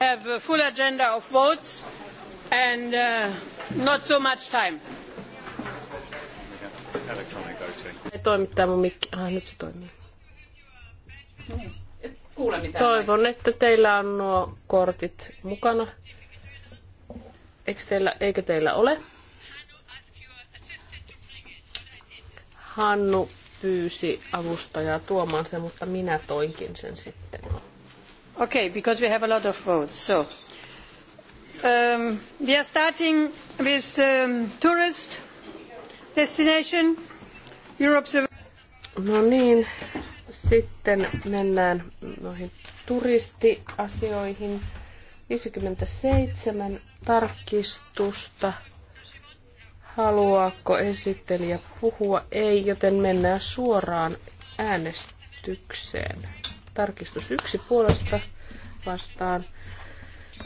have a full agenda of votes and uh, not so much time. Toimittaa mun mikki. Ah, nyt se toimii. Toivon, että teillä on nuo kortit mukana. Eikö teillä, eikö teillä ole? Hannu pyysi avustajaa tuomaan sen, mutta minä toinkin sen sitten. Okay, because we have a lot of votes. So um, we are starting with um, tourist destination, Europe's. No niin, sitten mennään noihin turistiasioihin. 57 tarkistusta. Haluaako esittelijä puhua? Ei, joten mennään suoraan äänestykseen. Tarkistus yksi puolesta vastaan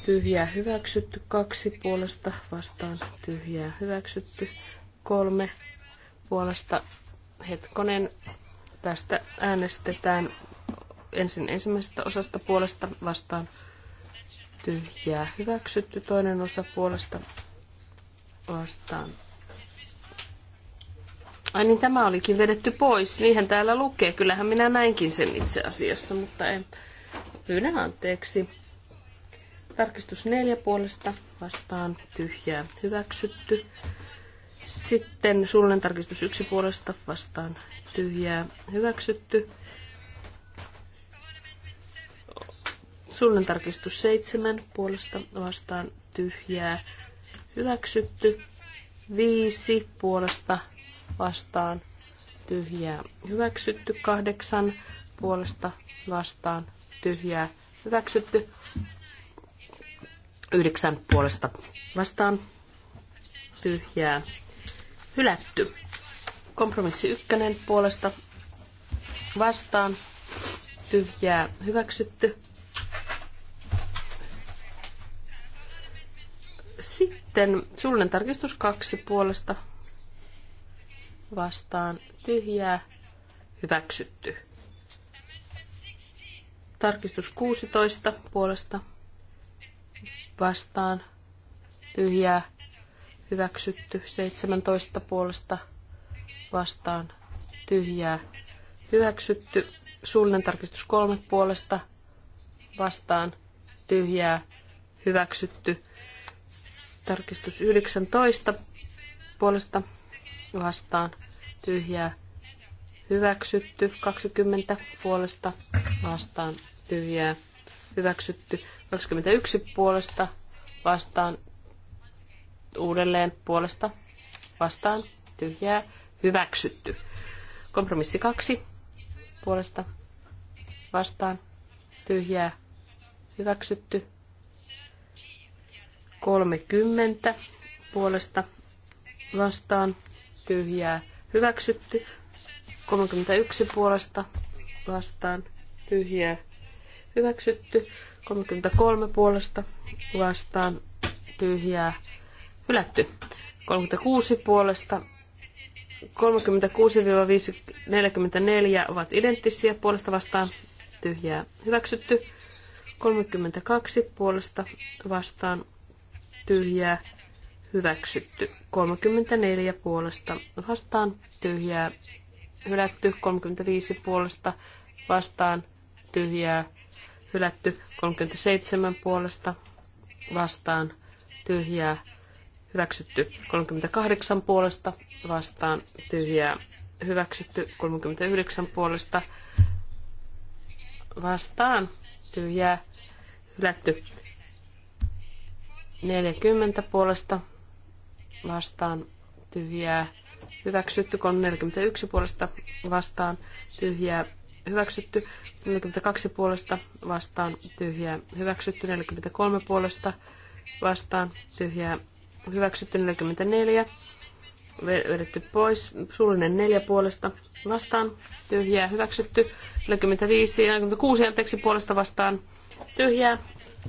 tyhjää hyväksytty. Kaksi puolesta vastaan tyhjää hyväksytty. Kolme puolesta hetkonen. Tästä äänestetään ensin ensimmäisestä osasta puolesta vastaan tyhjää hyväksytty. Toinen osa puolesta vastaan Ai niin, tämä olikin vedetty pois. Niinhän täällä lukee. Kyllähän minä näinkin sen itse asiassa, mutta en. Pyydän anteeksi. Tarkistus neljä puolesta vastaan tyhjää hyväksytty. Sitten suullinen tarkistus yksi puolesta vastaan tyhjää hyväksytty. Suullinen tarkistus seitsemän puolesta vastaan tyhjää hyväksytty. Viisi puolesta vastaan tyhjää hyväksytty. Kahdeksan puolesta vastaan tyhjää hyväksytty. Yhdeksän puolesta vastaan tyhjää hylätty. Kompromissi ykkönen puolesta vastaan tyhjää hyväksytty. Sitten suullinen tarkistus kaksi puolesta vastaan tyhjää hyväksytty. Tarkistus 16 puolesta vastaan tyhjää hyväksytty. 17 puolesta vastaan tyhjää hyväksytty. Suullinen tarkistus 3 puolesta vastaan tyhjää hyväksytty. Tarkistus 19 puolesta vastaan tyhjää hyväksytty. 20 puolesta vastaan tyhjää hyväksytty. 21 puolesta vastaan uudelleen puolesta vastaan tyhjää hyväksytty. Kompromissi 2 puolesta vastaan tyhjää hyväksytty. 30 puolesta vastaan tyhjää hyväksytty. 31 puolesta vastaan tyhjää hyväksytty. 33 puolesta vastaan tyhjää hylätty. 36 puolesta 36-44 ovat identtisiä puolesta vastaan tyhjää hyväksytty. 32 puolesta vastaan tyhjää hyväksytty. 34 puolesta vastaan tyhjää hylätty. 35 puolesta vastaan tyhjää hylätty. 37 puolesta vastaan tyhjää hyväksytty. 38 puolesta vastaan tyhjää hyväksytty. 39 puolesta vastaan tyhjää hylätty. 40 puolesta vastaan tyhjää hyväksytty, 341 puolesta vastaan tyhjää hyväksytty, 42 puolesta vastaan tyhjää hyväksytty, 43 puolesta vastaan tyhjää hyväksytty, 44 vedetty pois, suullinen 4 puolesta vastaan tyhjää hyväksytty, 45 ja 46 anteeksi puolesta vastaan tyhjää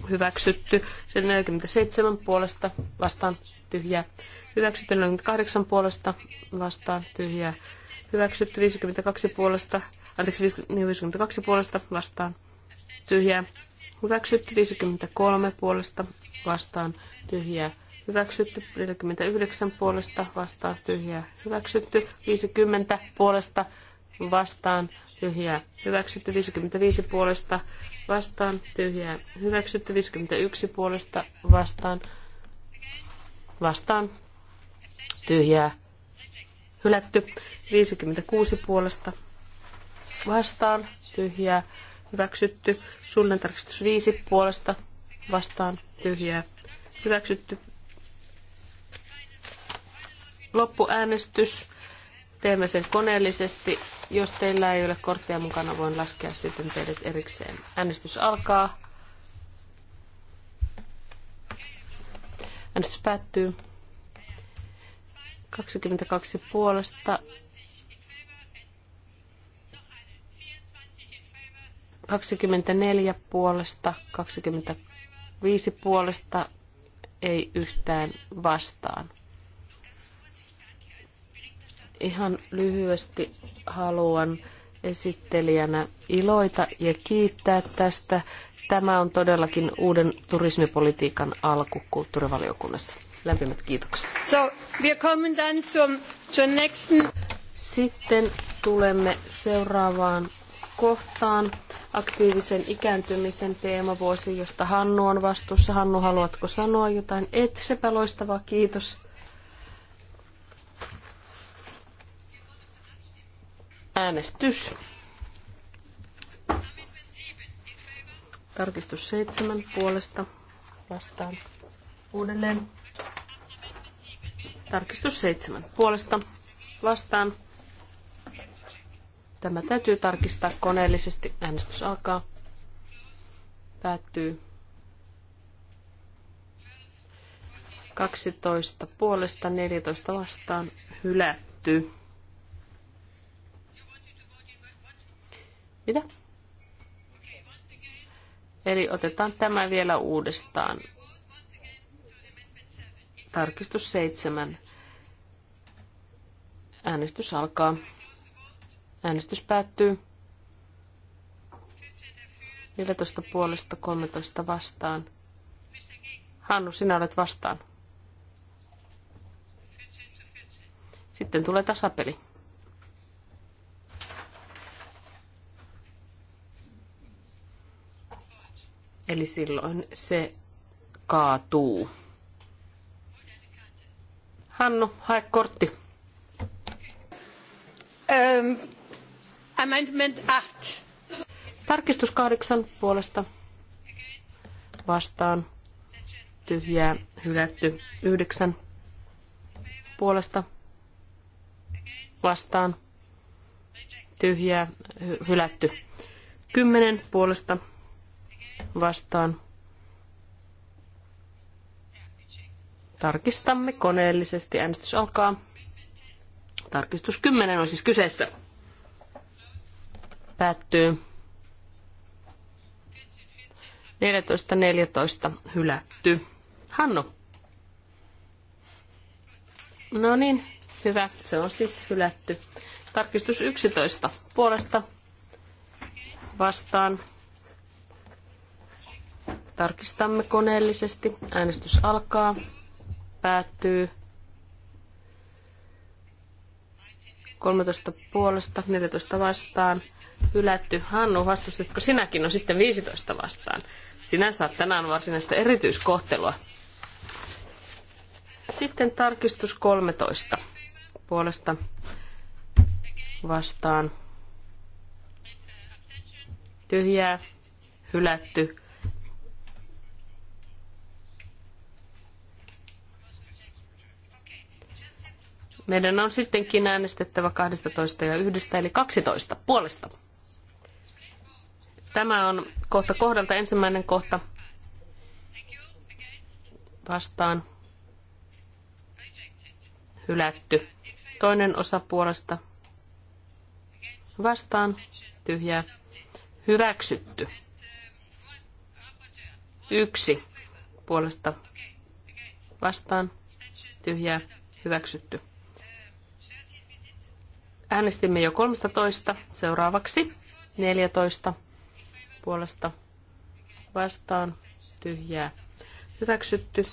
hyväksytty, 47 puolesta vastaan tyhjää Hyväksytty 48 puolesta vastaan tyhjää. Hyväksytty 52 puolesta, anteeksi 52 niin puolesta vastaan tyhjää. Hyväksytty 53 puolesta vastaan tyhjää. Hyväksytty 49 puolesta vastaan tyhjää. Hyväksytty 50 puolesta vastaan tyhjää. Hyväksytty 55 puolesta vastaan tyhjää. Hyväksytty 51 puolesta vastaan vastaan tyhjää hylätty. 56 puolesta vastaan tyhjää hyväksytty. sunnen tarkistus 5 puolesta vastaan tyhjää hyväksytty. Loppuäänestys. Teemme sen koneellisesti. Jos teillä ei ole korttia mukana, voin laskea sitten teidät erikseen. Äänestys alkaa. Äänestys päättyy. 22 puolesta. 24 puolesta, 25 puolesta, ei yhtään vastaan. Ihan lyhyesti haluan esittelijänä iloita ja kiittää tästä. Tämä on todellakin uuden turismipolitiikan alku kulttuurivaliokunnassa. Lämpimät kiitokset. So, wir kommen dann zum, zum nächsten... Sitten tulemme seuraavaan kohtaan aktiivisen ikääntymisen teemavuosi, josta Hannu on vastuussa. Hannu, haluatko sanoa jotain? Et, sepä loistavaa, kiitos. Äänestys. Tarkistus seitsemän puolesta vastaan uudelleen Tarkistus seitsemän puolesta vastaan. Tämä täytyy tarkistaa koneellisesti. Äänestys alkaa. Päättyy. 12 puolesta 14 vastaan hylätty. Mitä? Eli otetaan tämä vielä uudestaan. Tarkistus seitsemän. Äänestys alkaa. Äänestys päättyy. 14 puolesta 13 vastaan. Hannu, sinä olet vastaan. Sitten tulee tasapeli. Eli silloin se kaatuu. Hannu, hae kortti. Um, ähm, amendment 8. Tarkistus kahdeksan puolesta vastaan. Tyhjää hylätty yhdeksän puolesta vastaan. Tyhjää hylätty kymmenen puolesta vastaan Tarkistamme koneellisesti. Äänestys alkaa. Tarkistus 10 on siis kyseessä. Päättyy. 14.14 14, hylätty. Hannu. No niin, hyvä. Se on siis hylätty. Tarkistus 11 puolesta vastaan. Tarkistamme koneellisesti. Äänestys alkaa päättyy. 13 puolesta, 14 vastaan. Hylätty. Hannu, vastustitko sinäkin? on no sitten 15 vastaan. Sinä saat tänään varsinaista erityiskohtelua. Sitten tarkistus 13 puolesta vastaan. Tyhjää, hylätty. Meidän on sittenkin äänestettävä 12 ja 1, eli 12 puolesta. Tämä on kohta kohdalta ensimmäinen kohta vastaan hylätty. Toinen osa puolesta vastaan tyhjää hyväksytty. Yksi puolesta vastaan tyhjää hyväksytty. Äänestimme jo 13. Seuraavaksi 14 puolesta vastaan tyhjää. Hyväksytty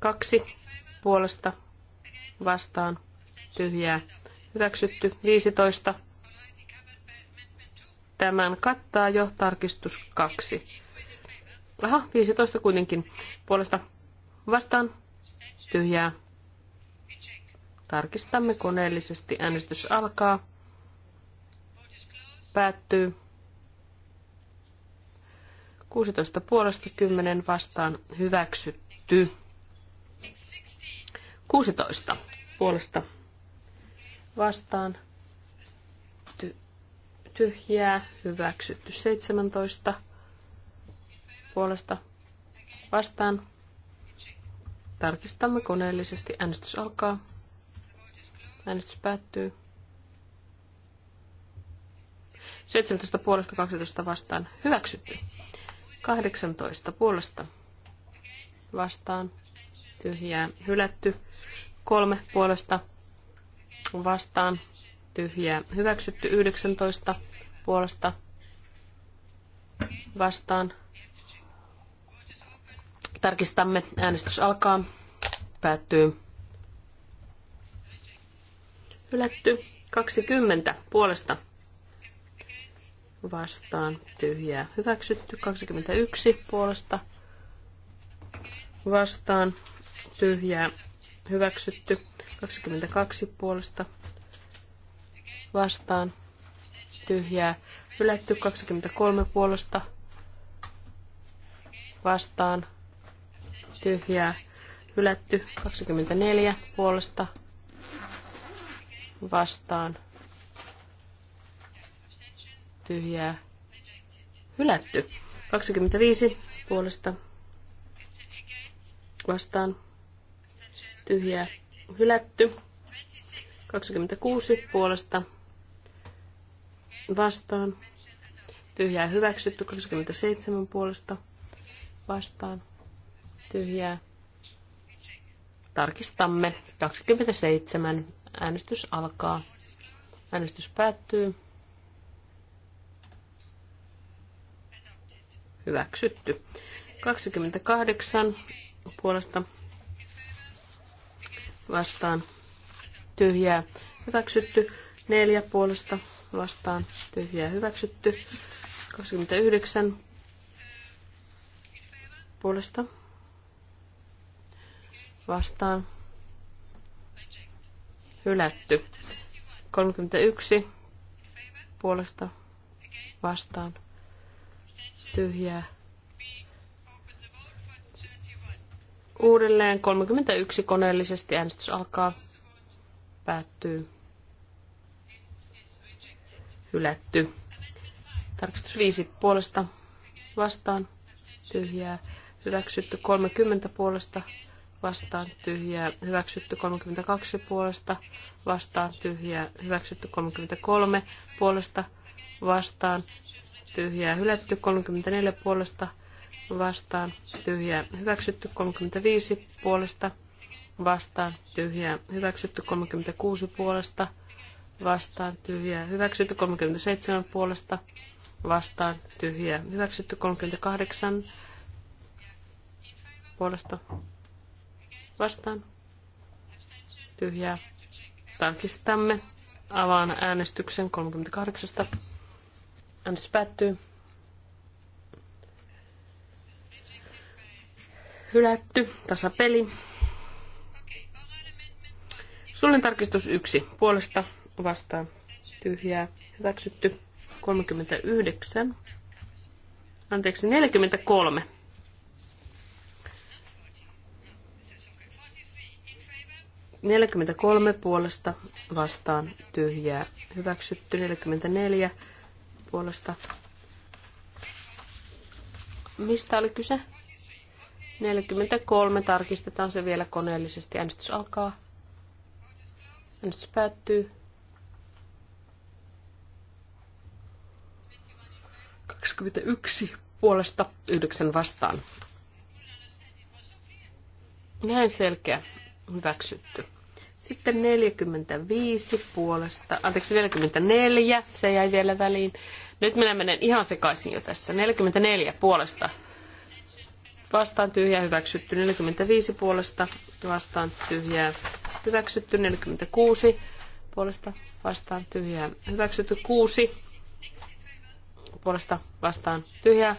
kaksi puolesta vastaan tyhjää. Hyväksytty 15. Tämän kattaa jo tarkistus 2. Aha, 15 kuitenkin. Puolesta vastaan tyhjää. Tarkistamme koneellisesti. Äänestys alkaa. Päättyy. 16 puolesta 10 vastaan hyväksytty. 16 puolesta vastaan tyhjää hyväksytty. 17 puolesta vastaan. Tarkistamme koneellisesti. Äänestys alkaa. Äänestys päättyy. 17 puolesta 12 vastaan. Hyväksytty. 18 puolesta vastaan. Tyhjää. Hylätty. 3 puolesta vastaan. Tyhjää. Hyväksytty. 19 puolesta vastaan. Tarkistamme. Äänestys alkaa. Päättyy. Hylätty. 20 puolesta vastaan tyhjää. Hyväksytty 21 puolesta vastaan tyhjää. Hyväksytty 22 puolesta vastaan tyhjää. Hylätty 23 puolesta vastaan tyhjää. Hylätty 24 puolesta vastaan, vastaan tyhjää hylätty. 25 puolesta vastaan tyhjää hylätty. 26 puolesta vastaan tyhjää hyväksytty. 27 puolesta vastaan tyhjää tarkistamme. 27 Äänestys alkaa. Äänestys päättyy. Hyväksytty. 28 puolesta vastaan tyhjää hyväksytty. 4 puolesta vastaan tyhjää hyväksytty. 29 puolesta vastaan hylätty. 31 puolesta vastaan tyhjää. Uudelleen 31 koneellisesti äänestys alkaa, päättyy, hylätty. Tarkistus 5 puolesta vastaan tyhjää, hyväksytty 30 puolesta vastaan tyhjää, hyväksytty 32 puolesta, vastaan tyhjää, hyväksytty 33 puolesta, vastaan tyhjää, hylätty 34 puolesta, vastaan tyhjää, hyväksytty 35 puolesta, vastaan tyhjää, hyväksytty 36 puolesta, vastaan tyhjää, hyväksytty 37 puolesta, vastaan tyhjää, hyväksytty 38 puolesta, Vastaan. Tyhjää. Tarkistamme. Avaan äänestyksen 38. Äänestys päättyy. Hylätty. Tasapeli. Suullinen tarkistus 1. Puolesta vastaan. Tyhjää. Hyväksytty. 39. Anteeksi, 43 43 puolesta vastaan tyhjää hyväksytty. 44 puolesta. Mistä oli kyse? 43. Tarkistetaan se vielä koneellisesti. Äänestys alkaa. Äänestys päättyy. 21 puolesta 9 vastaan. Näin selkeä hyväksytty. Sitten 45 puolesta, anteeksi 44, se jäi vielä väliin. Nyt minä menen ihan sekaisin jo tässä. 44 puolesta vastaan tyhjä hyväksytty, 45 puolesta vastaan tyhjä hyväksytty, 46 puolesta vastaan tyhjä hyväksytty, 6 puolesta vastaan tyhjä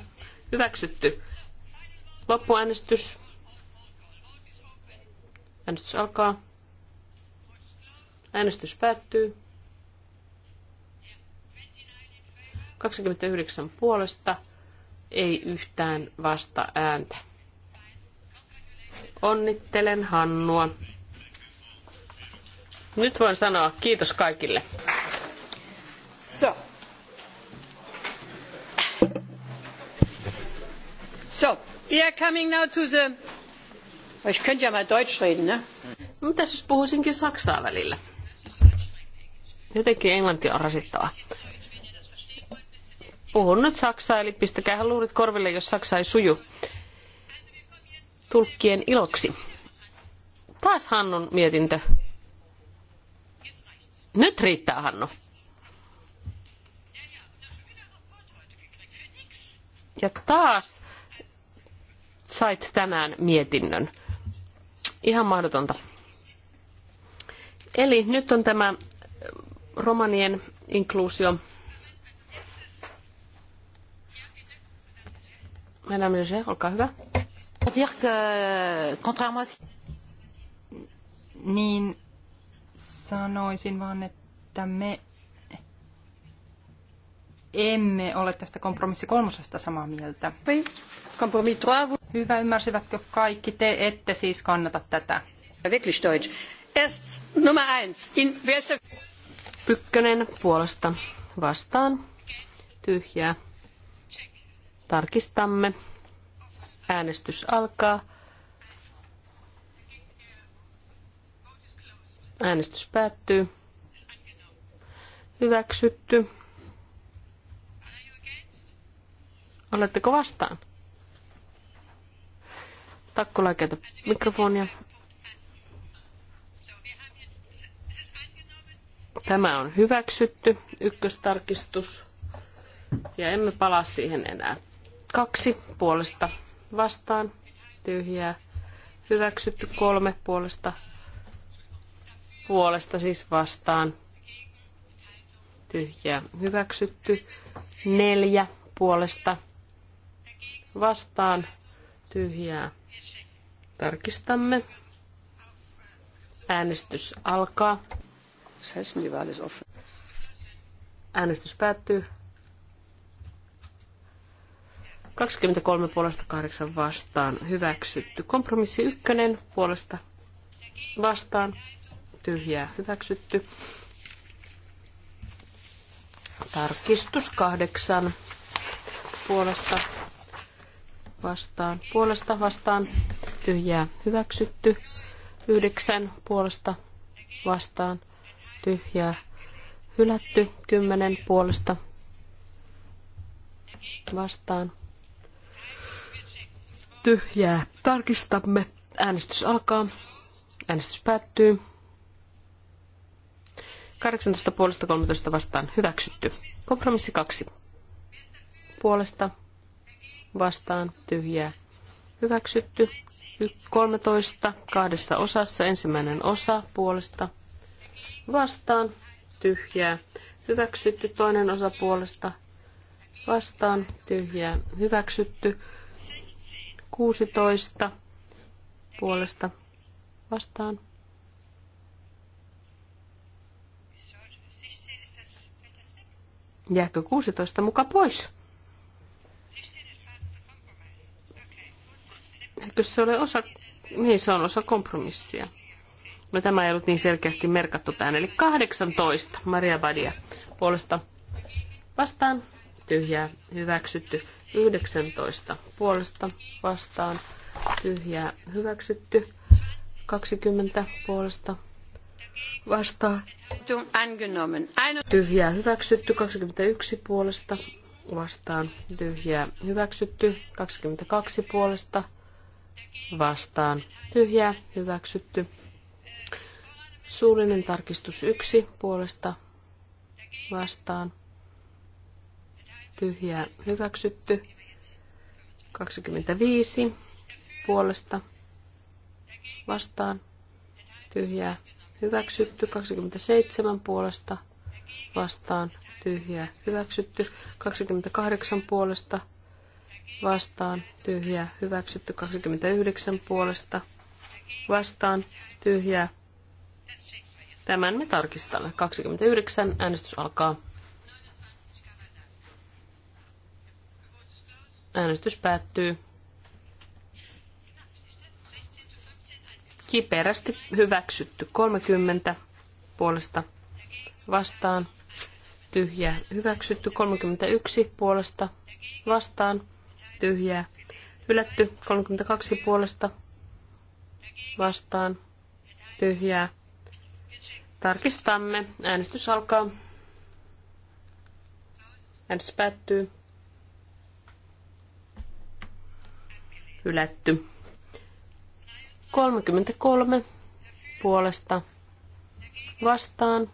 hyväksytty. Loppuäänestys Äänestys alkaa. Äänestys päättyy. 29 puolesta, ei yhtään vasta ääntä. Onnittelen Hannua. Nyt voin sanoa kiitos kaikille. So. So, we are coming now to the Ich könnte ja mal Deutsch reden, ne? No mitäs jos puhuisinkin saksaa välillä? Jotenkin englanti on rasittavaa. Puhun nyt saksaa, eli pistäkää luurit korville, jos saksa ei suju. Tulkkien iloksi. Taas Hannun mietintö. Nyt riittää, Hannu. Ja taas sait tänään mietinnön. Ihan mahdotonta. Eli nyt on tämä romanien inkluusio. Madame Leger, olkaa hyvä. Niin sanoisin vaan, että me emme ole tästä kompromissi kolmosesta samaa mieltä. Kompromissi 3. Hyvä, ymmärsivätkö kaikki? Te ette siis kannata tätä. Wirklich Deutsch. Erst Nummer eins. In Ykkönen puolesta vastaan. Tyhjää. Tarkistamme. Äänestys alkaa. Äänestys päättyy. Hyväksytty. Oletteko vastaan? Takkula mikrofonia. Tämä on hyväksytty, ykköstarkistus. Ja emme palaa siihen enää. Kaksi puolesta vastaan, tyhjää. Hyväksytty kolme puolesta, puolesta siis vastaan, tyhjää. Hyväksytty neljä puolesta, vastaan, tyhjää Tarkistamme. Äänestys alkaa. Äänestys päättyy. 23 puolesta 8 vastaan hyväksytty. Kompromissi 1 puolesta vastaan tyhjää hyväksytty. Tarkistus 8 puolesta vastaan puolesta vastaan tyhjää hyväksytty. Yhdeksän puolesta vastaan tyhjää hylätty. Kymmenen puolesta vastaan tyhjää. Tarkistamme. Äänestys alkaa. Äänestys päättyy. 18 puolesta 13 vastaan hyväksytty. Kompromissi 2. Puolesta vastaan tyhjää hyväksytty. 13 kahdessa osassa. Ensimmäinen osa puolesta vastaan tyhjää. Hyväksytty toinen osa puolesta vastaan tyhjää. Hyväksytty 16 puolesta vastaan. Jääkö 16 muka pois? eikö se ole osa, niin se on osa kompromissia. No tämä ei ollut niin selkeästi merkattu tähän. Eli 18, Maria Badia puolesta vastaan, tyhjää, hyväksytty. 19 puolesta vastaan, tyhjää, hyväksytty. 20 puolesta vastaan, tyhjää, hyväksytty. 21 puolesta vastaan, tyhjää, hyväksytty. 22 puolesta vastaan tyhjä hyväksytty. Suullinen tarkistus yksi puolesta vastaan tyhjä hyväksytty. 25 puolesta vastaan tyhjä hyväksytty. 27 puolesta vastaan tyhjä hyväksytty. 28 puolesta vastaan, vastaan tyhjä hyväksytty 29 puolesta vastaan tyhjä Tämän me tarkistamme. 29 äänestys alkaa. Äänestys päättyy. Kiperästi hyväksytty 30 puolesta vastaan. Tyhjä hyväksytty 31 puolesta vastaan tyhjää. Hylätty 32 puolesta vastaan tyhjää. Tarkistamme. Äänestys alkaa. Äänestys päättyy. Hylätty. 33 puolesta vastaan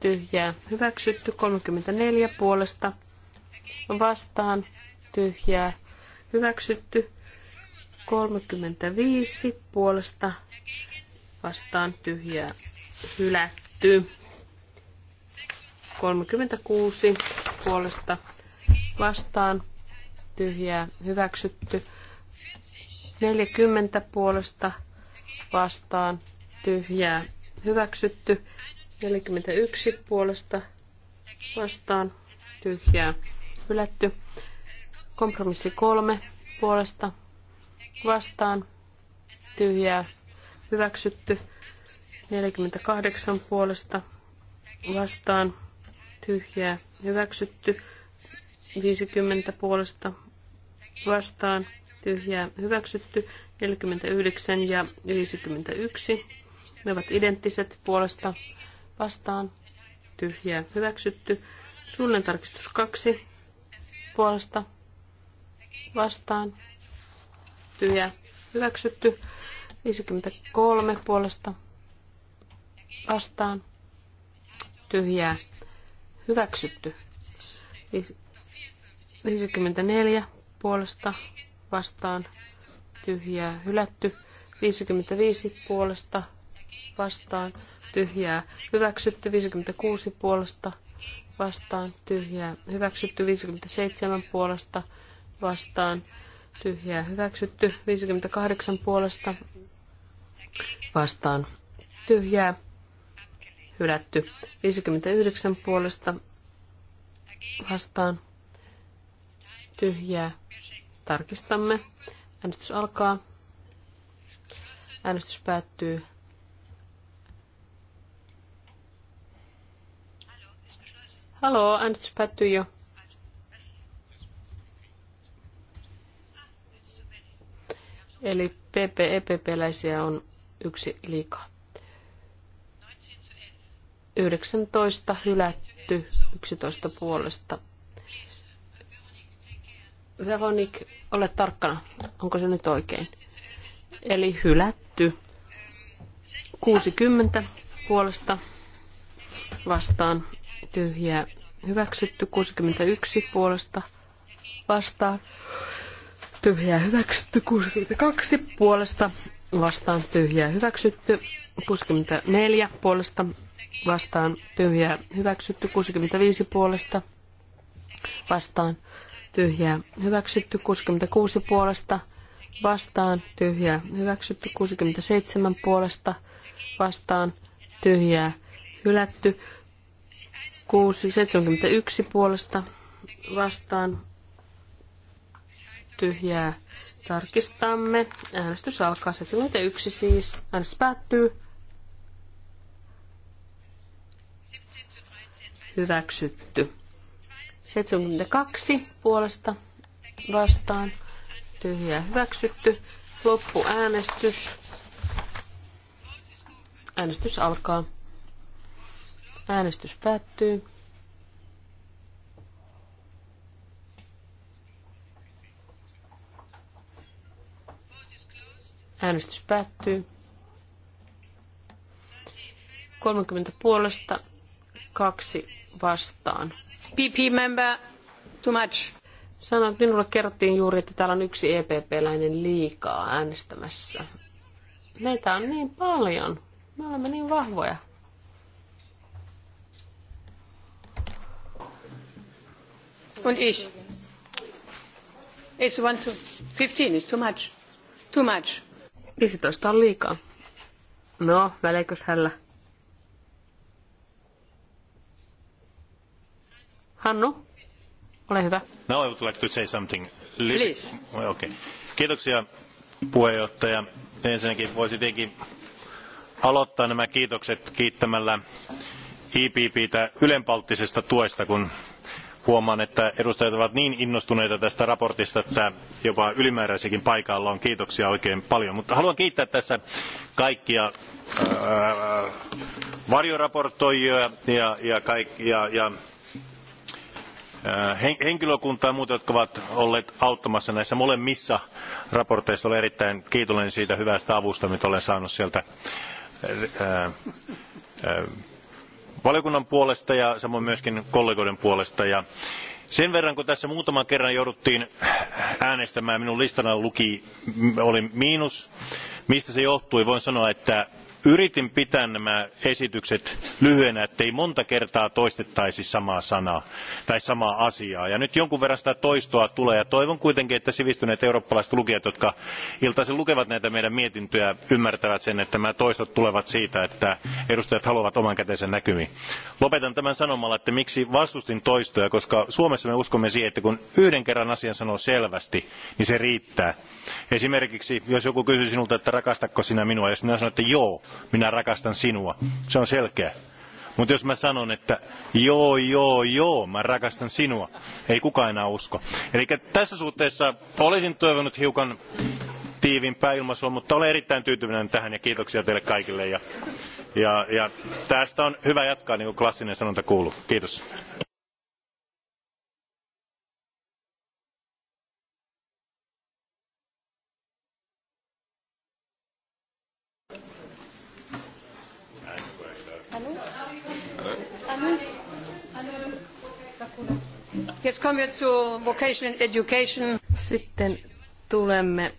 tyhjää. Hyväksytty 34 puolesta vastaan tyhjää hyväksytty. 35 puolesta vastaan tyhjää hylätty. 36 puolesta vastaan tyhjää hyväksytty. 40 puolesta vastaan tyhjää hyväksytty. 41 puolesta vastaan tyhjää hylätty. Kompromissi kolme puolesta vastaan tyhjää hyväksytty. 48 puolesta vastaan tyhjää hyväksytty. 50 puolesta vastaan tyhjää hyväksytty. 49 ja 51. Ne ovat identtiset puolesta vastaan tyhjää hyväksytty. Suullinen tarkistus 2 puolesta vastaan tyhjä hyväksytty. 53 puolesta vastaan tyhjää hyväksytty. 54 puolesta vastaan tyhjää hylätty. 55 puolesta vastaan tyhjää hyväksytty. 56 puolesta vastaan tyhjää hyväksytty. 57 puolesta vastaan, vastaan tyhjää hyväksytty. 58 puolesta vastaan tyhjää hylätty. 59 puolesta vastaan tyhjää. Tarkistamme. Äänestys alkaa. Äänestys päättyy. Haloo, äänestys päättyy jo. Eli PP-EPP-läisiä on yksi liikaa. 19 hylätty, 11 puolesta. Veronik, ole tarkkana, onko se nyt oikein? Eli hylätty. 60 puolesta vastaan tyhjää hyväksytty, 61 puolesta vastaan tyhjää hyväksytty 62 puolesta vastaan tyhjää hyväksytty 64 puolesta vastaan tyhjää hyväksytty 65 puolesta vastaan tyhjää hyväksytty 66 puolesta vastaan tyhjää hyväksytty 67 puolesta vastaan tyhjää hylätty 671 puolesta vastaan tyhjää. Tarkistamme. Äänestys alkaa 71 siis. Äänestys päättyy. Hyväksytty. 72 puolesta vastaan. Tyhjää hyväksytty. Loppu, äänestys. Äänestys alkaa. Äänestys päättyy. Äänestys päättyy. 30 puolesta, kaksi vastaan. PP member, too much. Sanoin, että minulle kerrottiin juuri, että täällä on yksi EPP-läinen liikaa äänestämässä. Meitä on niin paljon. Me olemme niin vahvoja. Und ich. It's one to fifteen it's too much. Too much. 15 on liikaa. No, väleikös hällä? Hannu, ole hyvä. Now I would like to say something. Please. Okay. Kiitoksia puheenjohtaja. Ensinnäkin voisi tietenkin aloittaa nämä kiitokset kiittämällä IPPtä e ylenpalttisesta tuesta, kun huomaan että edustajat ovat niin innostuneita tästä mietinnöstä että jopa ylimääräisiäkin paikalla on kiitoksia oikein paljon. mutta haluan kiittää tässä kaikkia varjoesittelijöitä ja, ja, ja, ja henkilökuntaa ja muuta, jotka ovat olleet auttamassa näissä molemmissa raporteissa. Olen erittäin kiitollinen siitä hyvästä avusta, mitä olen saanut sieltä ää, ää, valiokunnan puolesta ja samoin myöskin kollegoiden puolesta. Ja sen verran, kun tässä muutaman kerran jouduttiin äänestämään, minun listana luki, oli miinus. Mistä se johtui? Voin sanoa, että Yritin pitää nämä esitykset lyhyenä, ettei monta kertaa toistettaisi samaa sanaa tai samaa asiaa. Ja nyt jonkun verran sitä toistoa tulee ja toivon kuitenkin, että sivistyneet eurooppalaiset lukijat, jotka iltaisin lukevat näitä meidän mietintöjä, ymmärtävät sen, että nämä toistot tulevat siitä, että edustajat haluavat oman kätensä näkymiin. Lopetan tämän sanomalla, että miksi vastustin toistoja, koska Suomessa me uskomme siihen, että kun yhden kerran asian sanoo selvästi, niin se riittää. Esimerkiksi jos joku kysyy sinulta, että rakastatko sinä minua, jos minä sanon, että joo, minä rakastan sinua. Se on selkeä. Mutta jos mä sanon, että joo, joo, joo, mä rakastan sinua, ei kukaan enää usko. Eli tässä suhteessa olisin toivonut hiukan tiivimpää ilmaisua, mutta olen erittäin tyytyväinen tähän ja kiitoksia teille kaikille. Ja, ja, ja tästä on hyvä jatkaa, niin kuin klassinen sanonta kuuluu. Kiitos. vocational education. Sitten tulemme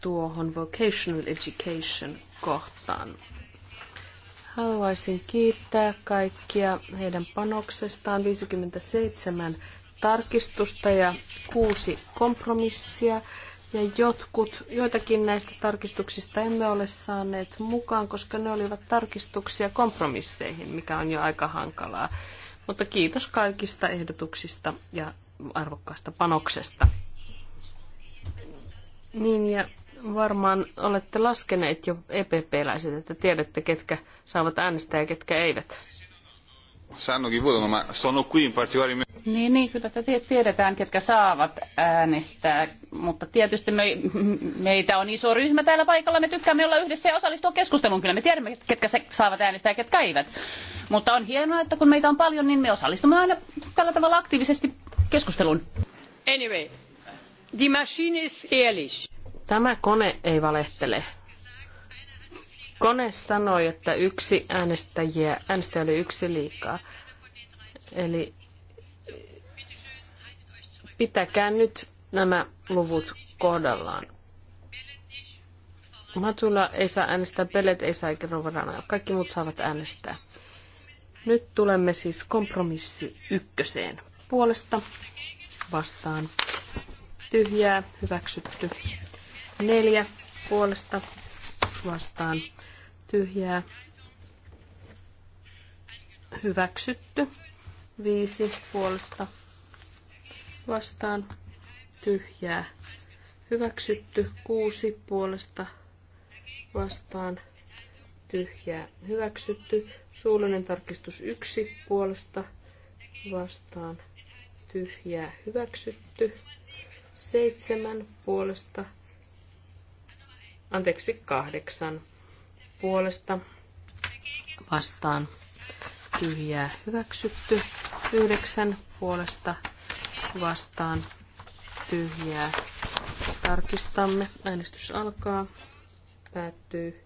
tuohon vocational education kohtaan. Haluaisin kiittää kaikkia heidän panoksestaan 57 tarkistusta ja kuusi kompromissia. Ja jotkut, joitakin näistä tarkistuksista emme ole saaneet mukaan, koska ne olivat tarkistuksia kompromisseihin, mikä on jo aika hankalaa. Mutta kiitos kaikista ehdotuksista ja arvokkaasta panoksesta. Niin ja varmaan olette laskeneet jo EPP-läiset, että tiedätte ketkä saavat äänestää ja ketkä eivät mä sanon kuin in Niin, niin, kyllä tiedetään, ketkä saavat äänestää, mutta tietysti me, meitä on iso ryhmä täällä paikalla, me tykkäämme olla yhdessä ja osallistua keskusteluun, kyllä me tiedämme, ketkä saavat äänestää ja ketkä eivät. Mutta on hienoa, että kun meitä on paljon, niin me osallistumme aina tällä tavalla aktiivisesti keskusteluun. Anyway, the machine is ehrlich. Tämä kone ei valehtele. Kone sanoi, että yksi äänestäjiä, äänestäjä oli yksi liikaa. Eli pitäkää nyt nämä luvut kohdallaan. Matula ei saa äänestää, Pelet ei saa Genovarana. Kaikki muut saavat äänestää. Nyt tulemme siis kompromissi ykköseen. Puolesta vastaan tyhjää, hyväksytty. Neljä puolesta vastaan tyhjää hyväksytty. Viisi puolesta vastaan tyhjää hyväksytty. Kuusi puolesta vastaan tyhjää hyväksytty. Suullinen tarkistus yksi puolesta vastaan tyhjää hyväksytty. Seitsemän puolesta, anteeksi kahdeksan puolesta vastaan tyhjää hyväksytty. Yhdeksän puolesta vastaan tyhjää. Tarkistamme. Äänestys alkaa. Päättyy.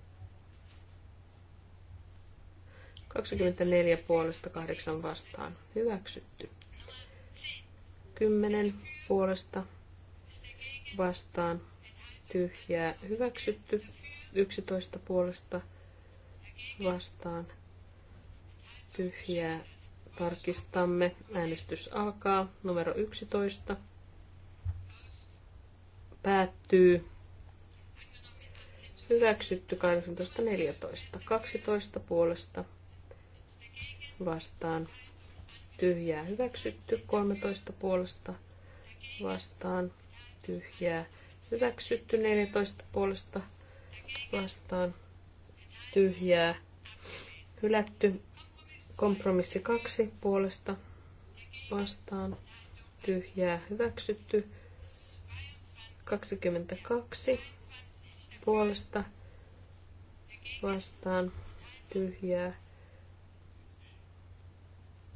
24 puolesta 8 vastaan. Hyväksytty. 10 puolesta vastaan. Tyhjää. Hyväksytty. 11 puolesta vastaan tyhjää. Tarkistamme. Äänestys alkaa. Numero 11 päättyy. Hyväksytty 18.14. 12 puolesta vastaan. Tyhjää hyväksytty 13 puolesta vastaan. Tyhjää hyväksytty 14 puolesta vastaan tyhjää hylätty. Kompromissi kaksi puolesta vastaan tyhjää hyväksytty. 22 puolesta vastaan tyhjää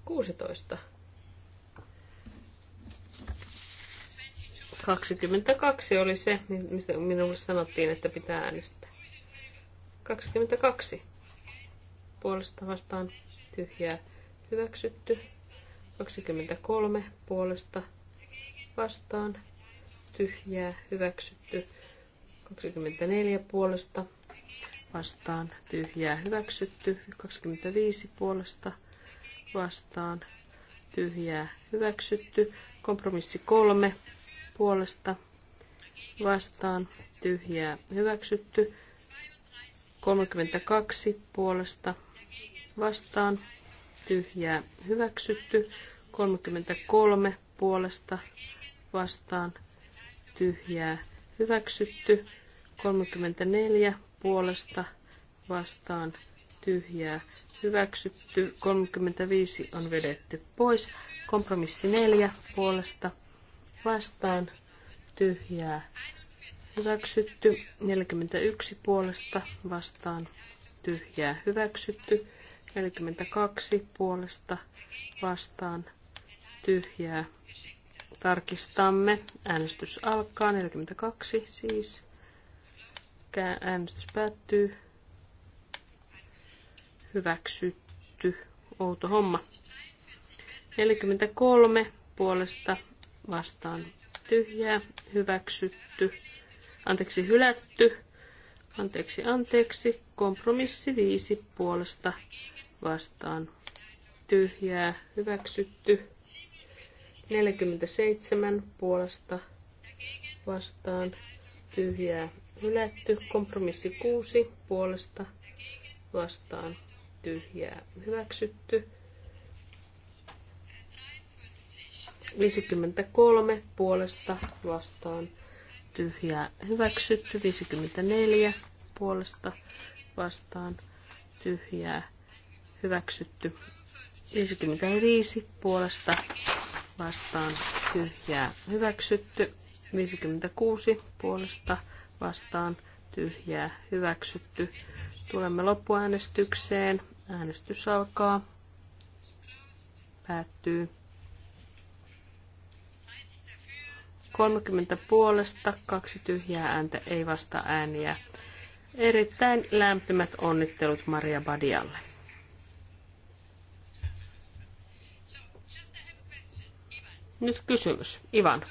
16. 22 oli se, mistä minulle sanottiin, että pitää äänestää. 22 puolesta vastaan tyhjää hyväksytty. 23 puolesta vastaan tyhjää hyväksytty. 24 puolesta vastaan tyhjää hyväksytty. 25 puolesta vastaan tyhjää hyväksytty. Kompromissi 3 puolesta vastaan tyhjää hyväksytty. 32 puolesta vastaan tyhjää hyväksytty. 33 puolesta vastaan tyhjää hyväksytty. 34 puolesta vastaan tyhjää hyväksytty. 35 on vedetty pois. Kompromissi 4 puolesta vastaan tyhjää hyväksytty. 41 puolesta vastaan tyhjää hyväksytty. 42 puolesta vastaan tyhjää. Tarkistamme. Äänestys alkaa. 42 siis. Äänestys päättyy. Hyväksytty. Outo homma. 43 puolesta vastaan tyhjää. Hyväksytty anteeksi, hylätty, anteeksi, anteeksi, kompromissi viisi puolesta vastaan, tyhjää, hyväksytty, 47 puolesta vastaan, tyhjää, hylätty, kompromissi kuusi puolesta vastaan, tyhjää, hyväksytty, 53 puolesta vastaan, tyhjää hyväksytty. 54 puolesta vastaan tyhjää hyväksytty. 55 puolesta vastaan tyhjää hyväksytty. 56 puolesta vastaan tyhjää hyväksytty. Tulemme loppuäänestykseen. Äänestys alkaa. Päättyy. 30 puolesta, kaksi tyhjää ääntä, ei vasta ääniä. Erittäin lämpimät onnittelut Maria Badialle. Nyt kysymys. Ivan.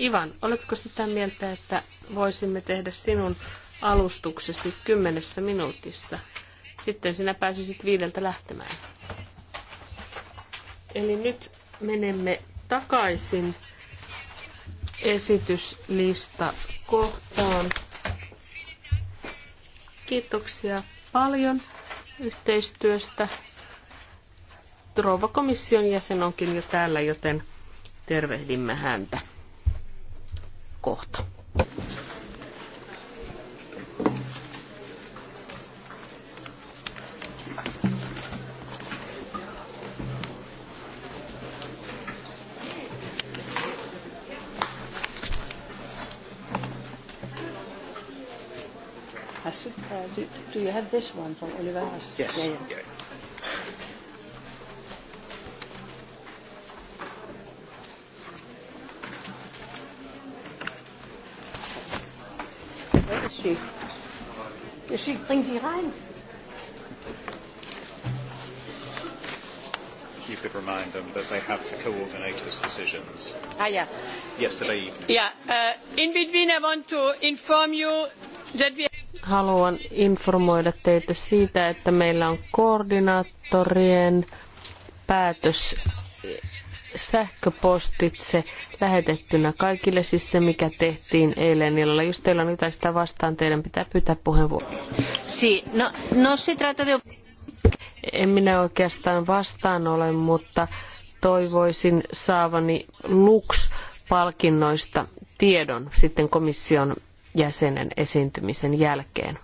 Ivan, oletko sitä mieltä, että voisimme tehdä sinun alustuksesi kymmenessä minuutissa? Sitten sinä pääsisit viideltä lähtemään. Eli nyt menemme takaisin esityslista kohtaan. Kiitoksia paljon yhteistyöstä. trova komission jäsen onkin jo täällä, joten tervehdimme häntä kohta. do, do you have this one from Oliver? Yes. Yeah, yeah. yeah. Where is she? Is she, bring sie rein. You could remind them that they have to coordinate his decisions. Ah, yeah. Yesterday evening. Yeah. Uh, in between, I want to inform you that we haluan informoida teitä siitä, että meillä on koordinaattorien päätös sähköpostitse lähetettynä kaikille, siis se mikä tehtiin eilen illalla. Jos teillä on jotain sitä vastaan, teidän pitää pyytää puheenvuoro. Si, no, no se de... En minä oikeastaan vastaan ole, mutta toivoisin saavani Lux-palkinnoista tiedon sitten komission jäsenen esiintymisen jälkeen.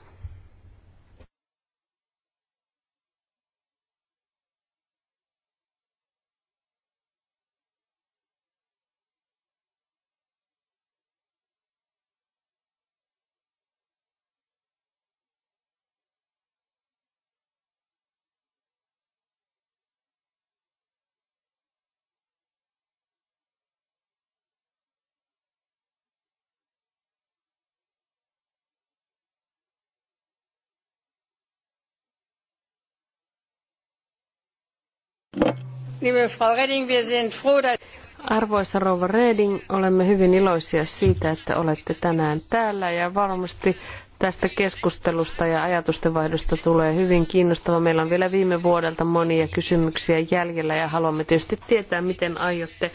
Arvoisa rouva Reding, olemme hyvin iloisia siitä, että olette tänään täällä ja varmasti tästä keskustelusta ja ajatustenvaihdosta tulee hyvin kiinnostava. Meillä on vielä viime vuodelta monia kysymyksiä jäljellä ja haluamme tietysti tietää, miten aiotte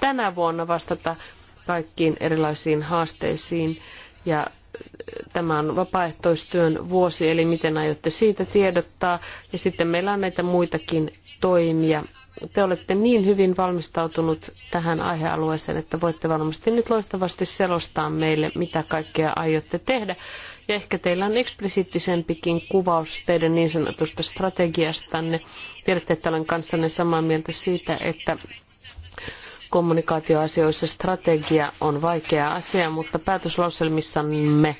tänä vuonna vastata kaikkiin erilaisiin haasteisiin ja äh, tämä on vapaaehtoistyön vuosi, eli miten aiotte siitä tiedottaa. Ja sitten meillä on näitä muitakin toimia. Te olette niin hyvin valmistautunut tähän aihealueeseen, että voitte varmasti nyt loistavasti selostaa meille, mitä kaikkea aiotte tehdä. Ja ehkä teillä on eksplisiittisempikin kuvaus teidän niin sanotusta strategiastanne. Tiedätte, että olen kanssanne samaa mieltä siitä, että kommunikaatioasioissa strategia on vaikea asia, mutta päätöslauselmissamme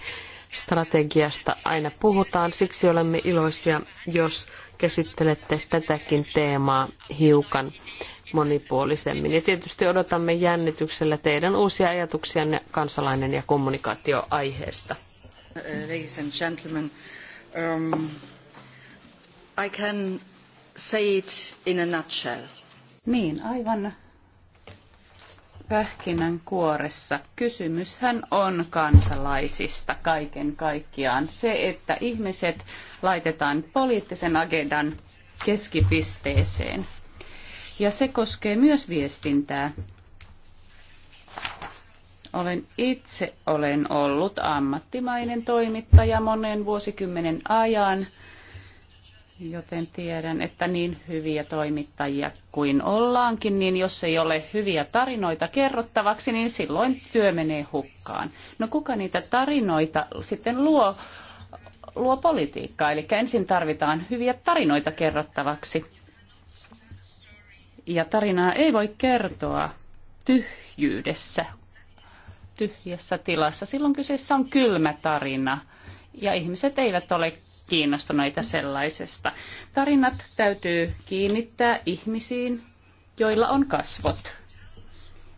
strategiasta aina puhutaan. Siksi olemme iloisia, jos käsittelette tätäkin teemaa hiukan monipuolisemmin. Ja tietysti odotamme jännityksellä teidän uusia ajatuksianne kansalainen ja kommunikaatioaiheesta. aiheesta. Ladies and gentlemen, um, I can say it in a nutshell. Niin, aivan pähkinän kuoressa. Kysymyshän on kansalaisista kaiken kaikkiaan. Se, että ihmiset laitetaan poliittisen agendan keskipisteeseen. Ja se koskee myös viestintää. Olen itse olen ollut ammattimainen toimittaja monen vuosikymmenen ajan – joten tiedän, että niin hyviä toimittajia kuin ollaankin, niin jos ei ole hyviä tarinoita kerrottavaksi, niin silloin työ menee hukkaan. No kuka niitä tarinoita sitten luo, luo politiikkaa? Eli ensin tarvitaan hyviä tarinoita kerrottavaksi. Ja tarinaa ei voi kertoa tyhjyydessä, tyhjässä tilassa. Silloin kyseessä on kylmä tarina – ja ihmiset eivät ole kiinnostuneita sellaisesta. Tarinat täytyy kiinnittää ihmisiin, joilla on kasvot.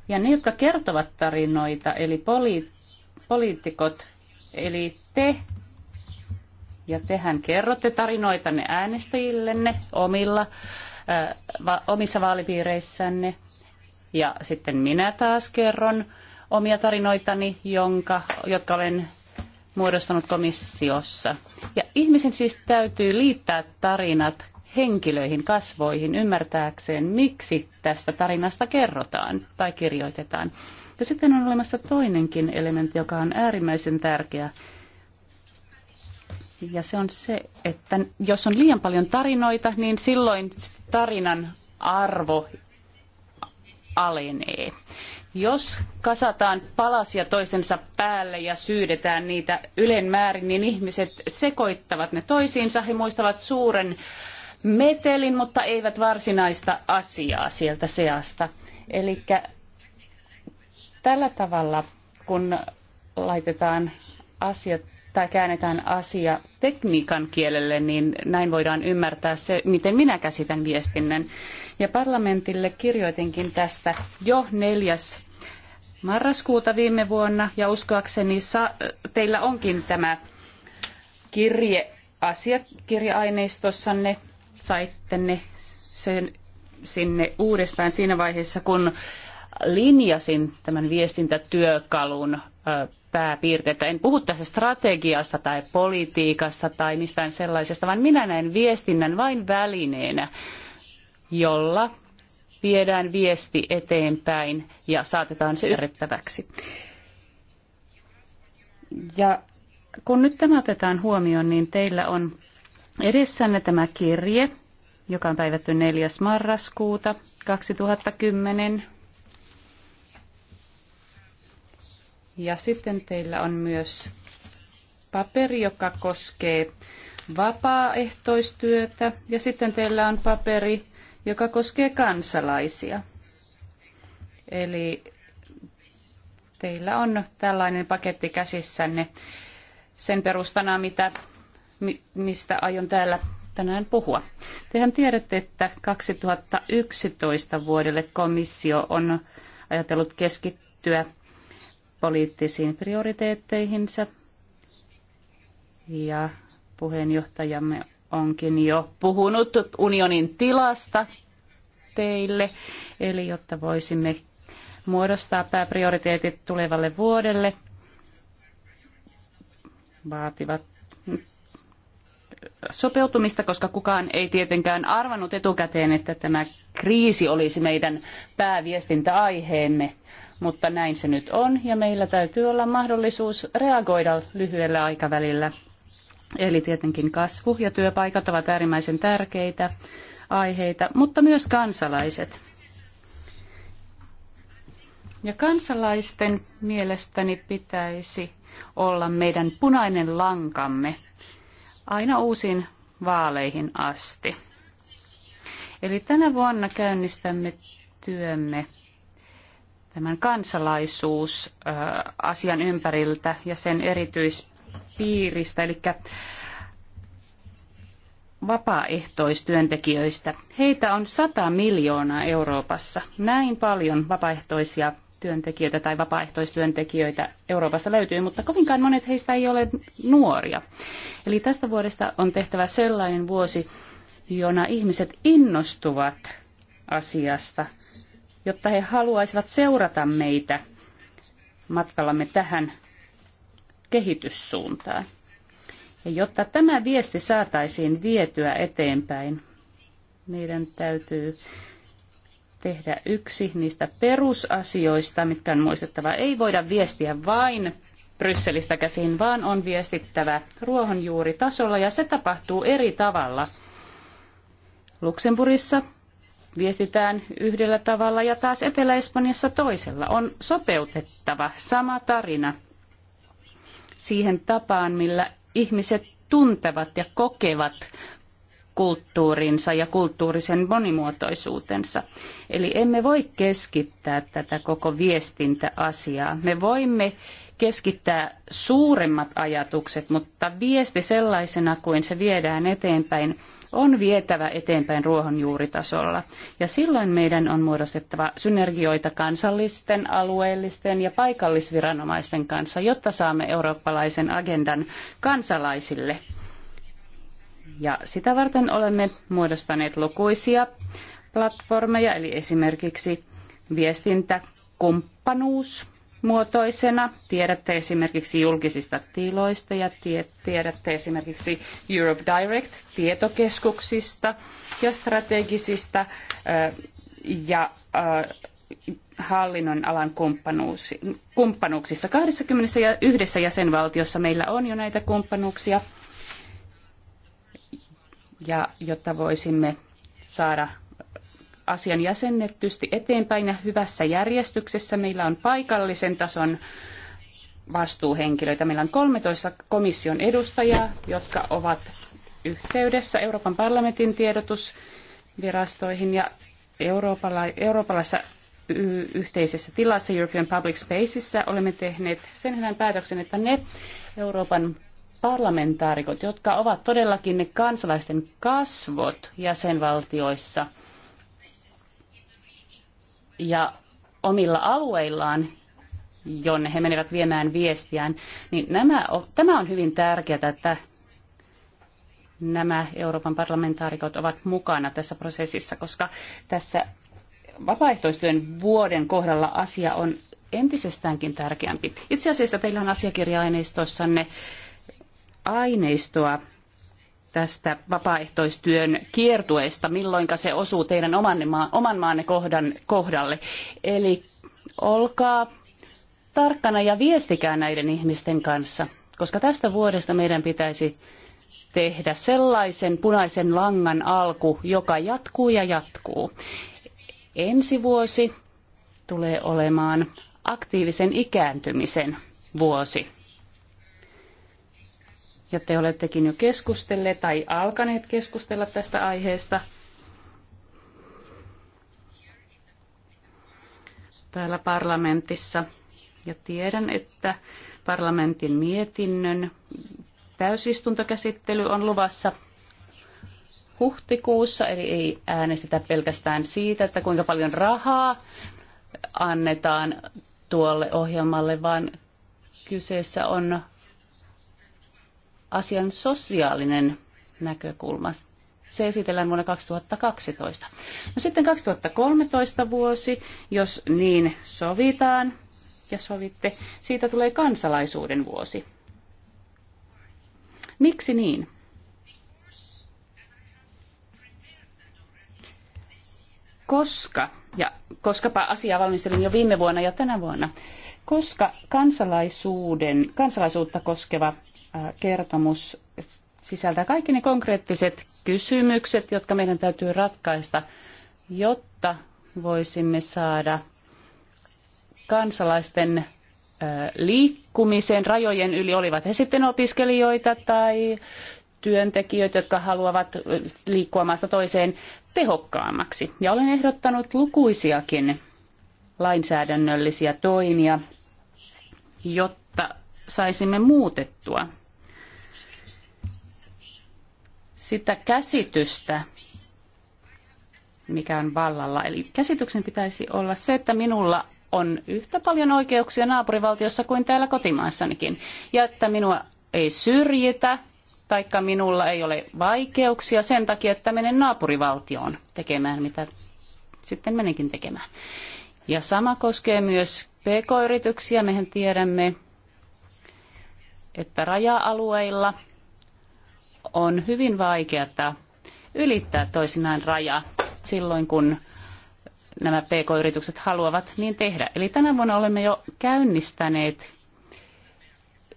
Ja ne, jotka kertovat tarinoita, eli poli- poliitikot, eli te, ja tehän kerrotte tarinoita ne äänestäjillenne omilla, ää, äh, va- omissa vaalipiireissänne, ja sitten minä taas kerron omia tarinoitani, jonka, jotka olen muodostanut komissiossa. Ja ihmisen siis täytyy liittää tarinat henkilöihin, kasvoihin, ymmärtääkseen, miksi tästä tarinasta kerrotaan tai kirjoitetaan. Ja sitten on olemassa toinenkin elementti, joka on äärimmäisen tärkeä. Ja se on se, että jos on liian paljon tarinoita, niin silloin tarinan arvo alenee. Jos kasataan palasia toistensa päälle ja syydetään niitä ylen määrin, niin ihmiset sekoittavat ne toisiinsa. He muistavat suuren metelin, mutta eivät varsinaista asiaa sieltä seasta. Eli tällä tavalla, kun laitetaan asiat tai käännetään asia tekniikan kielelle, niin näin voidaan ymmärtää se, miten minä käsitän viestinnän. Ja parlamentille kirjoitinkin tästä jo neljäs marraskuuta viime vuonna ja uskoakseni teillä onkin tämä kirje asiakirja-aineistossanne. Saitte ne sen sinne uudestaan siinä vaiheessa, kun linjasin tämän viestintätyökalun pääpiirteitä. En puhu tässä strategiasta tai politiikasta tai mistään sellaisesta, vaan minä näen viestinnän vain välineenä, jolla viedään viesti eteenpäin ja saatetaan se ymmärrettäväksi. Ja kun nyt tämä otetaan huomioon, niin teillä on edessänne tämä kirje, joka on päivätty 4. marraskuuta 2010. Ja sitten teillä on myös paperi, joka koskee vapaaehtoistyötä. Ja sitten teillä on paperi, joka koskee kansalaisia. Eli teillä on tällainen paketti käsissänne sen perustana, mitä, mistä aion täällä tänään puhua. Tehän tiedätte, että 2011 vuodelle komissio on ajatellut keskittyä poliittisiin prioriteetteihinsä ja puheenjohtajamme onkin jo puhunut unionin tilasta teille, eli jotta voisimme muodostaa pääprioriteetit tulevalle vuodelle, vaativat sopeutumista, koska kukaan ei tietenkään arvannut etukäteen, että tämä kriisi olisi meidän pääviestintäaiheemme, mutta näin se nyt on ja meillä täytyy olla mahdollisuus reagoida lyhyellä aikavälillä Eli tietenkin kasvu ja työpaikat ovat äärimmäisen tärkeitä aiheita, mutta myös kansalaiset. Ja kansalaisten mielestäni pitäisi olla meidän punainen lankamme aina uusiin vaaleihin asti. Eli tänä vuonna käynnistämme työmme tämän kansalaisuusasian ympäriltä ja sen erityis piiristä, eli vapaaehtoistyöntekijöistä. Heitä on 100 miljoonaa Euroopassa. Näin paljon vapaaehtoisia työntekijöitä tai vapaaehtoistyöntekijöitä Euroopasta löytyy, mutta kovinkaan monet heistä ei ole nuoria. Eli tästä vuodesta on tehtävä sellainen vuosi, jona ihmiset innostuvat asiasta, jotta he haluaisivat seurata meitä matkallamme tähän kehityssuuntaa. Ja jotta tämä viesti saataisiin vietyä eteenpäin, meidän täytyy tehdä yksi niistä perusasioista, mitkä on muistettava. Ei voida viestiä vain Brysselistä käsin, vaan on viestittävä ruohonjuuritasolla ja se tapahtuu eri tavalla. Luxemburissa viestitään yhdellä tavalla ja taas Etelä-Espanjassa toisella. On sopeutettava sama tarina siihen tapaan, millä ihmiset tuntevat ja kokevat kulttuurinsa ja kulttuurisen monimuotoisuutensa. Eli emme voi keskittää tätä koko viestintäasiaa. Me voimme keskittää suuremmat ajatukset, mutta viesti sellaisena kuin se viedään eteenpäin on vietävä eteenpäin ruohonjuuritasolla. Ja silloin meidän on muodostettava synergioita kansallisten, alueellisten ja paikallisviranomaisten kanssa, jotta saamme eurooppalaisen agendan kansalaisille. Ja sitä varten olemme muodostaneet lukuisia platformeja, eli esimerkiksi viestintäkumppanuus, muotoisena. Tiedätte esimerkiksi julkisista tiloista ja tie, tiedätte esimerkiksi Europe Direct tietokeskuksista ja strategisista ja hallinnon alan kumppanuuksista. 21 jäsenvaltiossa meillä on jo näitä kumppanuuksia, ja jotta voisimme saada asian jäsennettysti eteenpäin ja hyvässä järjestyksessä. Meillä on paikallisen tason vastuuhenkilöitä. Meillä on 13 komission edustajaa, jotka ovat yhteydessä Euroopan parlamentin tiedotusvirastoihin ja Euroopalla, eurooppalaisessa yhteisessä tilassa, European Public spacesissa olemme tehneet sen hyvän päätöksen, että ne Euroopan parlamentaarikot, jotka ovat todellakin ne kansalaisten kasvot jäsenvaltioissa – ja omilla alueillaan, jonne he menevät viemään viestiään, niin nämä, tämä on hyvin tärkeää, että nämä Euroopan parlamentaarikot ovat mukana tässä prosessissa, koska tässä vapaaehtoistyön vuoden kohdalla asia on entisestäänkin tärkeämpi. Itse asiassa teillä on asiakirja-aineistossanne aineistoa tästä vapaaehtoistyön kiertueesta, milloin se osuu teidän omanne maa, oman maanne kohdan, kohdalle. Eli olkaa tarkkana ja viestikää näiden ihmisten kanssa, koska tästä vuodesta meidän pitäisi tehdä sellaisen punaisen langan alku, joka jatkuu ja jatkuu. Ensi vuosi tulee olemaan aktiivisen ikääntymisen vuosi ja te olettekin jo keskustelleet tai alkaneet keskustella tästä aiheesta. täällä parlamentissa. Ja tiedän, että parlamentin mietinnön täysistuntokäsittely on luvassa huhtikuussa, eli ei äänestetä pelkästään siitä, että kuinka paljon rahaa annetaan tuolle ohjelmalle, vaan kyseessä on asian sosiaalinen näkökulma. Se esitellään vuonna 2012. No sitten 2013 vuosi, jos niin sovitaan ja sovitte, siitä tulee kansalaisuuden vuosi. Miksi niin? Koska, ja koskapa asiaa valmistelin jo viime vuonna ja tänä vuonna, koska kansalaisuuden, kansalaisuutta koskeva Äh, kertomus sisältää kaikki ne konkreettiset kysymykset, jotka meidän täytyy ratkaista, jotta voisimme saada kansalaisten äh, liikkumisen rajojen yli, olivat he sitten opiskelijoita tai työntekijöitä, jotka haluavat äh, liikkua maasta toiseen tehokkaammaksi. Ja olen ehdottanut lukuisiakin lainsäädännöllisiä toimia, jotta saisimme muutettua sitä käsitystä, mikä on vallalla. Eli käsityksen pitäisi olla se, että minulla on yhtä paljon oikeuksia naapurivaltiossa kuin täällä kotimaassanikin. Ja että minua ei syrjitä, taikka minulla ei ole vaikeuksia sen takia, että menen naapurivaltioon tekemään, mitä sitten menenkin tekemään. Ja sama koskee myös pk-yrityksiä. Mehän tiedämme, että raja-alueilla – on hyvin vaikeata ylittää toisinaan raja silloin, kun nämä pk-yritykset haluavat niin tehdä. Eli tänä vuonna olemme jo käynnistäneet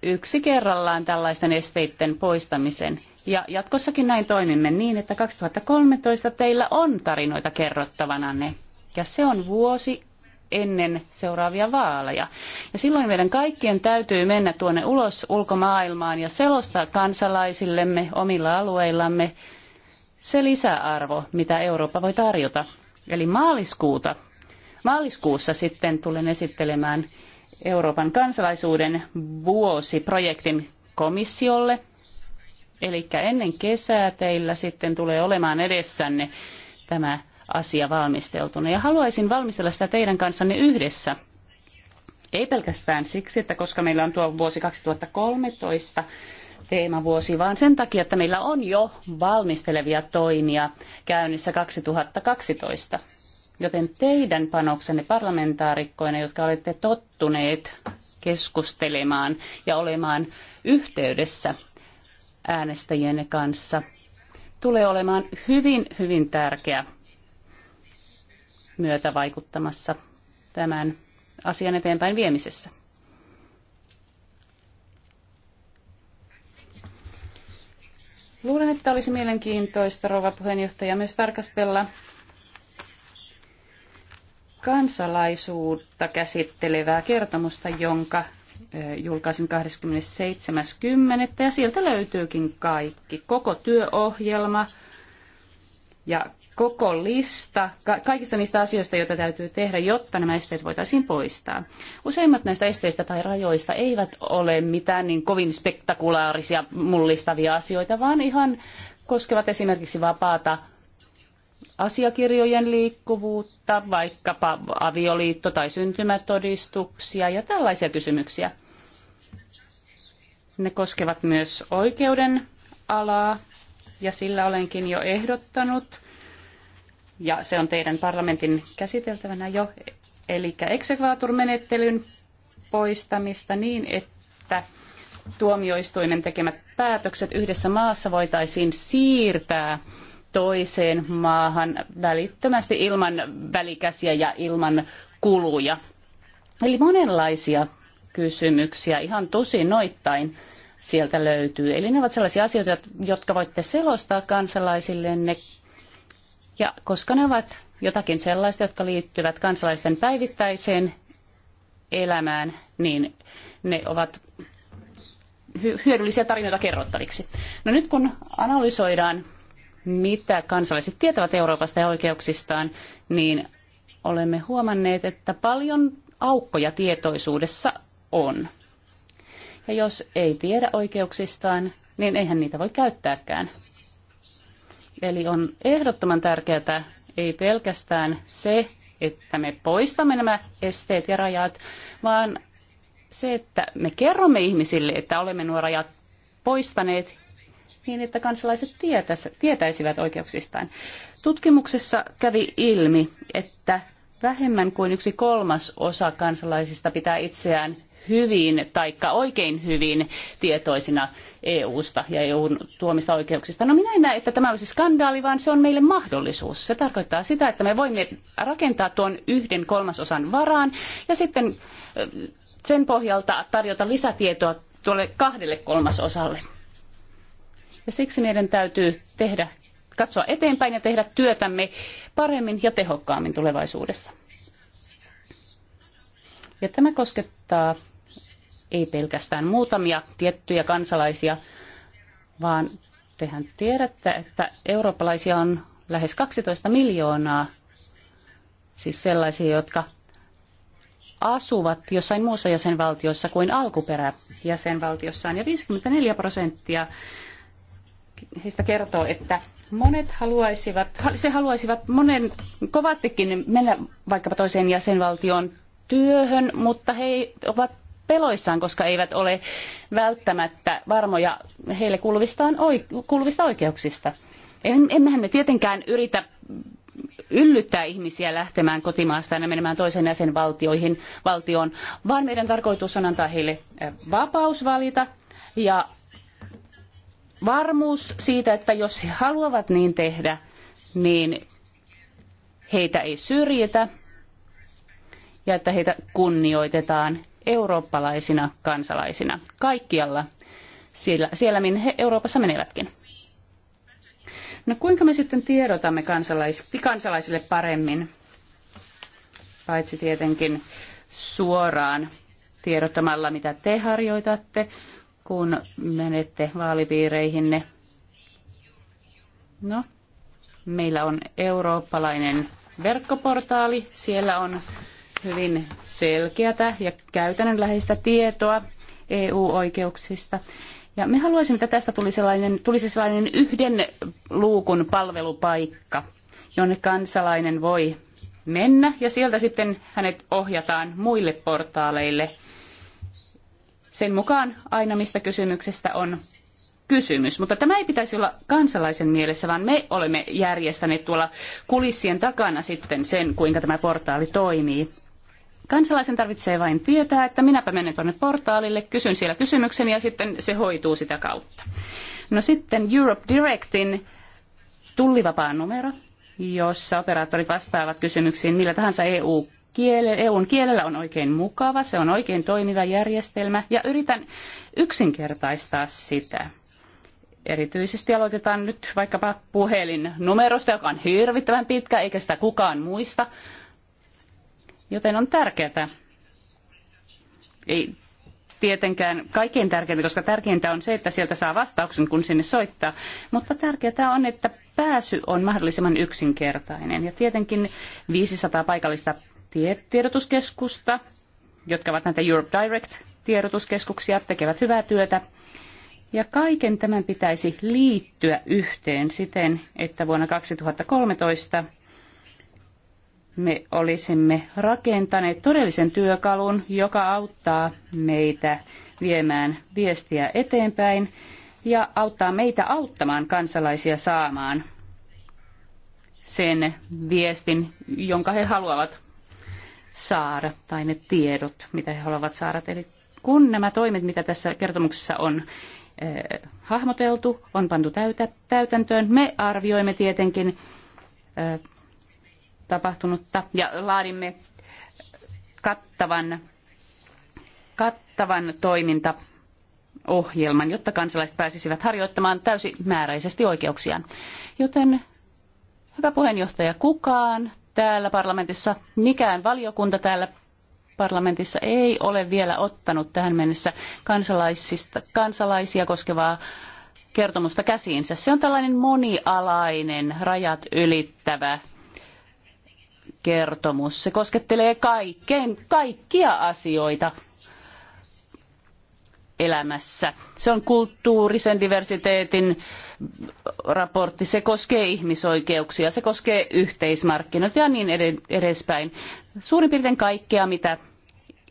yksi kerrallaan tällaisten esteiden poistamisen. Ja jatkossakin näin toimimme niin, että 2013 teillä on tarinoita kerrottavananne. Ja se on vuosi, ennen seuraavia vaaleja. Ja silloin meidän kaikkien täytyy mennä tuonne ulos ulkomaailmaan ja selostaa kansalaisillemme omilla alueillamme se lisäarvo, mitä Eurooppa voi tarjota. Eli maaliskuuta, maaliskuussa sitten tulen esittelemään Euroopan kansalaisuuden vuosiprojektin komissiolle. Eli ennen kesää teillä sitten tulee olemaan edessänne tämä asia valmisteltuna. Ja haluaisin valmistella sitä teidän kanssanne yhdessä. Ei pelkästään siksi, että koska meillä on tuo vuosi 2013 teemavuosi, vaan sen takia, että meillä on jo valmistelevia toimia käynnissä 2012. Joten teidän panoksenne parlamentaarikkoina, jotka olette tottuneet keskustelemaan ja olemaan yhteydessä äänestäjienne kanssa, tulee olemaan hyvin, hyvin tärkeä myötä vaikuttamassa tämän asian eteenpäin viemisessä. Luulen, että olisi mielenkiintoista, rouva puheenjohtaja, myös tarkastella kansalaisuutta käsittelevää kertomusta, jonka julkaisin 27.10. Ja sieltä löytyykin kaikki, koko työohjelma ja koko lista kaikista niistä asioista, joita täytyy tehdä, jotta nämä esteet voitaisiin poistaa. Useimmat näistä esteistä tai rajoista eivät ole mitään niin kovin spektakulaarisia, mullistavia asioita, vaan ihan koskevat esimerkiksi vapaata asiakirjojen liikkuvuutta, vaikkapa avioliitto- tai syntymätodistuksia ja tällaisia kysymyksiä. Ne koskevat myös oikeuden alaa, ja sillä olenkin jo ehdottanut ja se on teidän parlamentin käsiteltävänä jo, eli eksekvaaturmenettelyn poistamista niin, että tuomioistuimen tekemät päätökset yhdessä maassa voitaisiin siirtää toiseen maahan välittömästi ilman välikäsiä ja ilman kuluja. Eli monenlaisia kysymyksiä ihan tosi noittain sieltä löytyy. Eli ne ovat sellaisia asioita, jotka voitte selostaa kansalaisille ne ja koska ne ovat jotakin sellaista, jotka liittyvät kansalaisten päivittäiseen elämään, niin ne ovat hyödyllisiä tarinoita kerrottaviksi. No nyt kun analysoidaan, mitä kansalaiset tietävät Euroopasta ja oikeuksistaan, niin olemme huomanneet, että paljon aukkoja tietoisuudessa on. Ja jos ei tiedä oikeuksistaan, niin eihän niitä voi käyttääkään. Eli on ehdottoman tärkeää ei pelkästään se, että me poistamme nämä esteet ja rajat, vaan se, että me kerromme ihmisille, että olemme nuo rajat poistaneet niin, että kansalaiset tietäisivät oikeuksistaan. Tutkimuksessa kävi ilmi, että vähemmän kuin yksi kolmas osa kansalaisista pitää itseään hyvin taikka oikein hyvin tietoisina EU-sta ja EUn tuomista oikeuksista. No minä en näe, että tämä olisi skandaali, vaan se on meille mahdollisuus. Se tarkoittaa sitä, että me voimme rakentaa tuon yhden kolmasosan varaan ja sitten sen pohjalta tarjota lisätietoa tuolle kahdelle kolmasosalle. Ja siksi meidän täytyy tehdä katsoa eteenpäin ja tehdä työtämme paremmin ja tehokkaammin tulevaisuudessa. Ja tämä koskettaa ei pelkästään muutamia tiettyjä kansalaisia, vaan tehän tiedätte, että eurooppalaisia on lähes 12 miljoonaa, siis sellaisia, jotka asuvat jossain muussa jäsenvaltiossa kuin alkuperä jäsenvaltiossaan. Ja 54 prosenttia heistä kertoo, että Monet haluaisivat, se haluaisivat monen kovastikin mennä vaikkapa toiseen jäsenvaltioon työhön, mutta he ovat peloissaan, koska eivät ole välttämättä varmoja heille kuuluvistaan, kuuluvista oikeuksista. Emmehän me tietenkään yritä yllyttää ihmisiä lähtemään kotimaastaan ja menemään toiseen jäsenvaltioihin, valtioon, vaan meidän tarkoitus on antaa heille vapaus valita ja varmuus siitä, että jos he haluavat niin tehdä, niin heitä ei syrjitä ja että heitä kunnioitetaan eurooppalaisina kansalaisina kaikkialla siellä, siellä minne he Euroopassa menevätkin. No kuinka me sitten tiedotamme kansalais, kansalaisille paremmin, paitsi tietenkin suoraan tiedottamalla, mitä te harjoitatte, kun menette vaalipiireihinne. No, meillä on eurooppalainen verkkoportaali. Siellä on hyvin selkeätä ja käytännönläheistä tietoa EU-oikeuksista. Ja me haluaisimme, että tästä tulisi sellainen, tulisi sellainen yhden luukun palvelupaikka, jonne kansalainen voi mennä ja sieltä sitten hänet ohjataan muille portaaleille – sen mukaan aina, mistä kysymyksestä on kysymys. Mutta tämä ei pitäisi olla kansalaisen mielessä, vaan me olemme järjestäneet tuolla kulissien takana sitten sen, kuinka tämä portaali toimii. Kansalaisen tarvitsee vain tietää, että minäpä menen tuonne portaalille, kysyn siellä kysymyksen ja sitten se hoituu sitä kautta. No sitten Europe Directin tullivapaa numero, jossa operaattorit vastaavat kysymyksiin millä tahansa EU kielen, EUn kielellä on oikein mukava, se on oikein toimiva järjestelmä ja yritän yksinkertaistaa sitä. Erityisesti aloitetaan nyt vaikkapa puhelinnumerosta, joka on hirvittävän pitkä eikä sitä kukaan muista. Joten on tärkeää. Ei tietenkään kaikkein tärkeintä, koska tärkeintä on se, että sieltä saa vastauksen, kun sinne soittaa. Mutta tärkeää on, että pääsy on mahdollisimman yksinkertainen. Ja tietenkin 500 paikallista tiedotuskeskusta, jotka ovat näitä Europe Direct-tiedotuskeskuksia, tekevät hyvää työtä. Ja kaiken tämän pitäisi liittyä yhteen siten, että vuonna 2013 me olisimme rakentaneet todellisen työkalun, joka auttaa meitä viemään viestiä eteenpäin ja auttaa meitä auttamaan kansalaisia saamaan sen viestin, jonka he haluavat saada tai ne tiedot, mitä he haluavat saada. Eli kun nämä toimet, mitä tässä kertomuksessa on eh, hahmoteltu, on pantu täytä, täytäntöön, me arvioimme tietenkin eh, tapahtunutta ja laadimme kattavan, kattavan toiminta ohjelman, jotta kansalaiset pääsisivät harjoittamaan täysimääräisesti oikeuksiaan. Joten, hyvä puheenjohtaja, kukaan täällä parlamentissa, mikään valiokunta täällä parlamentissa ei ole vielä ottanut tähän mennessä kansalaisista, kansalaisia koskevaa kertomusta käsiinsä. Se on tällainen monialainen, rajat ylittävä kertomus. Se koskettelee kaikkein, kaikkia asioita elämässä. Se on kulttuurisen diversiteetin raportti, se koskee ihmisoikeuksia, se koskee yhteismarkkinoita ja niin edespäin. Suurin piirtein kaikkea, mitä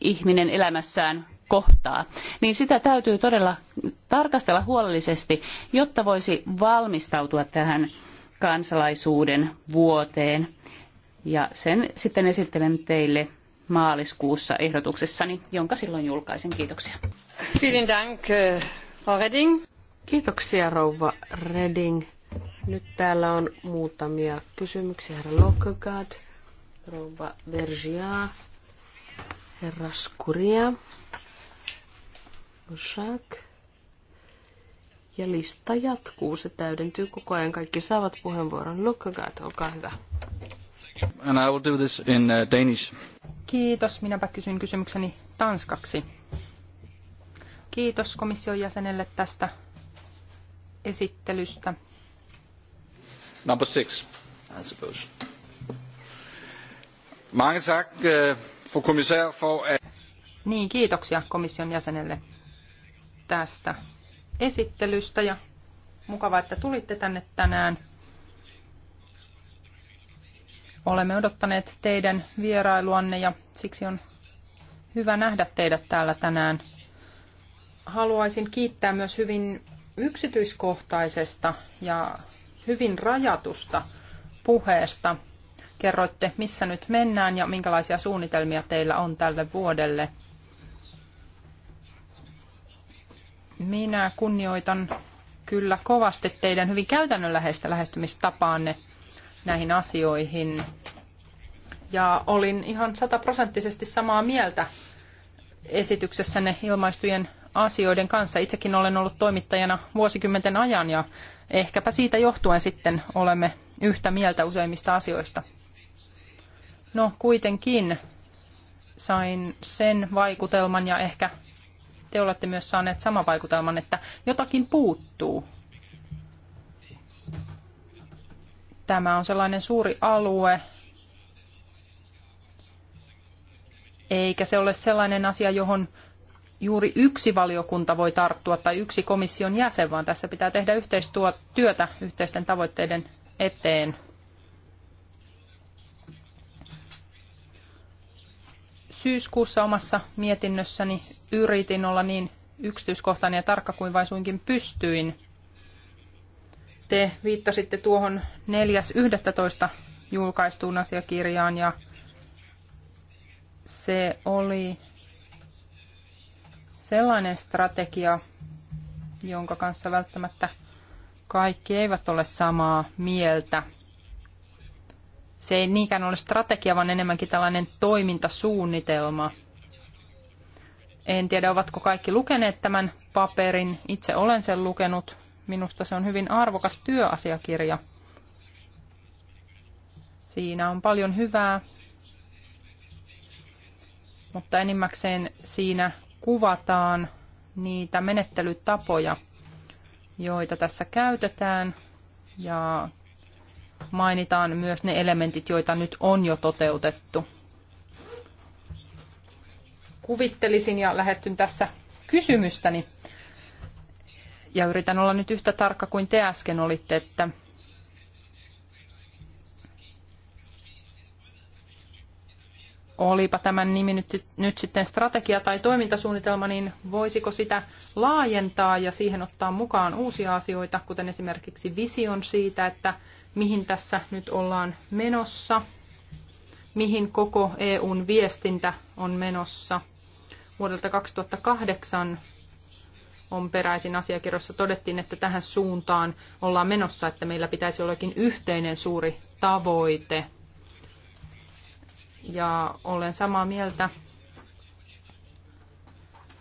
ihminen elämässään kohtaa, niin sitä täytyy todella tarkastella huolellisesti, jotta voisi valmistautua tähän kansalaisuuden vuoteen. Ja sen sitten esittelen teille maaliskuussa ehdotuksessani, jonka silloin julkaisen. Kiitoksia. Vielen Dank, Frau Redding. Kiitoksia rouva Reding. Nyt täällä on muutamia kysymyksiä. Herra Lockegaard, rouva Vergia, herra Skuria, Jacques. Ja lista jatkuu, se täydentyy koko ajan. Kaikki saavat puheenvuoron. Lockegaard, olkaa hyvä. And I will do this in uh, Danish. Kiitos. Minäpä kysyn kysymykseni tanskaksi. Kiitos komission jäsenelle tästä esittelystä. Number six, I suppose. Mange tak, øh, fru for at... Niin, kiitoksia komission jäsenelle tästä esittelystä ja mukavaa, että tulitte tänne tänään. Olemme odottaneet teidän vierailuanne ja siksi on hyvä nähdä teidät täällä tänään. Haluaisin kiittää myös hyvin yksityiskohtaisesta ja hyvin rajatusta puheesta. Kerroitte, missä nyt mennään ja minkälaisia suunnitelmia teillä on tälle vuodelle. Minä kunnioitan kyllä kovasti teidän hyvin käytännönläheistä lähestymistapaanne näihin asioihin. Ja olin ihan sataprosenttisesti samaa mieltä esityksessänne ilmaistujen asioiden kanssa. Itsekin olen ollut toimittajana vuosikymmenten ajan ja ehkäpä siitä johtuen sitten olemme yhtä mieltä useimmista asioista. No kuitenkin sain sen vaikutelman ja ehkä te olette myös saaneet saman vaikutelman, että jotakin puuttuu. Tämä on sellainen suuri alue, eikä se ole sellainen asia, johon juuri yksi valiokunta voi tarttua tai yksi komission jäsen, vaan tässä pitää tehdä yhteistyötä yhteisten tavoitteiden eteen. Syyskuussa omassa mietinnössäni yritin olla niin yksityiskohtainen ja tarkka kuin vain suinkin pystyin. Te viittasitte tuohon 4.11. julkaistuun asiakirjaan ja se oli sellainen strategia, jonka kanssa välttämättä kaikki eivät ole samaa mieltä. Se ei niinkään ole strategia, vaan enemmänkin tällainen toimintasuunnitelma. En tiedä, ovatko kaikki lukeneet tämän paperin. Itse olen sen lukenut. Minusta se on hyvin arvokas työasiakirja. Siinä on paljon hyvää, mutta enimmäkseen siinä kuvataan niitä menettelytapoja, joita tässä käytetään ja mainitaan myös ne elementit, joita nyt on jo toteutettu. Kuvittelisin ja lähestyn tässä kysymystäni ja yritän olla nyt yhtä tarkka kuin te äsken olitte, että olipa tämän nimi nyt, nyt sitten strategia tai toimintasuunnitelma, niin voisiko sitä laajentaa ja siihen ottaa mukaan uusia asioita, kuten esimerkiksi vision siitä, että mihin tässä nyt ollaan menossa, mihin koko EUn viestintä on menossa. Vuodelta 2008 on peräisin asiakirjassa todettiin, että tähän suuntaan ollaan menossa, että meillä pitäisi ollakin yhteinen suuri tavoite – ja olen samaa mieltä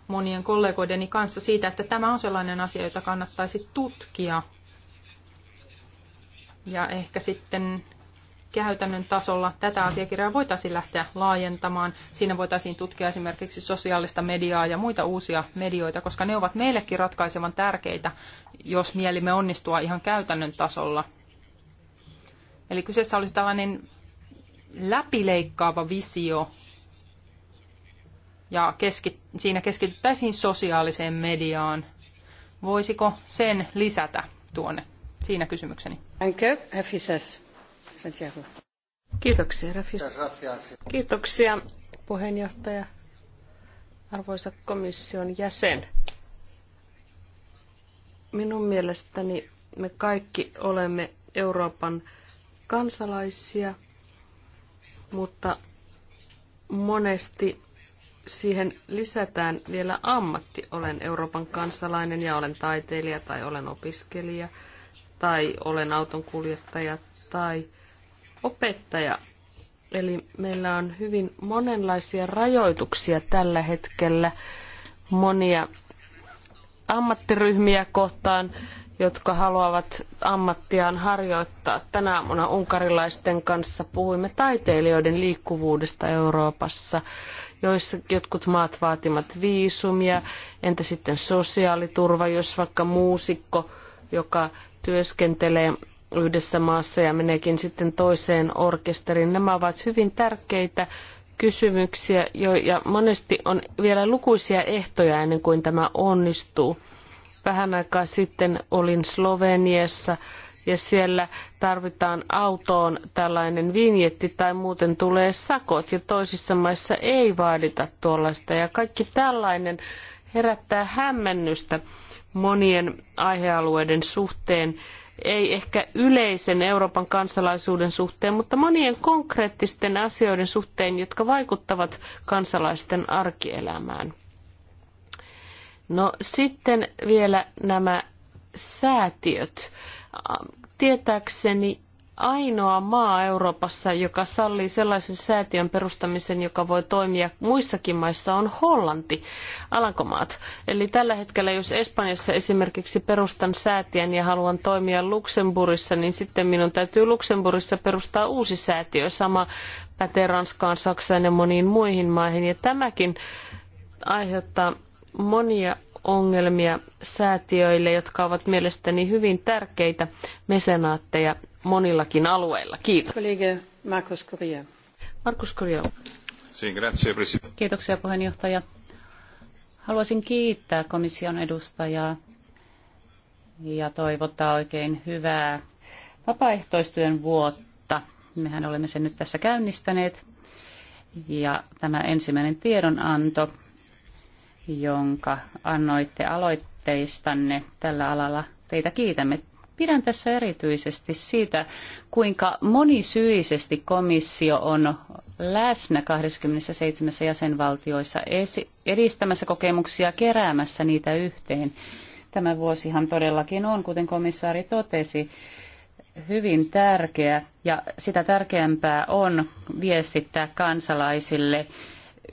monien kollegoideni kanssa siitä, että tämä on sellainen asia, jota kannattaisi tutkia. Ja ehkä sitten käytännön tasolla tätä asiakirjaa voitaisiin lähteä laajentamaan. Siinä voitaisiin tutkia esimerkiksi sosiaalista mediaa ja muita uusia medioita, koska ne ovat meillekin ratkaisevan tärkeitä, jos mielimme onnistua ihan käytännön tasolla. Eli kyseessä olisi tällainen läpileikkaava visio ja keski, siinä keskityttäisiin sosiaaliseen mediaan. Voisiko sen lisätä tuonne? Siinä kysymykseni. Kiitoksia, Rafis. Kiitoksia, puheenjohtaja. Arvoisa komission jäsen. Minun mielestäni me kaikki olemme Euroopan kansalaisia – mutta monesti siihen lisätään vielä ammatti. Olen Euroopan kansalainen ja olen taiteilija tai olen opiskelija tai olen autonkuljettaja tai opettaja. Eli meillä on hyvin monenlaisia rajoituksia tällä hetkellä monia ammattiryhmiä kohtaan jotka haluavat ammattiaan harjoittaa. Tänä aamuna unkarilaisten kanssa puhuimme taiteilijoiden liikkuvuudesta Euroopassa, joissa jotkut maat vaativat viisumia. Entä sitten sosiaaliturva, jos vaikka muusikko, joka työskentelee yhdessä maassa ja meneekin sitten toiseen orkesteriin. Nämä ovat hyvin tärkeitä kysymyksiä jo, ja monesti on vielä lukuisia ehtoja ennen kuin tämä onnistuu. Vähän aikaa sitten olin Sloveniassa ja siellä tarvitaan autoon tällainen vinjetti tai muuten tulee sakot ja toisissa maissa ei vaadita tuollaista ja kaikki tällainen herättää hämmennystä monien aihealueiden suhteen, ei ehkä yleisen Euroopan kansalaisuuden suhteen, mutta monien konkreettisten asioiden suhteen, jotka vaikuttavat kansalaisten arkielämään. No sitten vielä nämä säätiöt. Tietääkseni ainoa maa Euroopassa, joka sallii sellaisen säätiön perustamisen, joka voi toimia muissakin maissa, on Hollanti, Alankomaat. Eli tällä hetkellä, jos Espanjassa esimerkiksi perustan säätiön ja haluan toimia Luxemburissa, niin sitten minun täytyy Luxemburissa perustaa uusi säätiö. Sama pätee Ranskaan, Saksaan ja moniin muihin maihin. Ja tämäkin aiheuttaa monia ongelmia säätiöille, jotka ovat mielestäni hyvin tärkeitä mesenaatteja monillakin alueilla. Kiitos. Markus Kurja. Markus Kurja. Kiitoksia puheenjohtaja. Haluaisin kiittää komission edustajaa ja toivottaa oikein hyvää vapaaehtoistyön vuotta. Mehän olemme sen nyt tässä käynnistäneet. Ja tämä ensimmäinen tiedonanto jonka annoitte aloitteistanne tällä alalla. Teitä kiitämme. Pidän tässä erityisesti siitä, kuinka monisyisesti komissio on läsnä 27 jäsenvaltioissa edistämässä kokemuksia, keräämässä niitä yhteen. Tämä vuosihan todellakin on, kuten komissaari totesi, hyvin tärkeä ja sitä tärkeämpää on viestittää kansalaisille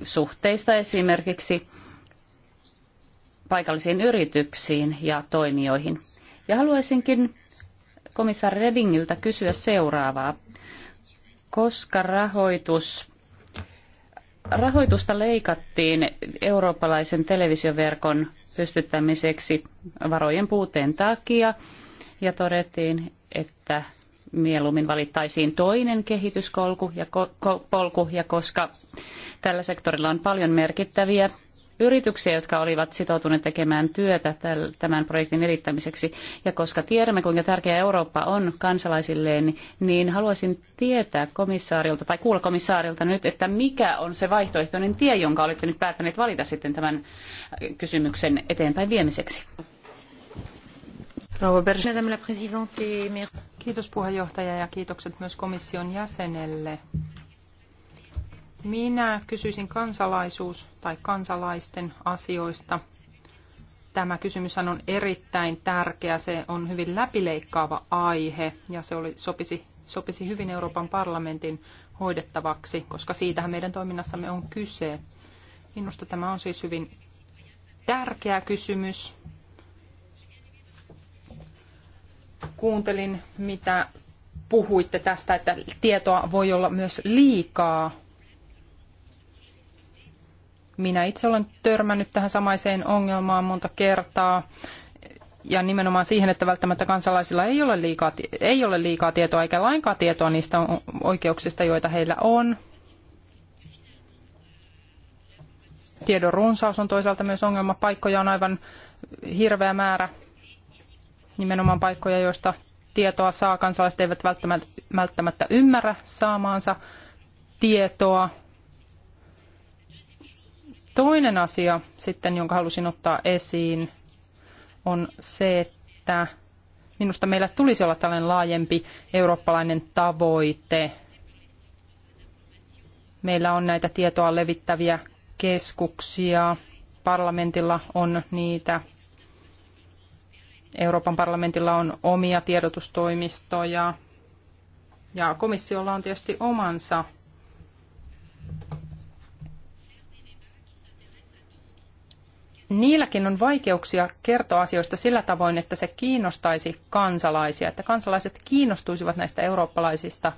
suhteista esimerkiksi paikallisiin yrityksiin ja toimijoihin. Ja haluaisinkin komissaari Redingiltä kysyä seuraavaa. Koska rahoitus, rahoitusta leikattiin eurooppalaisen televisioverkon pystyttämiseksi varojen puuteen takia ja todettiin, että mieluummin valittaisiin toinen kehityskolku ja ko- polku ja koska tällä sektorilla on paljon merkittäviä yrityksiä, jotka olivat sitoutuneet tekemään työtä tämän projektin edittämiseksi. Ja koska tiedämme, kuinka tärkeä Eurooppa on kansalaisilleen, niin haluaisin tietää komissaarilta tai kuulla komissaarilta nyt, että mikä on se vaihtoehtoinen tie, jonka olette nyt päättäneet valita sitten tämän äh, kysymyksen eteenpäin viemiseksi. Kiitos puheenjohtaja ja kiitokset myös komission jäsenelle minä kysyisin kansalaisuus- tai kansalaisten asioista. Tämä kysymys on erittäin tärkeä. Se on hyvin läpileikkaava aihe ja se oli, sopisi, sopisi hyvin Euroopan parlamentin hoidettavaksi, koska siitähän meidän toiminnassamme on kyse. Minusta tämä on siis hyvin tärkeä kysymys. Kuuntelin, mitä puhuitte tästä, että tietoa voi olla myös liikaa minä itse olen törmännyt tähän samaiseen ongelmaan monta kertaa ja nimenomaan siihen, että välttämättä kansalaisilla ei ole liikaa, ei ole liikaa tietoa eikä lainkaan tietoa niistä oikeuksista, joita heillä on. Tiedon runsaus on toisaalta myös ongelma. Paikkoja on aivan hirveä määrä, nimenomaan paikkoja, joista tietoa saa. Kansalaiset eivät välttämättä, välttämättä ymmärrä saamaansa tietoa Toinen asia sitten, jonka halusin ottaa esiin, on se, että minusta meillä tulisi olla tällainen laajempi eurooppalainen tavoite. Meillä on näitä tietoa levittäviä keskuksia, parlamentilla on niitä, Euroopan parlamentilla on omia tiedotustoimistoja ja komissiolla on tietysti omansa niilläkin on vaikeuksia kertoa asioista sillä tavoin, että se kiinnostaisi kansalaisia, että kansalaiset kiinnostuisivat näistä eurooppalaisista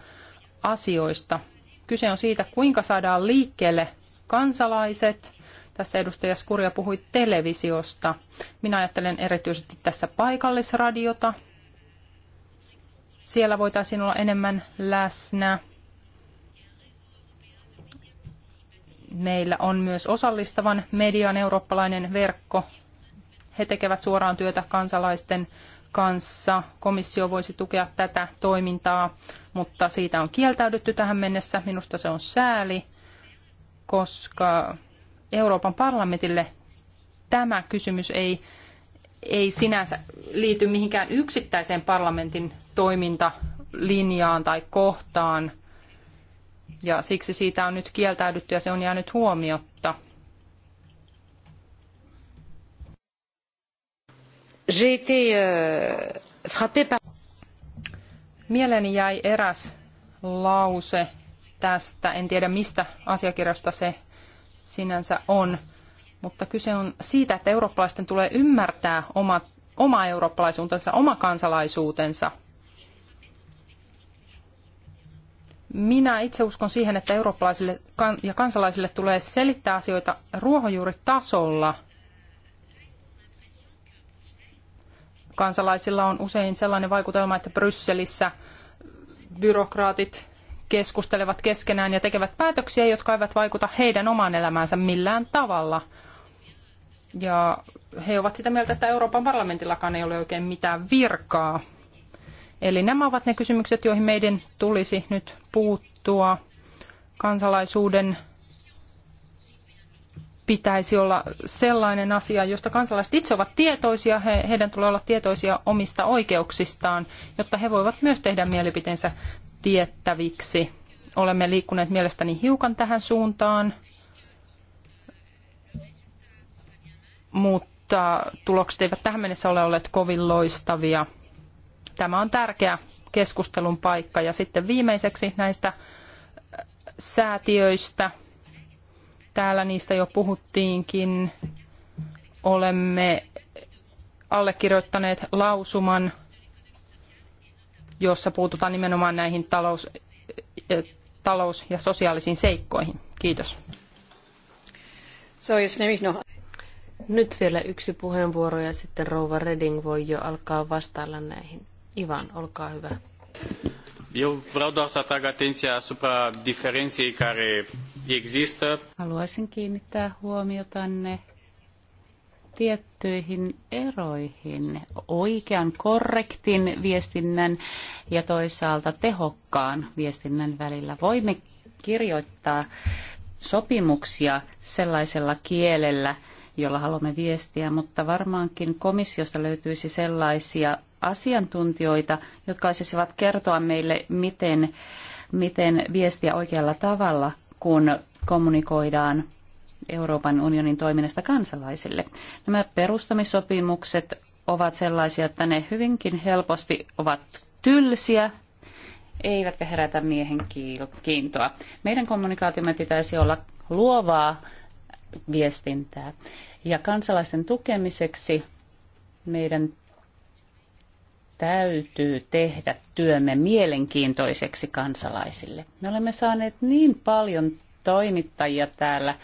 asioista. Kyse on siitä, kuinka saadaan liikkeelle kansalaiset. Tässä edustaja Skuria puhui televisiosta. Minä ajattelen erityisesti tässä paikallisradiota. Siellä voitaisiin olla enemmän läsnä Meillä on myös osallistavan median eurooppalainen verkko. He tekevät suoraan työtä kansalaisten kanssa. Komissio voisi tukea tätä toimintaa, mutta siitä on kieltäydytty tähän mennessä. Minusta se on sääli, koska Euroopan parlamentille tämä kysymys ei, ei sinänsä liity mihinkään yksittäiseen parlamentin toimintalinjaan tai kohtaan – ja siksi siitä on nyt kieltäydytty ja se on jäänyt huomiotta. Euh, Mieleeni jäi eräs lause tästä, en tiedä mistä asiakirjasta se sinänsä on, mutta kyse on siitä, että eurooppalaisten tulee ymmärtää oma, oma eurooppalaisuutensa, oma kansalaisuutensa – Minä itse uskon siihen, että eurooppalaisille ja kansalaisille tulee selittää asioita ruohonjuuritasolla. Kansalaisilla on usein sellainen vaikutelma, että Brysselissä byrokraatit keskustelevat keskenään ja tekevät päätöksiä, jotka eivät vaikuta heidän omaan elämäänsä millään tavalla. Ja he ovat sitä mieltä, että Euroopan parlamentillakaan ei ole oikein mitään virkaa. Eli nämä ovat ne kysymykset, joihin meidän tulisi nyt puuttua. Kansalaisuuden pitäisi olla sellainen asia, josta kansalaiset itse ovat tietoisia, he, heidän tulee olla tietoisia omista oikeuksistaan, jotta he voivat myös tehdä mielipiteensä tiettäviksi. Olemme liikkuneet mielestäni hiukan tähän suuntaan, mutta tulokset eivät tähän mennessä ole olleet kovin loistavia. Tämä on tärkeä keskustelun paikka. Ja sitten viimeiseksi näistä äh, säätiöistä. Täällä niistä jo puhuttiinkin. Olemme allekirjoittaneet lausuman, jossa puututaan nimenomaan näihin talous, äh, talous- ja sosiaalisiin seikkoihin. Kiitos. No. Nyt vielä yksi puheenvuoro ja sitten Rouva Reding voi jo alkaa vastailla näihin Ivan, olkaa hyvä. Eu vreau doar să atrag atenția asupra diferenței care există. Haluaisin kiinnittää huomiota huomiotanne tiettyihin eroihin oikean korrektin viestinnän ja toisaalta tehokkaan viestinnän välillä. Voimme kirjoittaa sopimuksia sellaisella kielellä, jolla haluamme viestiä, mutta varmaankin komissiosta löytyisi sellaisia asiantuntijoita, jotka osisivat kertoa meille, miten, miten viestiä oikealla tavalla, kun kommunikoidaan Euroopan unionin toiminnasta kansalaisille. Nämä perustamissopimukset ovat sellaisia, että ne hyvinkin helposti ovat tylsiä, eivätkä herätä miehen kiintoa. Meidän kommunikaatiomme pitäisi olla luovaa viestintää. Ja kansalaisten tukemiseksi meidän täytyy tehdä työmme mielenkiintoiseksi kansalaisille. Me olemme saaneet niin paljon toimittajia täällä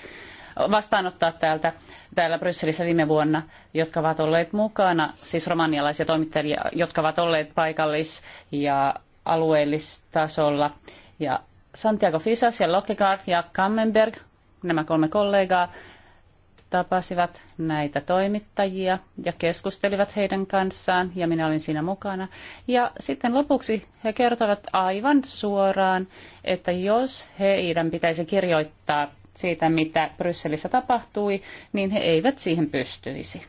vastaanottaa täältä, täällä Brysselissä viime vuonna, jotka ovat olleet mukana, siis romanialaisia toimittajia, jotka ovat olleet paikallis- ja alueellistasolla. Ja Santiago Fisas ja Lockegaard ja Kammenberg, nämä kolme kollegaa, tapasivat näitä toimittajia ja keskustelivat heidän kanssaan ja minä olin siinä mukana. Ja sitten lopuksi he kertovat aivan suoraan, että jos heidän pitäisi kirjoittaa siitä, mitä Brysselissä tapahtui, niin he eivät siihen pystyisi.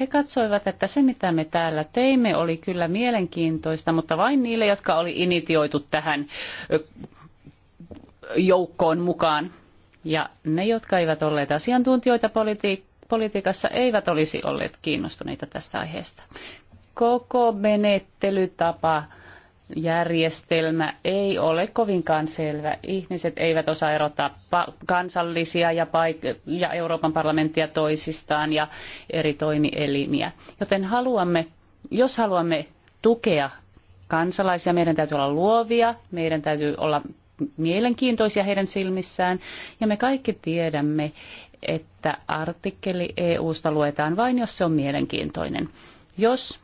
He katsoivat, että se mitä me täällä teimme oli kyllä mielenkiintoista, mutta vain niille, jotka oli initioitu tähän joukkoon mukaan. Ja ne, jotka eivät olleet asiantuntijoita politiikkaa, politiikassa eivät olisi olleet kiinnostuneita tästä aiheesta. Koko menettelytapa, järjestelmä ei ole kovinkaan selvä. Ihmiset eivät osaa erottaa kansallisia ja, ja Euroopan parlamenttia toisistaan ja eri toimielimiä. Joten haluamme, jos haluamme tukea kansalaisia, meidän täytyy olla luovia, meidän täytyy olla mielenkiintoisia heidän silmissään. Ja me kaikki tiedämme, että artikkeli EU-sta luetaan vain, jos se on mielenkiintoinen. Jos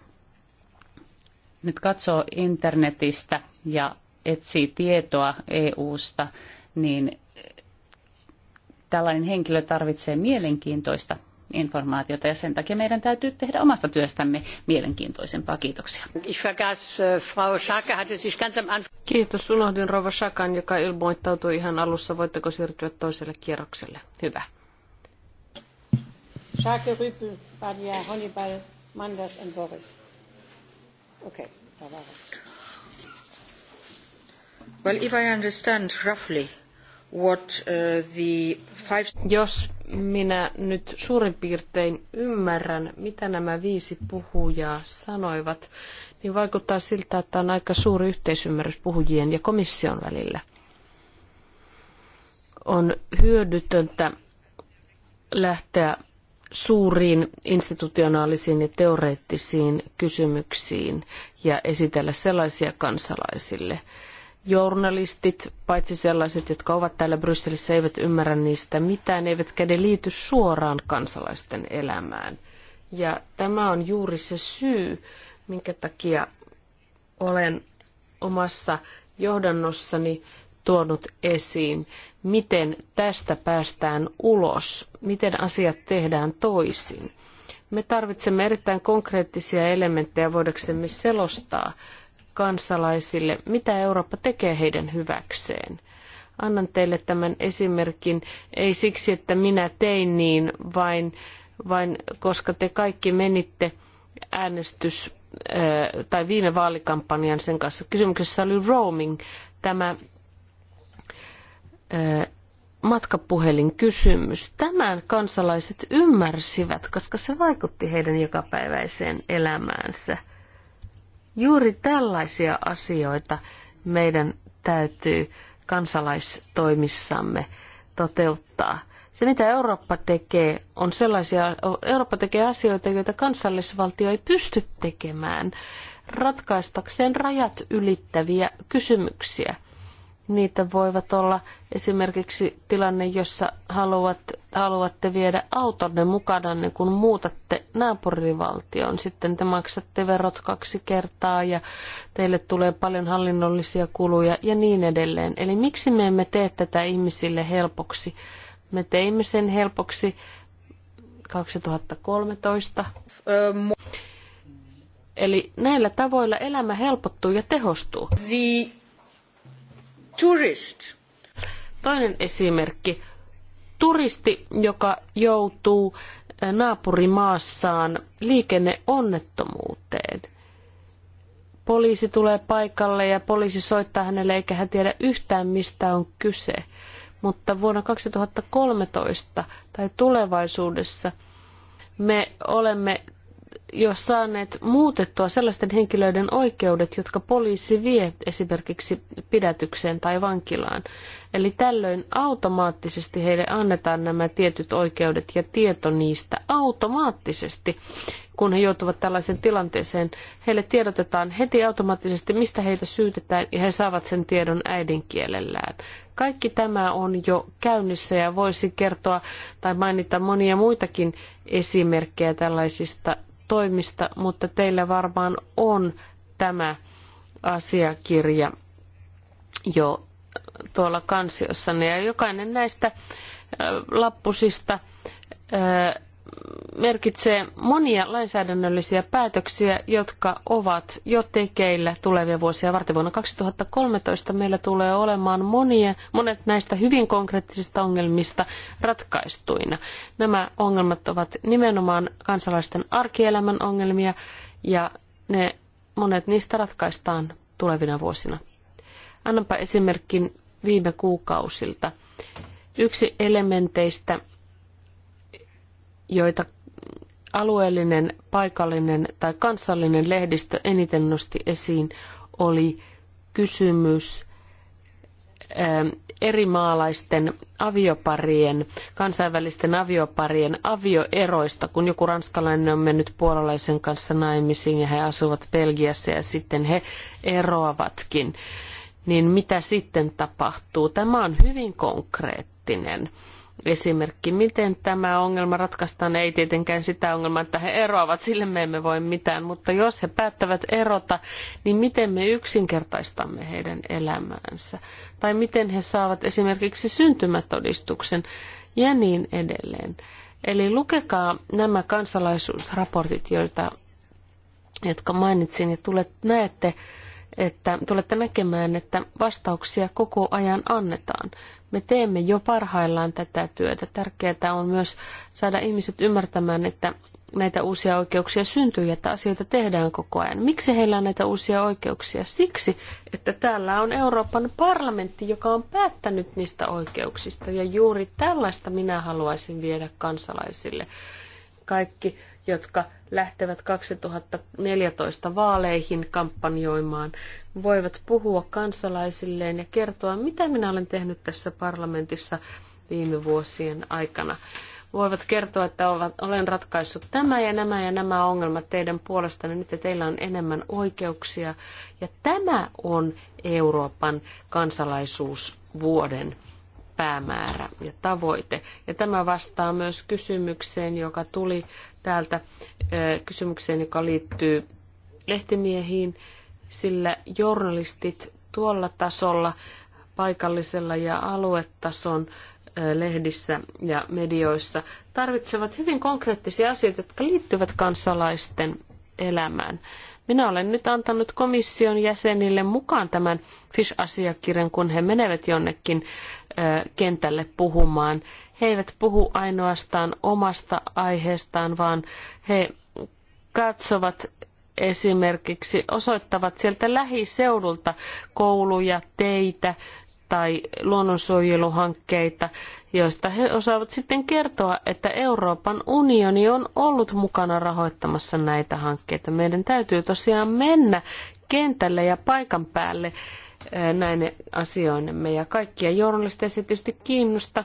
nyt katsoo internetistä ja etsii tietoa EU-sta, niin tällainen henkilö tarvitsee mielenkiintoista informaatiota ja sen takia meidän täytyy tehdä omasta työstämme mielenkiintoisempaa. Kiitoksia. Äh, Kiitos. Unohdin Rova Shakan, joka ilmoittautui ihan alussa. Voitteko siirtyä toiselle kierrokselle? Hyvä. Schake, Rüpel, Badia, Honeyball, Manders and Boris. Okay, da er. Well, if I understand roughly Uh, Jos minä nyt suurin piirtein ymmärrän, mitä nämä viisi puhujaa sanoivat, niin vaikuttaa siltä, että on aika suuri yhteisymmärrys puhujien ja komission välillä. On hyödytöntä lähteä suuriin institutionaalisiin ja teoreettisiin kysymyksiin ja esitellä sellaisia kansalaisille – journalistit, paitsi sellaiset, jotka ovat täällä Brysselissä, eivät ymmärrä niistä mitään, eivätkä ne liity suoraan kansalaisten elämään. Ja tämä on juuri se syy, minkä takia olen omassa johdannossani tuonut esiin, miten tästä päästään ulos, miten asiat tehdään toisin. Me tarvitsemme erittäin konkreettisia elementtejä voidaksemme selostaa kansalaisille, mitä Eurooppa tekee heidän hyväkseen. Annan teille tämän esimerkin, ei siksi, että minä tein niin, vain, vain koska te kaikki menitte äänestys tai viime vaalikampanjan sen kanssa. Kysymyksessä oli roaming, tämä matkapuhelinkysymys. Tämän kansalaiset ymmärsivät, koska se vaikutti heidän jokapäiväiseen elämäänsä. Juuri tällaisia asioita meidän täytyy kansalaistoimissamme toteuttaa. Se, mitä Eurooppa tekee, on sellaisia, Eurooppa tekee asioita, joita kansallisvaltio ei pysty tekemään ratkaistakseen rajat ylittäviä kysymyksiä. Niitä voivat olla esimerkiksi tilanne, jossa haluat, haluatte viedä autonne niin kun muutatte naapurivaltioon. Sitten te maksatte verot kaksi kertaa ja teille tulee paljon hallinnollisia kuluja ja niin edelleen. Eli miksi me emme tee tätä ihmisille helpoksi? Me teimme sen helpoksi 2013. Eli näillä tavoilla elämä helpottuu ja tehostuu. The Tourist. Toinen esimerkki. Turisti, joka joutuu eh, naapurimaassaan liikenneonnettomuuteen. Poliisi tulee paikalle ja poliisi soittaa hänelle eikä hän tiedä yhtään mistä on kyse. Mutta vuonna 2013 tai tulevaisuudessa me olemme jo saaneet muutettua sellaisten henkilöiden oikeudet, jotka poliisi vie esimerkiksi pidätykseen tai vankilaan. Eli tällöin automaattisesti heille annetaan nämä tietyt oikeudet ja tieto niistä automaattisesti. Kun he joutuvat tällaiseen tilanteeseen, heille tiedotetaan heti automaattisesti, mistä heitä syytetään, ja he saavat sen tiedon äidinkielellään. Kaikki tämä on jo käynnissä ja voisi kertoa tai mainita monia muitakin esimerkkejä tällaisista toimista, mutta teillä varmaan on tämä asiakirja jo tuolla kansiossanne. Ja jokainen näistä äh, lappusista äh, merkitsee monia lainsäädännöllisiä päätöksiä, jotka ovat jo tekeillä tulevia vuosia varten. Vuonna 2013 meillä tulee olemaan monia, monet näistä hyvin konkreettisista ongelmista ratkaistuina. Nämä ongelmat ovat nimenomaan kansalaisten arkielämän ongelmia ja ne monet niistä ratkaistaan tulevina vuosina. Annanpa esimerkin viime kuukausilta. Yksi elementeistä joita alueellinen, paikallinen tai kansallinen lehdistö eniten nosti esiin, oli kysymys ähm, eri maalaisten avioparien, kansainvälisten avioparien avioeroista, kun joku ranskalainen on mennyt puolalaisen kanssa naimisiin ja he asuvat Belgiassa ja sitten he eroavatkin, niin mitä sitten tapahtuu? Tämä on hyvin konkreettista konkreettinen esimerkki. Miten tämä ongelma ratkaistaan? Ei tietenkään sitä ongelmaa, että he eroavat, sille me emme voi mitään, mutta jos he päättävät erota, niin miten me yksinkertaistamme heidän elämäänsä? Tai miten he saavat esimerkiksi syntymätodistuksen ja niin edelleen. Eli lukekaa nämä kansalaisuusraportit, joita, jotka mainitsin, ja tulet, näette, että tulette näkemään, että vastauksia koko ajan annetaan. Me teemme jo parhaillaan tätä työtä. Tärkeää on myös saada ihmiset ymmärtämään, että näitä uusia oikeuksia syntyy ja että asioita tehdään koko ajan. Miksi heillä on näitä uusia oikeuksia? Siksi, että täällä on Euroopan parlamentti, joka on päättänyt niistä oikeuksista. Ja juuri tällaista minä haluaisin viedä kansalaisille. Kaikki jotka lähtevät 2014 vaaleihin kampanjoimaan, voivat puhua kansalaisilleen ja kertoa, mitä minä olen tehnyt tässä parlamentissa viime vuosien aikana. Voivat kertoa, että olen ratkaissut tämä ja nämä ja nämä ongelmat teidän puolestanne, nyt ja teillä on enemmän oikeuksia. Ja tämä on Euroopan kansalaisuusvuoden päämäärä ja tavoite. Ja tämä vastaa myös kysymykseen, joka tuli täältä kysymykseen, joka liittyy lehtimiehiin, sillä journalistit tuolla tasolla, paikallisella ja aluetason lehdissä ja medioissa tarvitsevat hyvin konkreettisia asioita, jotka liittyvät kansalaisten elämään. Minä olen nyt antanut komission jäsenille mukaan tämän FISH-asiakirjan, kun he menevät jonnekin kentälle puhumaan he eivät puhu ainoastaan omasta aiheestaan, vaan he katsovat esimerkiksi, osoittavat sieltä lähiseudulta kouluja, teitä tai luonnonsuojeluhankkeita, joista he osaavat sitten kertoa, että Euroopan unioni on ollut mukana rahoittamassa näitä hankkeita. Meidän täytyy tosiaan mennä kentälle ja paikan päälle näin asioinnemme. Ja kaikkia journalisteja se tietysti kiinnosta,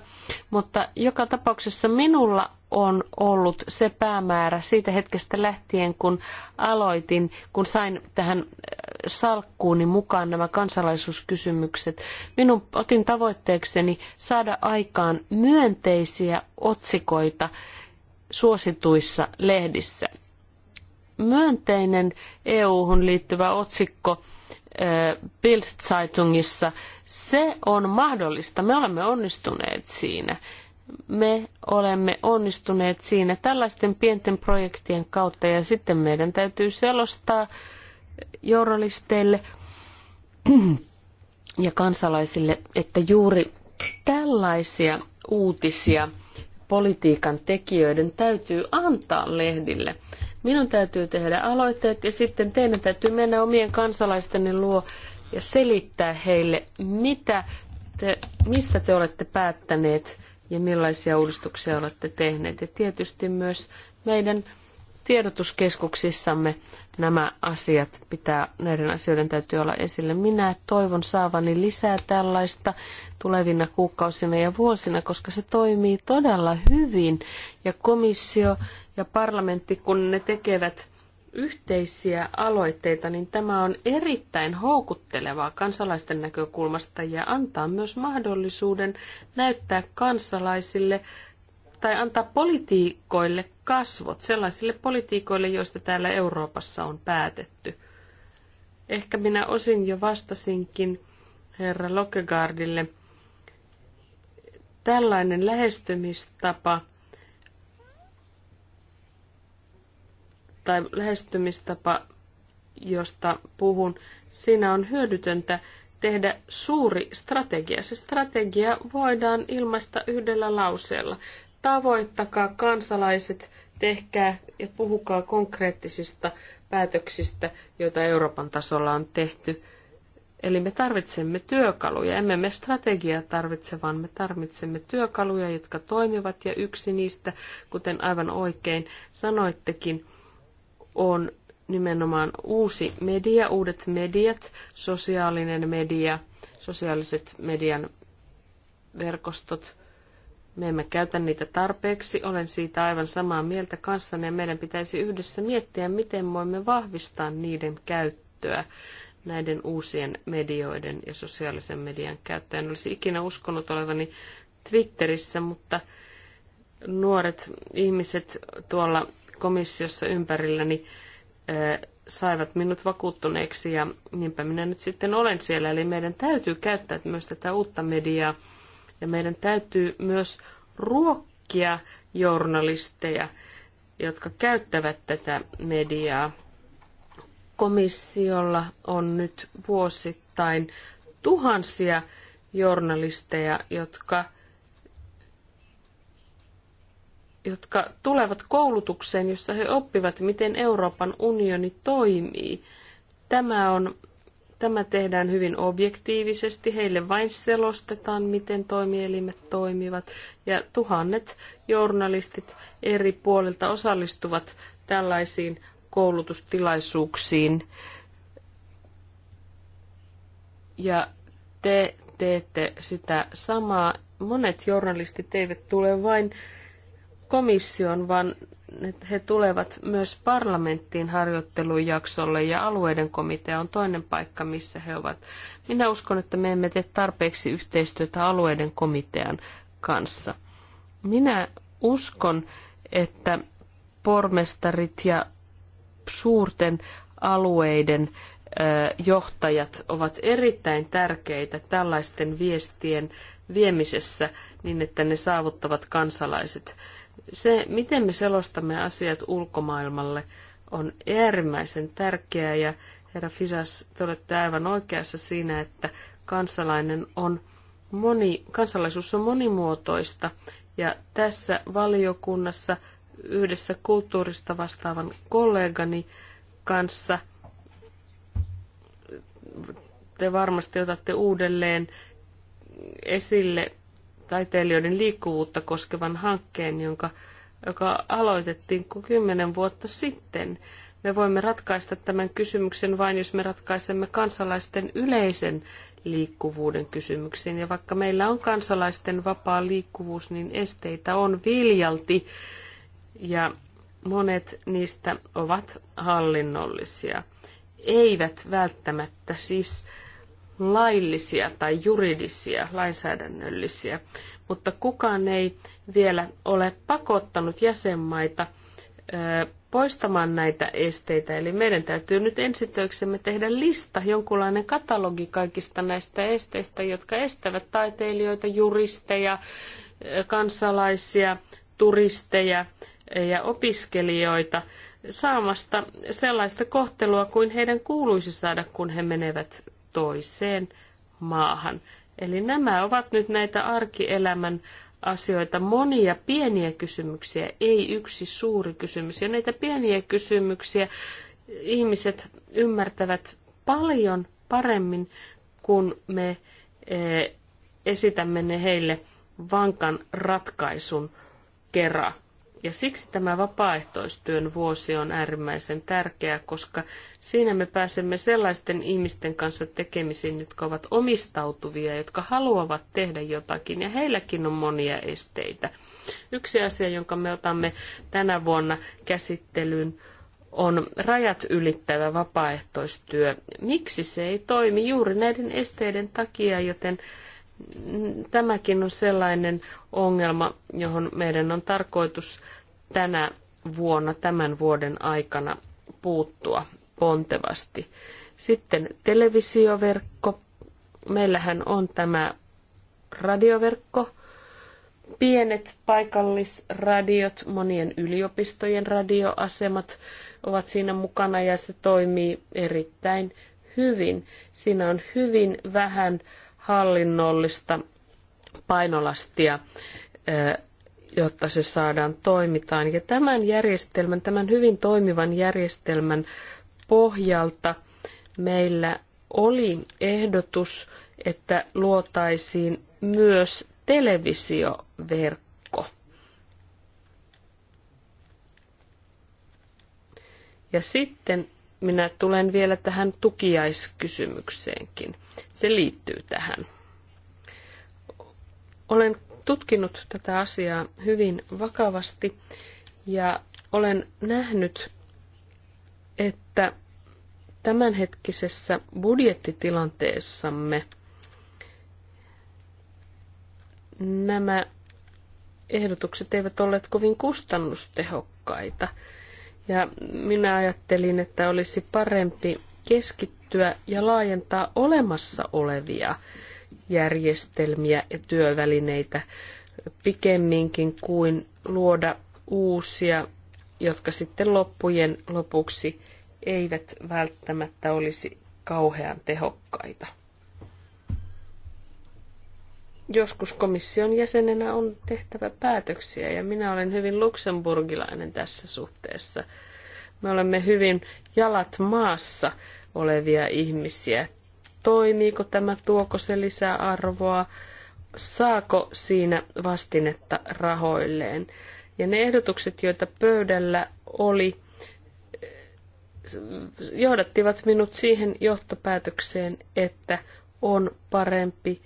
mutta joka tapauksessa minulla on ollut se päämäärä siitä hetkestä lähtien, kun aloitin, kun sain tähän salkkuuni mukaan nämä kansalaisuuskysymykset. Minun otin tavoitteekseni saada aikaan myönteisiä otsikoita suosituissa lehdissä. Myönteinen EU-hun liittyvä otsikko – Bild-Zeitungissa, se on mahdollista. Me olemme onnistuneet siinä. Me olemme onnistuneet siinä tällaisten pienten projektien kautta ja sitten meidän täytyy selostaa journalisteille ja kansalaisille, että juuri tällaisia uutisia politiikan tekijöiden täytyy antaa lehdille. Minun täytyy tehdä aloitteet ja sitten teidän täytyy mennä omien kansalaistenne luo ja selittää heille, mitä te, mistä te olette päättäneet ja millaisia uudistuksia olette tehneet. Ja tietysti myös meidän tiedotuskeskuksissamme nämä asiat pitää, näiden asioiden täytyy olla esillä. Minä toivon saavani lisää tällaista tulevina kuukausina ja vuosina, koska se toimii todella hyvin ja komissio ja parlamentti, kun ne tekevät yhteisiä aloitteita, niin tämä on erittäin houkuttelevaa kansalaisten näkökulmasta ja antaa myös mahdollisuuden näyttää kansalaisille tai antaa politiikoille kasvot, sellaisille politiikoille, joista täällä Euroopassa on päätetty. Ehkä minä osin jo vastasinkin herra Lokegaardille. Tällainen lähestymistapa tai lähestymistapa, josta puhun, siinä on hyödytöntä tehdä suuri strategia. Se strategia voidaan ilmaista yhdellä lauseella. Tavoittakaa kansalaiset, tehkää ja puhukaa konkreettisista päätöksistä, joita Euroopan tasolla on tehty. Eli me tarvitsemme työkaluja, emme me strategiaa tarvitse, vaan me tarvitsemme työkaluja, jotka toimivat, ja yksi niistä, kuten aivan oikein sanoittekin, on nimenomaan uusi media, uudet mediat, sosiaalinen media, sosiaaliset median verkostot. Me emme käytä niitä tarpeeksi, olen siitä aivan samaa mieltä kanssanne ja meidän pitäisi yhdessä miettiä, miten voimme vahvistaa niiden käyttöä näiden uusien medioiden ja sosiaalisen median käyttäjän. Olisi ikinä uskonut olevani Twitterissä, mutta nuoret ihmiset tuolla komissiossa ympärilläni saivat minut vakuuttuneeksi ja niinpä minä nyt sitten olen siellä. Eli meidän täytyy käyttää myös tätä uutta mediaa ja meidän täytyy myös ruokkia journalisteja, jotka käyttävät tätä mediaa. Komissiolla on nyt vuosittain tuhansia journalisteja, jotka – jotka tulevat koulutukseen, jossa he oppivat, miten Euroopan unioni toimii. Tämä, on, tämä tehdään hyvin objektiivisesti. Heille vain selostetaan, miten toimielimet toimivat. Ja tuhannet journalistit eri puolilta osallistuvat tällaisiin koulutustilaisuuksiin. Ja te teette sitä samaa. Monet journalistit eivät tule vain komission, vaan he tulevat myös parlamenttiin harjoittelujaksolle ja alueiden komitea on toinen paikka, missä he ovat. Minä uskon, että me emme tee tarpeeksi yhteistyötä alueiden komitean kanssa. Minä uskon, että pormestarit ja suurten alueiden johtajat ovat erittäin tärkeitä tällaisten viestien viemisessä niin, että ne saavuttavat kansalaiset. Se, miten me selostamme asiat ulkomaailmalle, on äärimmäisen tärkeää ja herra Fisas, te olette aivan oikeassa siinä, että kansalainen on moni, kansalaisuus on monimuotoista ja tässä valiokunnassa yhdessä kulttuurista vastaavan kollegani kanssa te varmasti otatte uudelleen esille taiteilijoiden liikkuvuutta koskevan hankkeen, jonka, joka aloitettiin kymmenen vuotta sitten. Me voimme ratkaista tämän kysymyksen vain, jos me ratkaisemme kansalaisten yleisen liikkuvuuden kysymyksiin. Ja vaikka meillä on kansalaisten vapaa liikkuvuus, niin esteitä on viljalti ja monet niistä ovat hallinnollisia. Eivät välttämättä siis äh, laillisia tai juridisia, lainsäädännöllisiä, mutta kukaan ei vielä ole pakottanut jäsenmaita poistamaan näitä esteitä. Eli meidän täytyy nyt ensitöiksemme tehdä lista, jonkunlainen katalogi kaikista näistä esteistä, jotka estävät taiteilijoita, juristeja, kansalaisia, turisteja ja opiskelijoita saamasta sellaista kohtelua kuin heidän kuuluisi saada, kun he menevät toiseen maahan. Eli nämä ovat nyt näitä arkielämän asioita, monia pieniä kysymyksiä, ei yksi suuri kysymys. Ja näitä pieniä kysymyksiä ihmiset ymmärtävät paljon paremmin, kun me e, esitämme ne heille vankan ratkaisun kerran. Ja siksi tämä vapaaehtoistyön vuosi on äärimmäisen tärkeä, koska siinä me pääsemme sellaisten ihmisten kanssa tekemisiin, jotka ovat omistautuvia, jotka haluavat tehdä jotakin, ja heilläkin on monia esteitä. Yksi asia, jonka me otamme tänä vuonna käsittelyyn, on rajat ylittävä vapaaehtoistyö. Miksi se ei toimi? Juuri näiden esteiden takia, joten tämäkin on sellainen ongelma, johon meidän on tarkoitus tänä vuonna, tämän vuoden aikana puuttua pontevasti. Sitten televisioverkko. Meillähän on tämä radioverkko, pienet paikallisradiot, monien yliopistojen radioasemat ovat siinä mukana ja se toimii erittäin hyvin. Siinä on hyvin vähän hallinnollista painolastia, jotta se saadaan toimitaan. Ja tämän järjestelmän, tämän hyvin toimivan järjestelmän pohjalta meillä oli ehdotus, että luotaisiin myös televisioverkko. Ja sitten minä tulen vielä tähän tukiaiskysymykseenkin. Se liittyy tähän. Olen tutkinut tätä asiaa hyvin vakavasti ja olen nähnyt, että tämänhetkisessä budjettitilanteessamme nämä ehdotukset eivät olleet kovin kustannustehokkaita. Ja minä ajattelin, että olisi parempi keskittyä ja laajentaa olemassa olevia järjestelmiä ja työvälineitä pikemminkin kuin luoda uusia, jotka sitten loppujen lopuksi eivät välttämättä olisi kauhean tehokkaita. Joskus komission jäsenenä on tehtävä päätöksiä ja minä olen hyvin luksemburgilainen tässä suhteessa – me olemme hyvin jalat maassa olevia ihmisiä. Toimiiko tämä, tuoko se lisää arvoa, saako siinä vastinetta rahoilleen. Ja ne ehdotukset, joita pöydällä oli, johdattivat minut siihen johtopäätökseen, että on parempi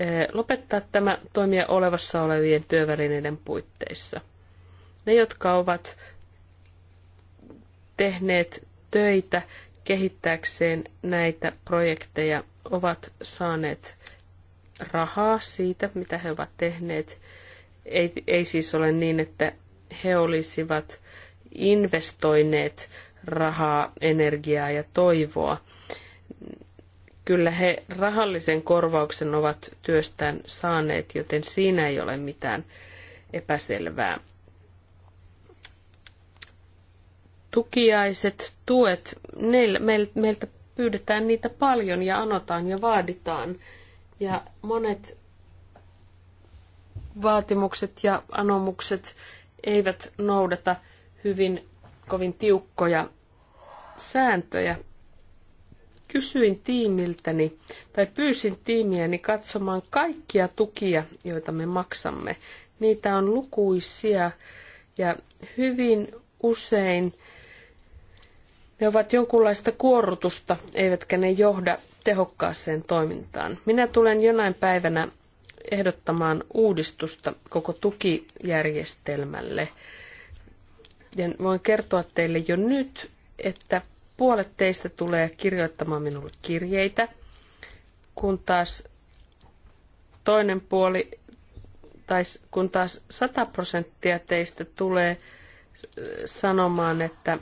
eh, lopettaa tämä toimia olevassa olevien työvälineiden puitteissa. Ne, jotka ovat tehneet töitä kehittääkseen näitä projekteja, ovat saaneet rahaa siitä, mitä he ovat tehneet. Ei, ei siis ole niin, että he olisivat investoineet rahaa, energiaa ja toivoa. Kyllä he rahallisen korvauksen ovat työstään saaneet, joten siinä ei ole mitään epäselvää. tukiaiset, tuet, meiltä pyydetään niitä paljon ja anotaan ja vaaditaan. Ja monet vaatimukset ja anomukset eivät noudata hyvin kovin tiukkoja sääntöjä. Kysyin tiimiltäni tai pyysin tiimiäni katsomaan kaikkia tukia, joita me maksamme. Niitä on lukuisia ja hyvin usein ne ovat jonkunlaista kuorrutusta, eivätkä ne johda tehokkaaseen toimintaan. Minä tulen jonain päivänä ehdottamaan uudistusta koko tukijärjestelmälle. Ja voin kertoa teille jo nyt, että puolet teistä tulee kirjoittamaan minulle kirjeitä, kun taas toinen puoli, tai kun taas 100 prosenttia teistä tulee sanomaan, että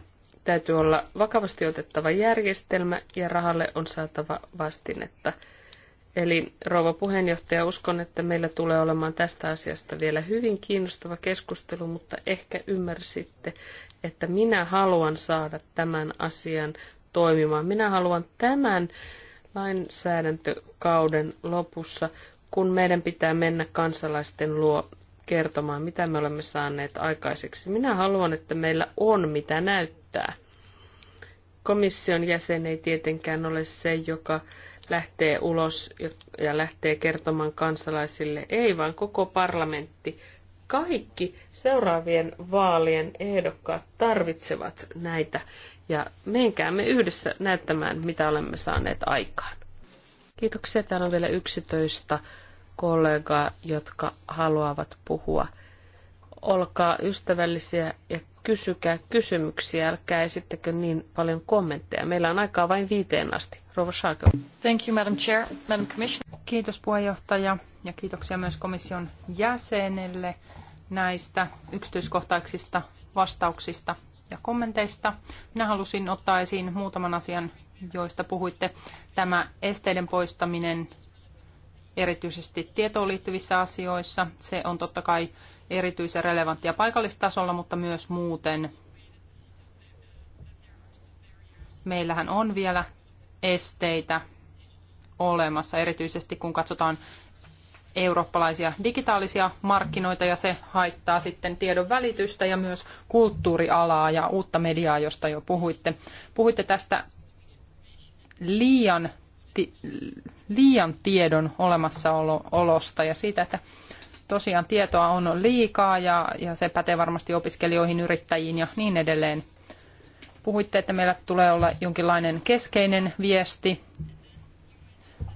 täytyy olla vakavasti otettava järjestelmä ja rahalle on saatava vastinetta. Eli rouva puheenjohtaja, uskon, että meillä tulee olemaan tästä asiasta vielä hyvin kiinnostava keskustelu, mutta ehkä ymmärsitte, että minä haluan saada tämän asian toimimaan. Minä haluan tämän lainsäädäntökauden lopussa, kun meidän pitää mennä kansalaisten luo kertomaan, mitä me olemme saaneet aikaiseksi. Minä haluan, että meillä on mitä näyttää käyttää. Komission jäsen ei tietenkään ole se, joka lähtee ulos ja lähtee kertomaan kansalaisille, ei vaan koko parlamentti. Kaikki seuraavien vaalien ehdokkaat tarvitsevat näitä ja menkäämme yhdessä näyttämään, mitä olemme saaneet aikaan. Kiitoksia. Täällä on vielä 11 kollegaa, jotka haluavat puhua. Olkaa ystävällisiä ja kysykää kysymyksiä, älkää esittäkö niin paljon kommentteja. Meillä on aikaa vain viiteen asti. Rouva Schaakel. Thank you, Madam Chair, Madam Commissioner. Kiitos puheenjohtaja ja kiitoksia myös komission jäsenelle näistä yksityiskohtaisista vastauksista ja kommenteista. Minä halusin ottaa esiin muutaman asian, joista puhuitte. Tämä esteiden poistaminen erityisesti tietoon liittyvissä asioissa. Se on totta kai erityisen relevanttia paikallistasolla, mutta myös muuten. Meillähän on vielä esteitä olemassa, erityisesti kun katsotaan eurooppalaisia digitaalisia markkinoita ja se haittaa sitten tiedon välitystä ja myös kulttuurialaa ja uutta mediaa, josta jo puhuitte. Puhuitte tästä liian, liian tiedon olemassaolosta ja siitä, että tosiaan tietoa on liikaa ja, ja se pätee varmasti opiskelijoihin, yrittäjiin ja niin edelleen. Puhuitte, että meillä tulee olla jonkinlainen keskeinen viesti.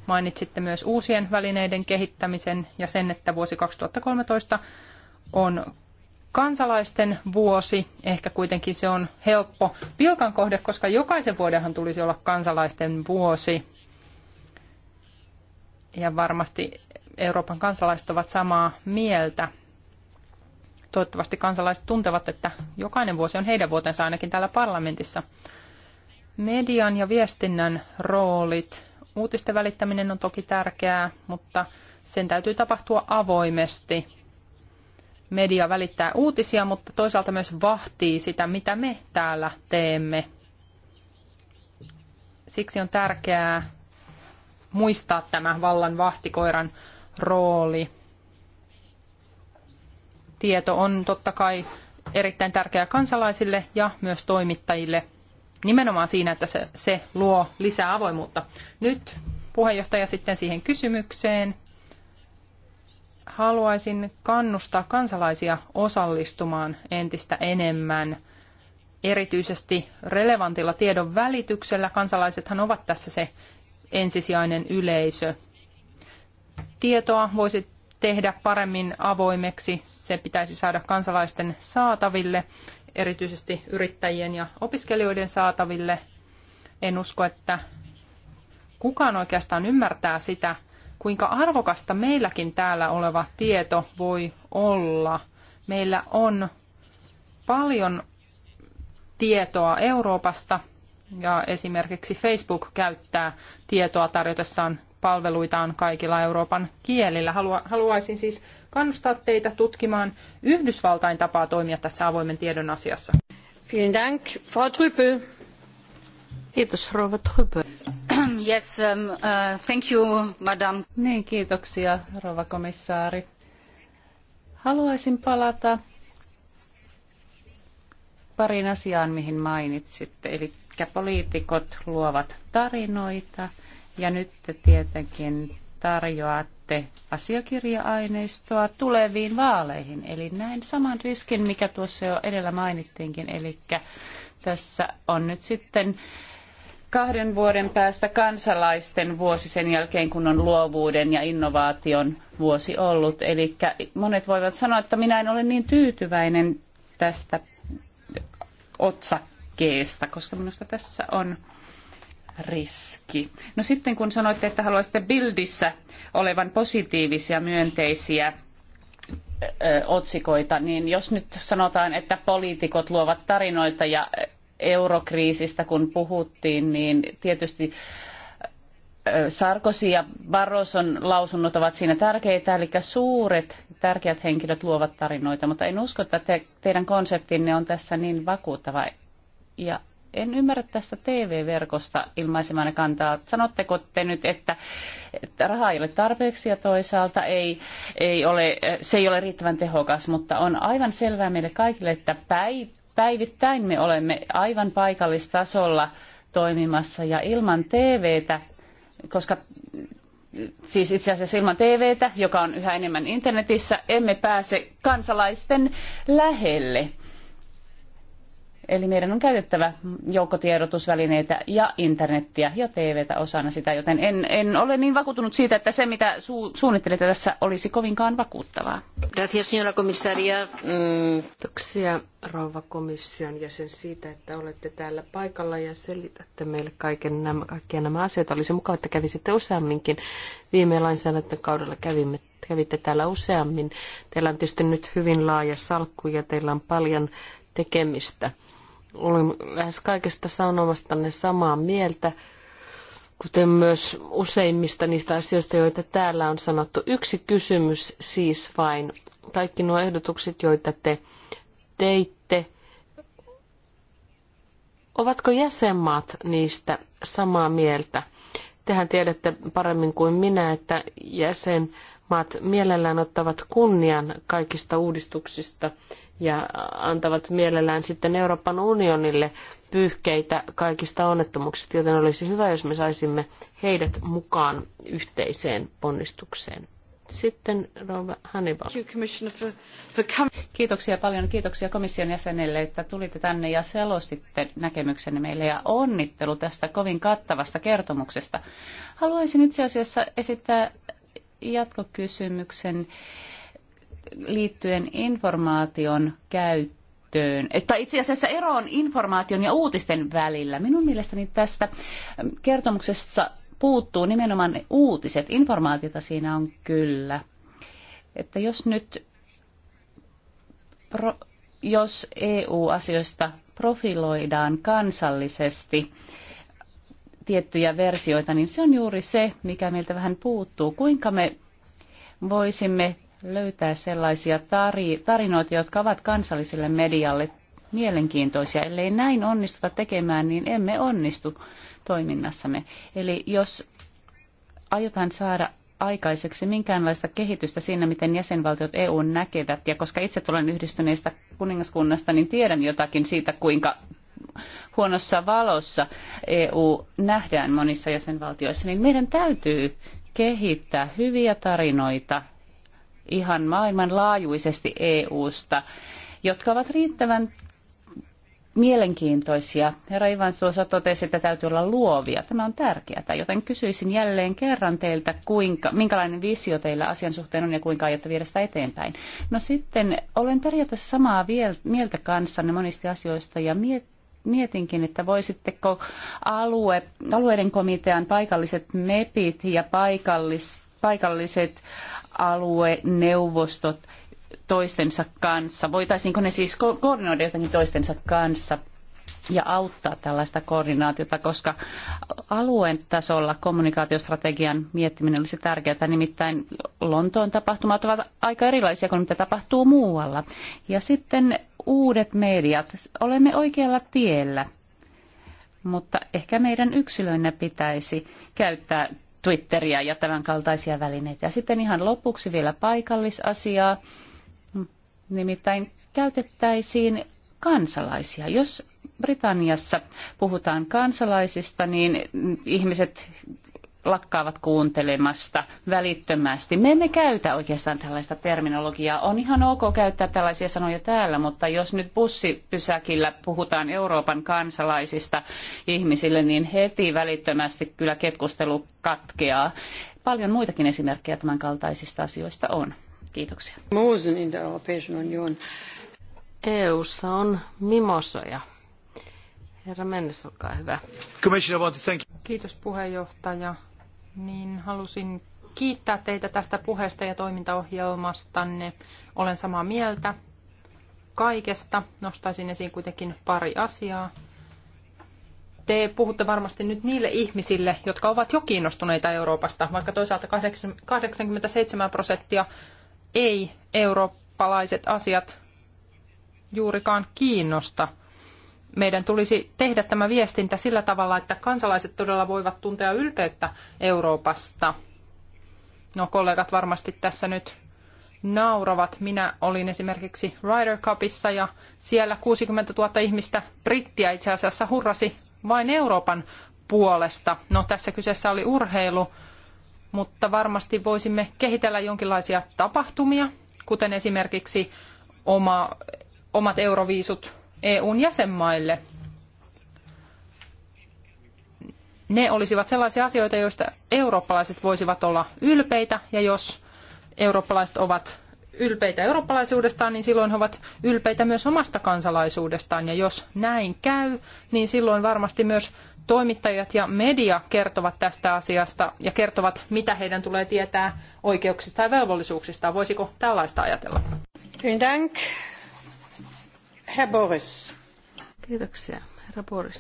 Mainitsitte myös uusien välineiden kehittämisen ja sen, että vuosi 2013 on kansalaisten vuosi. Ehkä kuitenkin se on helppo pilkan kohde, koska jokaisen vuodenhan tulisi olla kansalaisten vuosi. Ja varmasti Euroopan kansalaiset ovat samaa mieltä. Toivottavasti kansalaiset tuntevat, että jokainen vuosi on heidän vuotensa ainakin täällä parlamentissa. Median ja viestinnän roolit. Uutisten välittäminen on toki tärkeää, mutta sen täytyy tapahtua avoimesti. Media välittää uutisia, mutta toisaalta myös vahtii sitä, mitä me täällä teemme. Siksi on tärkeää muistaa tämä vallan vahtikoiran rooli. Tieto on totta kai erittäin tärkeää kansalaisille ja myös toimittajille nimenomaan siinä, että se, se luo lisää avoimuutta. Nyt puheenjohtaja sitten siihen kysymykseen. Haluaisin kannustaa kansalaisia osallistumaan entistä enemmän. Erityisesti relevantilla tiedon välityksellä kansalaisethan ovat tässä se ensisijainen yleisö tietoa voisi tehdä paremmin avoimeksi. Se pitäisi saada kansalaisten saataville, erityisesti yrittäjien ja opiskelijoiden saataville. En usko, että kukaan oikeastaan ymmärtää sitä, kuinka arvokasta meilläkin täällä oleva tieto voi olla. Meillä on paljon tietoa Euroopasta ja esimerkiksi Facebook käyttää tietoa tarjotessaan palveluitaan kaikilla Euroopan kielillä. Haluaisin siis kannustaa teitä tutkimaan Yhdysvaltain tapaa toimia tässä avoimen tiedon asiassa. Vielen Dank, Frau Trüppel. Kiitos, rouva Trüppel. Yes, um, uh, thank you, madam. Niin, kiitoksia, rouva komissaari. Haluaisin palata pariin asiaan, mihin mainitsitte. Eli poliitikot luovat tarinoita – ja nyt te tietenkin tarjoatte asiakirja-aineistoa tuleviin vaaleihin. Eli näin saman riskin, mikä tuossa jo edellä mainittiinkin. Eli tässä on nyt sitten kahden vuoden päästä kansalaisten vuosi sen jälkeen, kun on luovuuden ja innovaation vuosi ollut. Eli monet voivat sanoa, että minä en ole niin tyytyväinen tästä otsakkeesta, koska minusta tässä on riski. No sitten kun sanoitte, että haluaisitte bildissä olevan positiivisia, myönteisiä otsikoita, niin jos nyt sanotaan, että poliitikot luovat tarinoita ja eurokriisistä kun puhuttiin, niin tietysti Sarkozy ja Barroson lausunnot ovat siinä tärkeitä, eli suuret tärkeät henkilöt luovat tarinoita, mutta en usko, että te, teidän konseptinne on tässä niin vakuuttava ja en ymmärrä tästä TV-verkosta ilmaisemana kantaa. Sanotteko te nyt, että, että raha ei ole tarpeeksi ja toisaalta ei, ei ole, se ei ole riittävän tehokas, mutta on aivan selvää meille kaikille, että päivittäin me olemme aivan paikallistasolla toimimassa ja ilman TVtä, koska siis itse asiassa ilman TVtä, joka on yhä enemmän internetissä, emme pääse kansalaisten lähelle. Eli meidän on käytettävä joukkotiedotusvälineitä ja internettiä ja TVtä osana sitä, joten en, en ole niin vakuutunut siitä, että se mitä su- suunnittelette tässä olisi kovinkaan vakuuttavaa. Gracias, señora komissaria. Mm. Kiitoksia rouva komission jäsen siitä, että olette täällä paikalla ja selitätte meille kaiken nämä, kaikkia nämä asioita. Olisi mukava, että kävisitte useamminkin. Viime lainsäädäntökaudella kävimme, kävitte täällä useammin. Teillä on tietysti nyt hyvin laaja salkku ja teillä on paljon tekemistä olen lähes kaikesta sanomastanne samaa mieltä, kuten myös useimmista niistä asioista, joita täällä on sanottu. Yksi kysymys siis vain. Kaikki nuo ehdotukset, joita te teitte, ovatko jäsenmaat niistä samaa mieltä? Tehän tiedätte paremmin kuin minä, että jäsenmaat mielellään ottavat kunnian kaikista uudistuksista ja antavat mielellään sitten Euroopan unionille pyyhkeitä kaikista onnettomuuksista, joten olisi hyvä, jos me saisimme heidät mukaan yhteiseen ponnistukseen. Sitten rouva Hannibal. Kiitoksia paljon. Kiitoksia komission jäsenelle, että tulitte tänne ja selostitte näkemyksenne meille ja onnittelu tästä kovin kattavasta kertomuksesta. Haluaisin itse asiassa esittää jatkokysymyksen liittyen informaation käyttöön käyttöön, tai itse asiassa eroon informaation ja uutisten välillä. Minun mielestäni tästä kertomuksesta puuttuu nimenomaan ne uutiset. Informaatiota siinä on kyllä. Että jos nyt, pro, jos EU-asioista profiloidaan kansallisesti tiettyjä versioita, niin se on juuri se, mikä meiltä vähän puuttuu. Kuinka me voisimme löytää sellaisia tarinoita, jotka ovat kansalliselle medialle mielenkiintoisia. Ellei näin onnistuta tekemään, niin emme onnistu toiminnassamme. Eli jos aiotaan saada aikaiseksi minkäänlaista kehitystä siinä, miten jäsenvaltiot EU näkevät. Ja koska itse tulen yhdistyneestä kuningaskunnasta, niin tiedän jotakin siitä, kuinka huonossa valossa EU nähdään monissa jäsenvaltioissa, niin meidän täytyy kehittää hyviä tarinoita ihan maailmanlaajuisesti EUsta, jotka ovat riittävän mielenkiintoisia. Herra Ivan Suosa totesi, että täytyy olla luovia. Tämä on tärkeää, joten kysyisin jälleen kerran teiltä, kuinka, minkälainen visio teillä asian suhteen on ja kuinka aiotte viedä sitä eteenpäin. No sitten olen periaatteessa samaa mieltä kanssanne monista asioista ja miet, mietinkin, että voisitteko alue, alueiden komitean paikalliset MEPit ja paikallis, paikalliset alueneuvostot – toistensa kanssa? Voitaisiinko ne siis ko- koordinoida jotenkin toistensa kanssa ja auttaa tällaista koordinaatiota, koska alueen tasolla kommunikaatiostrategian miettiminen olisi tärkeää. Nimittäin Lontoon tapahtumat ovat aika erilaisia kuin mitä tapahtuu muualla. Ja sitten uudet mediat. Olemme oikealla tiellä, mutta ehkä meidän yksilöinä pitäisi käyttää Twitteriä ja tämän kaltaisia välineitä. Ja sitten ihan lopuksi vielä paikallisasiaa. Nimittäin käytettäisiin kansalaisia. Jos Britanniassa puhutaan kansalaisista, niin ihmiset lakkaavat kuuntelemasta välittömästi. Me emme käytä oikeastaan tällaista terminologiaa. On ihan ok käyttää tällaisia sanoja täällä, mutta jos nyt bussipysäkillä puhutaan Euroopan kansalaisista ihmisille, niin heti välittömästi kyllä keskustelu katkeaa. Paljon muitakin esimerkkejä tämän kaltaisista asioista on. Kiitoksia. Moosen in der Union. EU:ssa on mimosoja. Herra Mennes, olkaa hyvä. Kiitos puheenjohtaja. Niin halusin kiittää teitä tästä puheesta ja toimintaohjelmastanne. Olen samaa mieltä kaikesta. Nostaisin esiin kuitenkin pari asiaa. Te puhutte varmasti nyt niille ihmisille, jotka ovat jo kiinnostuneita Euroopasta, vaikka toisaalta 87 prosenttia ei-eurooppalaiset asiat juurikaan kiinnosta. Meidän tulisi tehdä tämä viestintä sillä tavalla, että kansalaiset todella voivat tuntea ylpeyttä Euroopasta. No kollegat varmasti tässä nyt nauravat. Minä olin esimerkiksi Ryder Cupissa ja siellä 60 000 ihmistä brittiä itse asiassa hurrasi vain Euroopan puolesta. No tässä kyseessä oli urheilu, mutta varmasti voisimme kehitellä jonkinlaisia tapahtumia, kuten esimerkiksi oma, omat euroviisut EUn jäsenmaille. Ne olisivat sellaisia asioita, joista eurooppalaiset voisivat olla ylpeitä, ja jos eurooppalaiset ovat ylpeitä eurooppalaisuudestaan, niin silloin he ovat ylpeitä myös omasta kansalaisuudestaan. Ja jos näin käy, niin silloin varmasti myös toimittajat ja media kertovat tästä asiasta ja kertovat, mitä heidän tulee tietää oikeuksista ja velvollisuuksista. Voisiko tällaista ajatella? Dank, Herr Boris. Kiitoksia, herra Boris.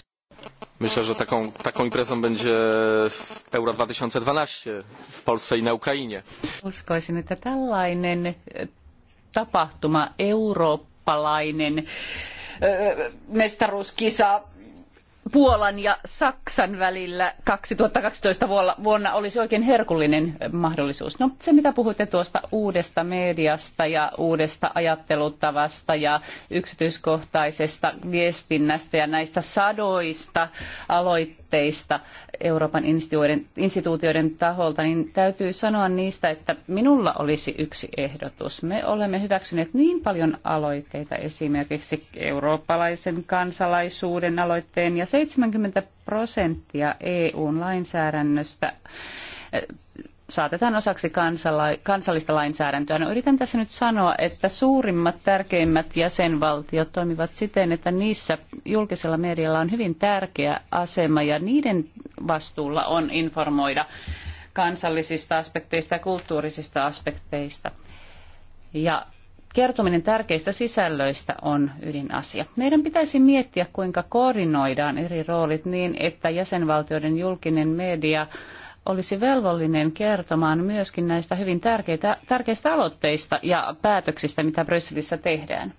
Myślę, że taką, taką imprezą będzie Euro 2012 w Polsce i na Ukrainie. Uskoisin, että tällainen e, tapahtuma, eurooppalainen e, mestaruuskisa Puolan ja Saksan välillä 2012 vuonna olisi oikein herkullinen mahdollisuus. No se, mitä puhuitte tuosta uudesta mediasta ja uudesta ajattelutavasta ja yksityiskohtaisesta viestinnästä ja näistä sadoista aloitteista, aloitteista Euroopan instituutioiden taholta, niin täytyy sanoa niistä, että minulla olisi yksi ehdotus. Me olemme hyväksyneet niin paljon aloitteita, esimerkiksi eurooppalaisen kansalaisuuden aloitteen, ja 70 prosenttia EUn lainsäädännöstä saatetaan osaksi kansala- kansallista lainsäädäntöä. No, yritän tässä nyt sanoa, että suurimmat, tärkeimmät jäsenvaltiot toimivat siten, että niissä julkisella medialla on hyvin tärkeä asema ja niiden vastuulla on informoida kansallisista aspekteista ja kulttuurisista aspekteista. Ja kertominen tärkeistä sisällöistä on ydinasia. Meidän pitäisi miettiä, kuinka koordinoidaan eri roolit niin, että jäsenvaltioiden julkinen media olisi velvollinen kertomaan myöskin näistä hyvin tärkeitä, tärkeistä aloitteista ja päätöksistä, mitä Brysselissä tehdään.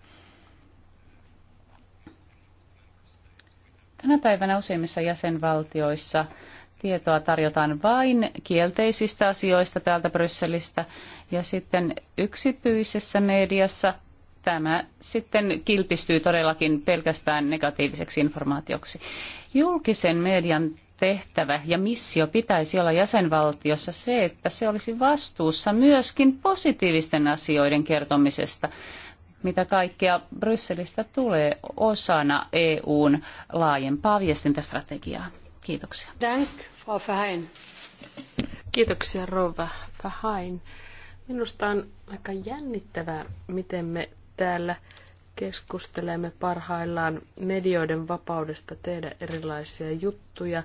Tänä päivänä useimmissa jäsenvaltioissa tietoa tarjotaan vain kielteisistä asioista täältä Brysselistä ja sitten yksityisessä mediassa tämä sitten kilpistyy todellakin pelkästään negatiiviseksi informaatioksi. Julkisen median tehtävä ja missio pitäisi olla jäsenvaltiossa se, että se olisi vastuussa myöskin positiivisten asioiden kertomisesta, mitä kaikkea Brysselistä tulee osana EUn laajempaa viestintästrategiaa. Kiitoksia. Thank Frau Verheyen. Kiitoksia, Rova Verheyen. Minusta on aika jännittävää, miten me täällä keskustelemme parhaillaan medioiden vapaudesta tehdä erilaisia juttuja.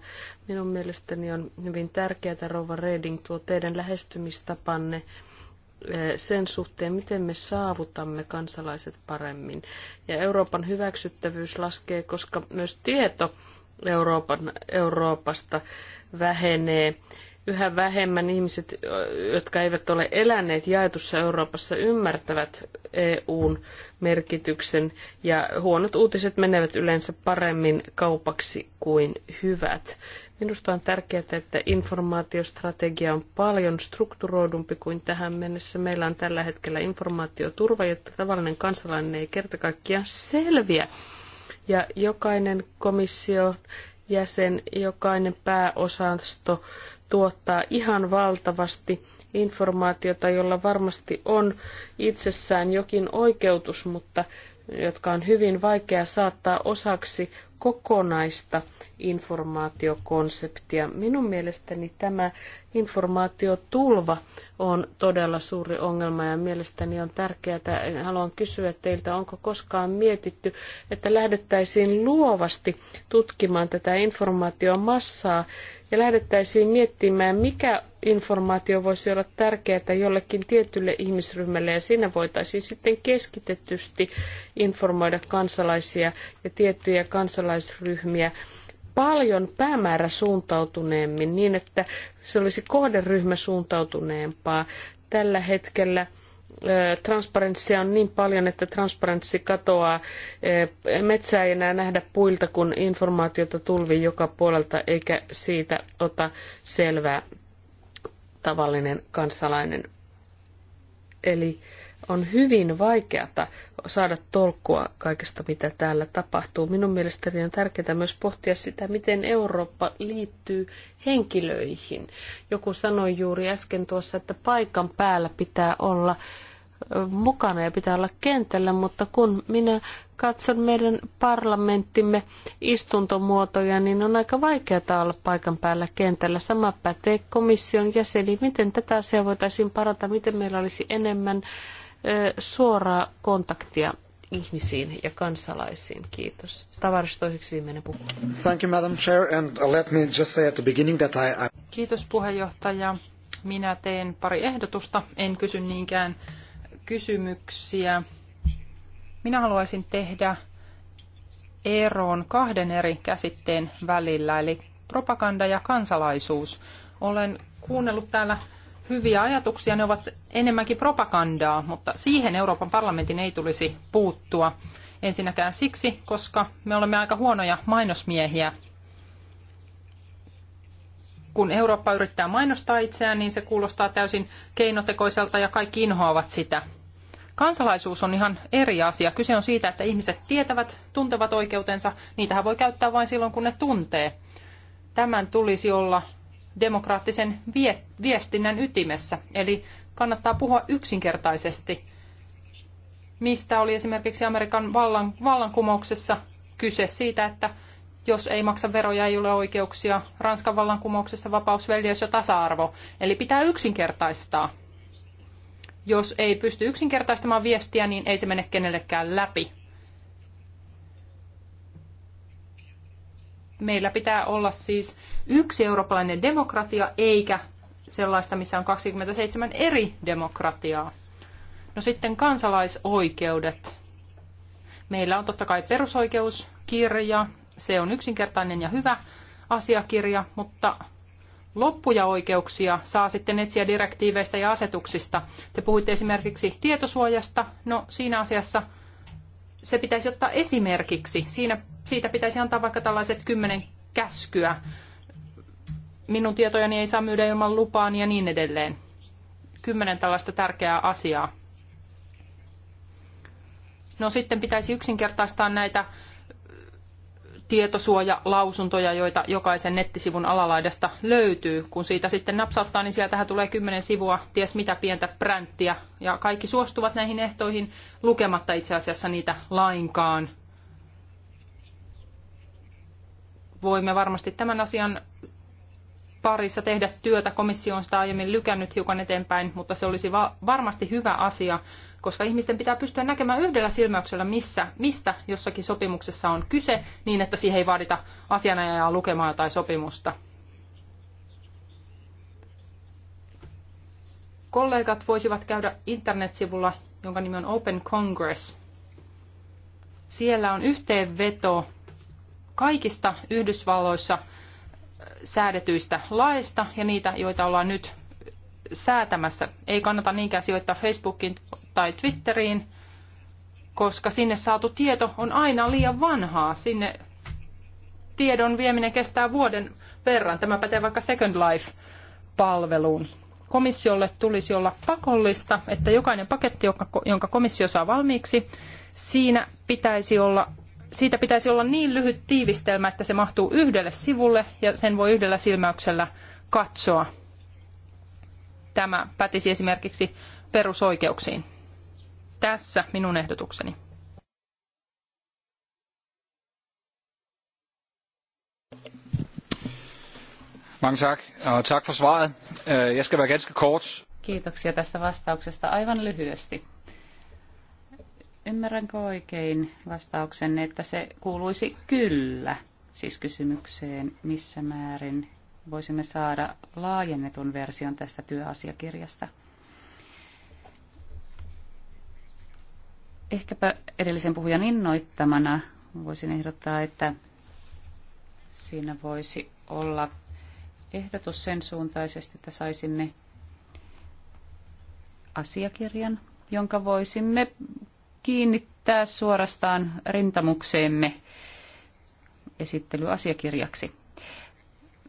Minun mielestäni on hyvin tärkeää, Rova Reding, tuo teidän lähestymistapanne eh, sen suhteen, miten me saavutamme kansalaiset paremmin. Ja Euroopan hyväksyttävyys laskee, koska myös tieto Euroopan, Euroopasta vähenee yhä vähemmän ihmiset, jotka eivät ole eläneet jaetussa Euroopassa, ymmärtävät EUn merkityksen ja huonot uutiset menevät yleensä paremmin kaupaksi kuin hyvät. Minusta on tärkeää, että informaatiostrategia on paljon strukturoidumpi kuin tähän mennessä. Meillä on tällä hetkellä informaatioturva, jotta tavallinen kansalainen ei kerta kaikkiaan selviä. Ja jokainen komissio jäsen, jokainen pääosasto tuottaa ihan valtavasti informaatiota, jolla varmasti on itsessään jokin oikeutus, mutta jotka on hyvin vaikea saattaa osaksi kokonaista informaatiokonseptia. Minun mielestäni tämä informaatiotulva on todella suuri ongelma ja mielestäni on tärkeää, haluan kysyä teiltä, onko koskaan mietitty, että lähdettäisiin luovasti tutkimaan tätä informaatiomassaa ja lähdettäisiin miettimään, mikä informaatio voisi olla tärkeää jollekin tietylle ihmisryhmälle ja siinä voitaisiin sitten keskitetysti informoida kansalaisia ja tiettyjä kansalaisia kansalaisryhmiä paljon päämäärä suuntautuneemmin niin, että se olisi kohderyhmä suuntautuneempaa. Tällä hetkellä transparenssia on niin paljon, että transparenssi katoaa. Metsää ei enää nähdä puilta, kun informaatiota tulvii joka puolelta, eikä siitä ota selvää tavallinen kansalainen. Eli on hyvin vaikeata saada tolkkua kaikesta, mitä täällä tapahtuu. Minun mielestäni on tärkeää myös pohtia sitä, miten Eurooppa liittyy henkilöihin. Joku sanoi juuri äsken tuossa, että paikan päällä pitää olla mukana ja pitää olla kentällä, mutta kun minä katson meidän parlamenttimme istuntomuotoja, niin on aika vaikeaa olla paikan päällä kentällä. Sama pätee komission jäseni. Miten tätä asiaa voitaisiin parantaa? Miten meillä olisi enemmän äh, suoraa kontaktia ihmisiin ja kansalaisiin. Kiitos. Tavaristoiseksi viimeinen puhu. Thank you, Madam Chair, and let me just say at the beginning that I... Kiitos puheenjohtaja. Minä teen pari ehdotusta. En kysy niinkään kysymyksiä. Minä haluaisin tehdä eroon kahden eri käsitteen välillä, eli propaganda ja kansalaisuus. Olen kuunnellut täällä hyviä ajatuksia, ne ovat enemmänkin propagandaa, mutta siihen Euroopan parlamentin ei tulisi puuttua. Ensinnäkään siksi, koska me olemme aika huonoja mainosmiehiä. Kun Eurooppa yrittää mainostaa itseään, niin se kuulostaa täysin keinotekoiselta ja kaikki inhoavat sitä. Kansalaisuus on ihan eri asia. Kyse on siitä, että ihmiset tietävät, tuntevat oikeutensa. Niitähän voi käyttää vain silloin, kun ne tuntee. Tämän tulisi olla demokraattisen vie- viestinnän ytimessä. Eli kannattaa puhua yksinkertaisesti, mistä oli esimerkiksi Amerikan vallan, vallankumouksessa kyse siitä, että jos ei maksa veroja, ei ole oikeuksia. Ranskan vallankumouksessa vapaus, veljeys ja tasa-arvo. Eli pitää yksinkertaistaa. Jos ei pysty yksinkertaistamaan viestiä, niin ei se mene kenellekään läpi. Meillä pitää olla siis yksi eurooppalainen demokratia, eikä sellaista, missä on 27 eri demokratiaa. No sitten kansalaisoikeudet. Meillä on totta kai perusoikeuskirja, se on yksinkertainen ja hyvä asiakirja, mutta loppuja oikeuksia saa sitten etsiä direktiiveistä ja asetuksista. Te puhuitte esimerkiksi tietosuojasta. No siinä asiassa se pitäisi ottaa esimerkiksi. Siinä, siitä pitäisi antaa vaikka tällaiset kymmenen käskyä minun tietojani ei saa myydä ilman lupaa ja niin edelleen. Kymmenen tällaista tärkeää asiaa. No sitten pitäisi yksinkertaistaa näitä tietosuojalausuntoja, joita jokaisen nettisivun alalaidasta löytyy. Kun siitä sitten napsauttaa, niin sieltähän tulee kymmenen sivua, ties mitä pientä pränttiä. Ja kaikki suostuvat näihin ehtoihin lukematta itse asiassa niitä lainkaan. Voimme varmasti tämän asian parissa tehdä työtä. Komissio on sitä aiemmin lykännyt hiukan eteenpäin, mutta se olisi va- varmasti hyvä asia, koska ihmisten pitää pystyä näkemään yhdellä silmäyksellä, missä, mistä jossakin sopimuksessa on kyse, niin että siihen ei vaadita asianajajaa lukemaan tai sopimusta. Kollegat voisivat käydä internetsivulla, jonka nimi on Open Congress. Siellä on yhteenveto kaikista Yhdysvalloissa – säädetyistä laista ja niitä, joita ollaan nyt säätämässä. Ei kannata niinkään sijoittaa Facebookiin tai Twitteriin, koska sinne saatu tieto on aina liian vanhaa. Sinne tiedon vieminen kestää vuoden verran. Tämä pätee vaikka Second Life-palveluun. Komissiolle tulisi olla pakollista, että jokainen paketti, jonka komissio saa valmiiksi, siinä pitäisi olla siitä pitäisi olla niin lyhyt tiivistelmä, että se mahtuu yhdelle sivulle ja sen voi yhdellä silmäyksellä katsoa. Tämä pätisi esimerkiksi perusoikeuksiin. Tässä minun ehdotukseni. Mange tak, tak for svaret. Øh, jeg skal være ganske kort. Kiitoksia tästä vastauksesta aivan lyhyesti. Ymmärränkö oikein vastauksen, että se kuuluisi kyllä, siis kysymykseen, missä määrin voisimme saada laajennetun version tästä työasiakirjasta? Ehkäpä edellisen puhujan innoittamana voisin ehdottaa, että siinä voisi olla ehdotus sen suuntaisesti, että saisimme asiakirjan, jonka voisimme kiinnittää suorastaan rintamukseemme esittelyasiakirjaksi.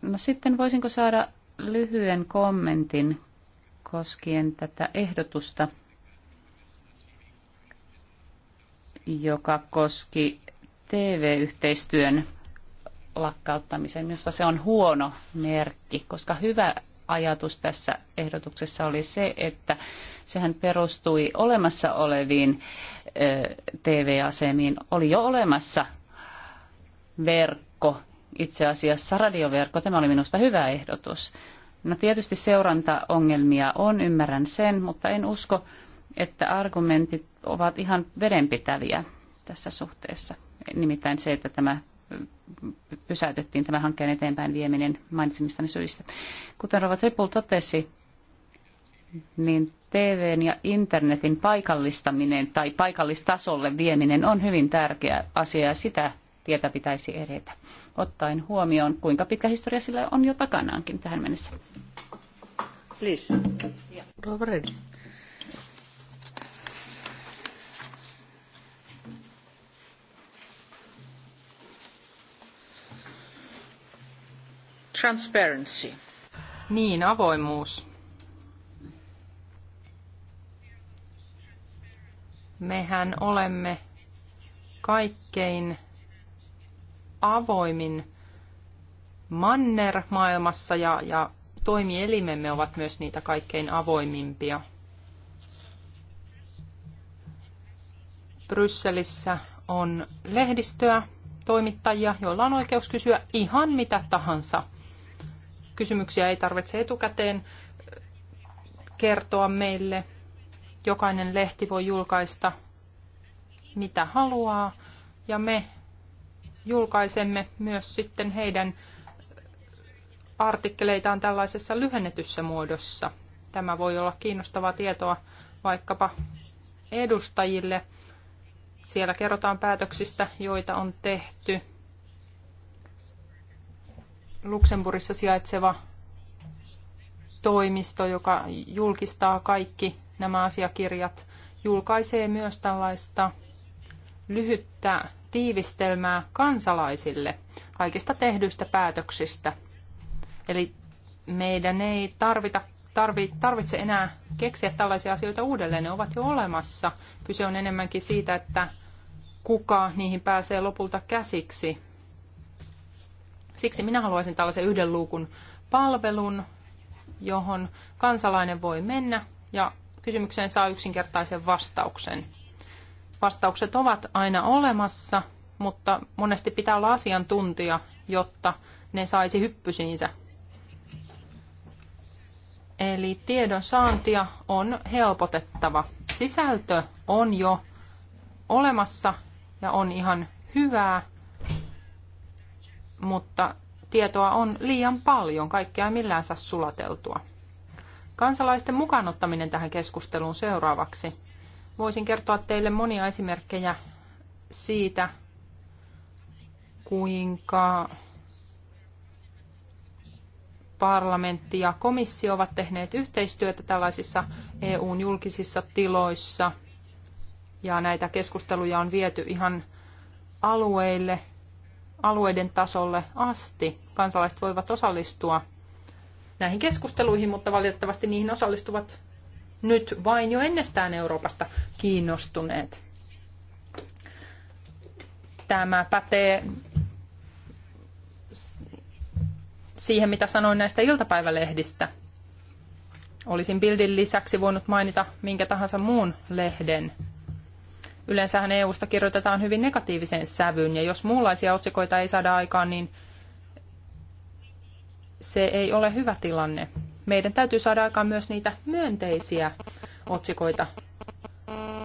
No sitten voisinko saada lyhyen kommentin koskien tätä ehdotusta, joka koski TV-yhteistyön lakkauttamisen. Minusta se on huono merkki, koska hyvä ajatus tässä ehdotuksessa oli se, että sehän perustui olemassa oleviin TV-asemiin oli jo olemassa verkko, itse asiassa radioverkko. Tämä oli minusta hyvä ehdotus. No tietysti seurantaongelmia on, ymmärrän sen, mutta en usko, että argumentit ovat ihan vedenpitäviä tässä suhteessa. Nimittäin se, että tämä pysäytettiin tämä hankkeen eteenpäin vieminen mainitsemistani syistä. Kuten Rova Triple totesi, niin TVn ja internetin paikallistaminen tai paikallistasolle vieminen on hyvin tärkeä asia ja sitä tietä pitäisi edetä, ottaen huomioon, kuinka pitkä historia sillä on jo takanaankin tähän mennessä. Please. Yeah. Transparency. Niin, avoimuus. Mehän olemme kaikkein avoimin manner maailmassa ja, ja toimielimemme ovat myös niitä kaikkein avoimimpia. Brysselissä on lehdistöä, toimittajia, joilla on oikeus kysyä ihan mitä tahansa. Kysymyksiä ei tarvitse etukäteen kertoa meille. Jokainen lehti voi julkaista mitä haluaa ja me julkaisemme myös sitten heidän artikkeleitaan tällaisessa lyhennetyssä muodossa. Tämä voi olla kiinnostavaa tietoa vaikkapa edustajille. Siellä kerrotaan päätöksistä, joita on tehty. Luxemburgissa sijaitseva toimisto, joka julkistaa kaikki nämä asiakirjat, julkaisee myös tällaista lyhyttä tiivistelmää kansalaisille kaikista tehdyistä päätöksistä. Eli meidän ei tarvita, tarvi, tarvitse enää keksiä tällaisia asioita uudelleen, ne ovat jo olemassa. Kyse on enemmänkin siitä, että kuka niihin pääsee lopulta käsiksi. Siksi minä haluaisin tällaisen yhden luukun palvelun, johon kansalainen voi mennä ja kysymykseen saa yksinkertaisen vastauksen. Vastaukset ovat aina olemassa, mutta monesti pitää olla asiantuntija, jotta ne saisi hyppysiinsä. Eli tiedon saantia on helpotettava. Sisältö on jo olemassa ja on ihan hyvää, mutta tietoa on liian paljon, kaikkea millään saa sulateltua. Kansalaisten mukaanottaminen tähän keskusteluun seuraavaksi. Voisin kertoa teille monia esimerkkejä siitä, kuinka parlamentti ja komissio ovat tehneet yhteistyötä tällaisissa EUn julkisissa tiloissa. Ja näitä keskusteluja on viety ihan alueille, alueiden tasolle asti. Kansalaiset voivat osallistua näihin keskusteluihin, mutta valitettavasti niihin osallistuvat nyt vain jo ennestään Euroopasta kiinnostuneet. Tämä pätee siihen, mitä sanoin näistä iltapäivälehdistä. Olisin bildin lisäksi voinut mainita minkä tahansa muun lehden. Yleensähän EUsta kirjoitetaan hyvin negatiiviseen sävyyn, ja jos muunlaisia otsikoita ei saada aikaan, niin se ei ole hyvä tilanne. Meidän täytyy saada aikaan myös niitä myönteisiä otsikoita.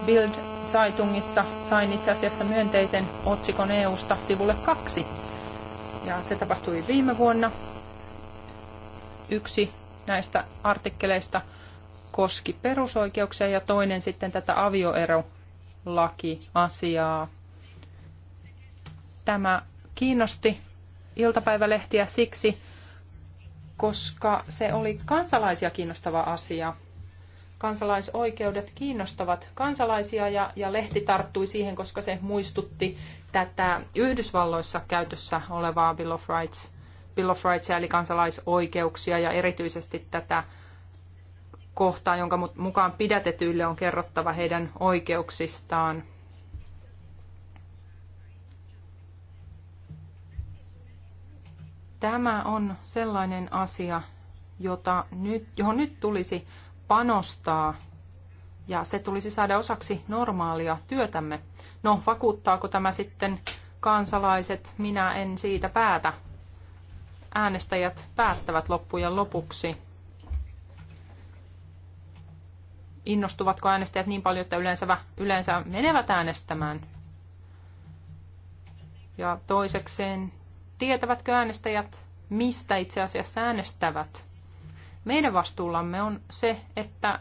Bild Zeitungissa sain itse asiassa myönteisen otsikon EUsta sivulle kaksi. Ja se tapahtui viime vuonna. Yksi näistä artikkeleista koski perusoikeuksia ja toinen sitten tätä avioerolakiasiaa. Tämä kiinnosti iltapäivälehtiä siksi, koska se oli kansalaisia kiinnostava asia. Kansalaisoikeudet kiinnostavat kansalaisia ja, ja lehti tarttui siihen, koska se muistutti tätä Yhdysvalloissa käytössä olevaa Bill of Rights, Bill of Rights eli kansalaisoikeuksia ja erityisesti tätä kohtaa, jonka mukaan pidätetyille on kerrottava heidän oikeuksistaan – Tämä on sellainen asia, jota nyt, johon nyt tulisi panostaa ja se tulisi saada osaksi normaalia työtämme. No, vakuuttaako tämä sitten kansalaiset? Minä en siitä päätä. Äänestäjät päättävät loppujen lopuksi. Innostuvatko äänestäjät niin paljon, että yleensä, yleensä menevät äänestämään? Ja toisekseen Tietävätkö äänestäjät, mistä itse asiassa äänestävät? Meidän vastuullamme on se, että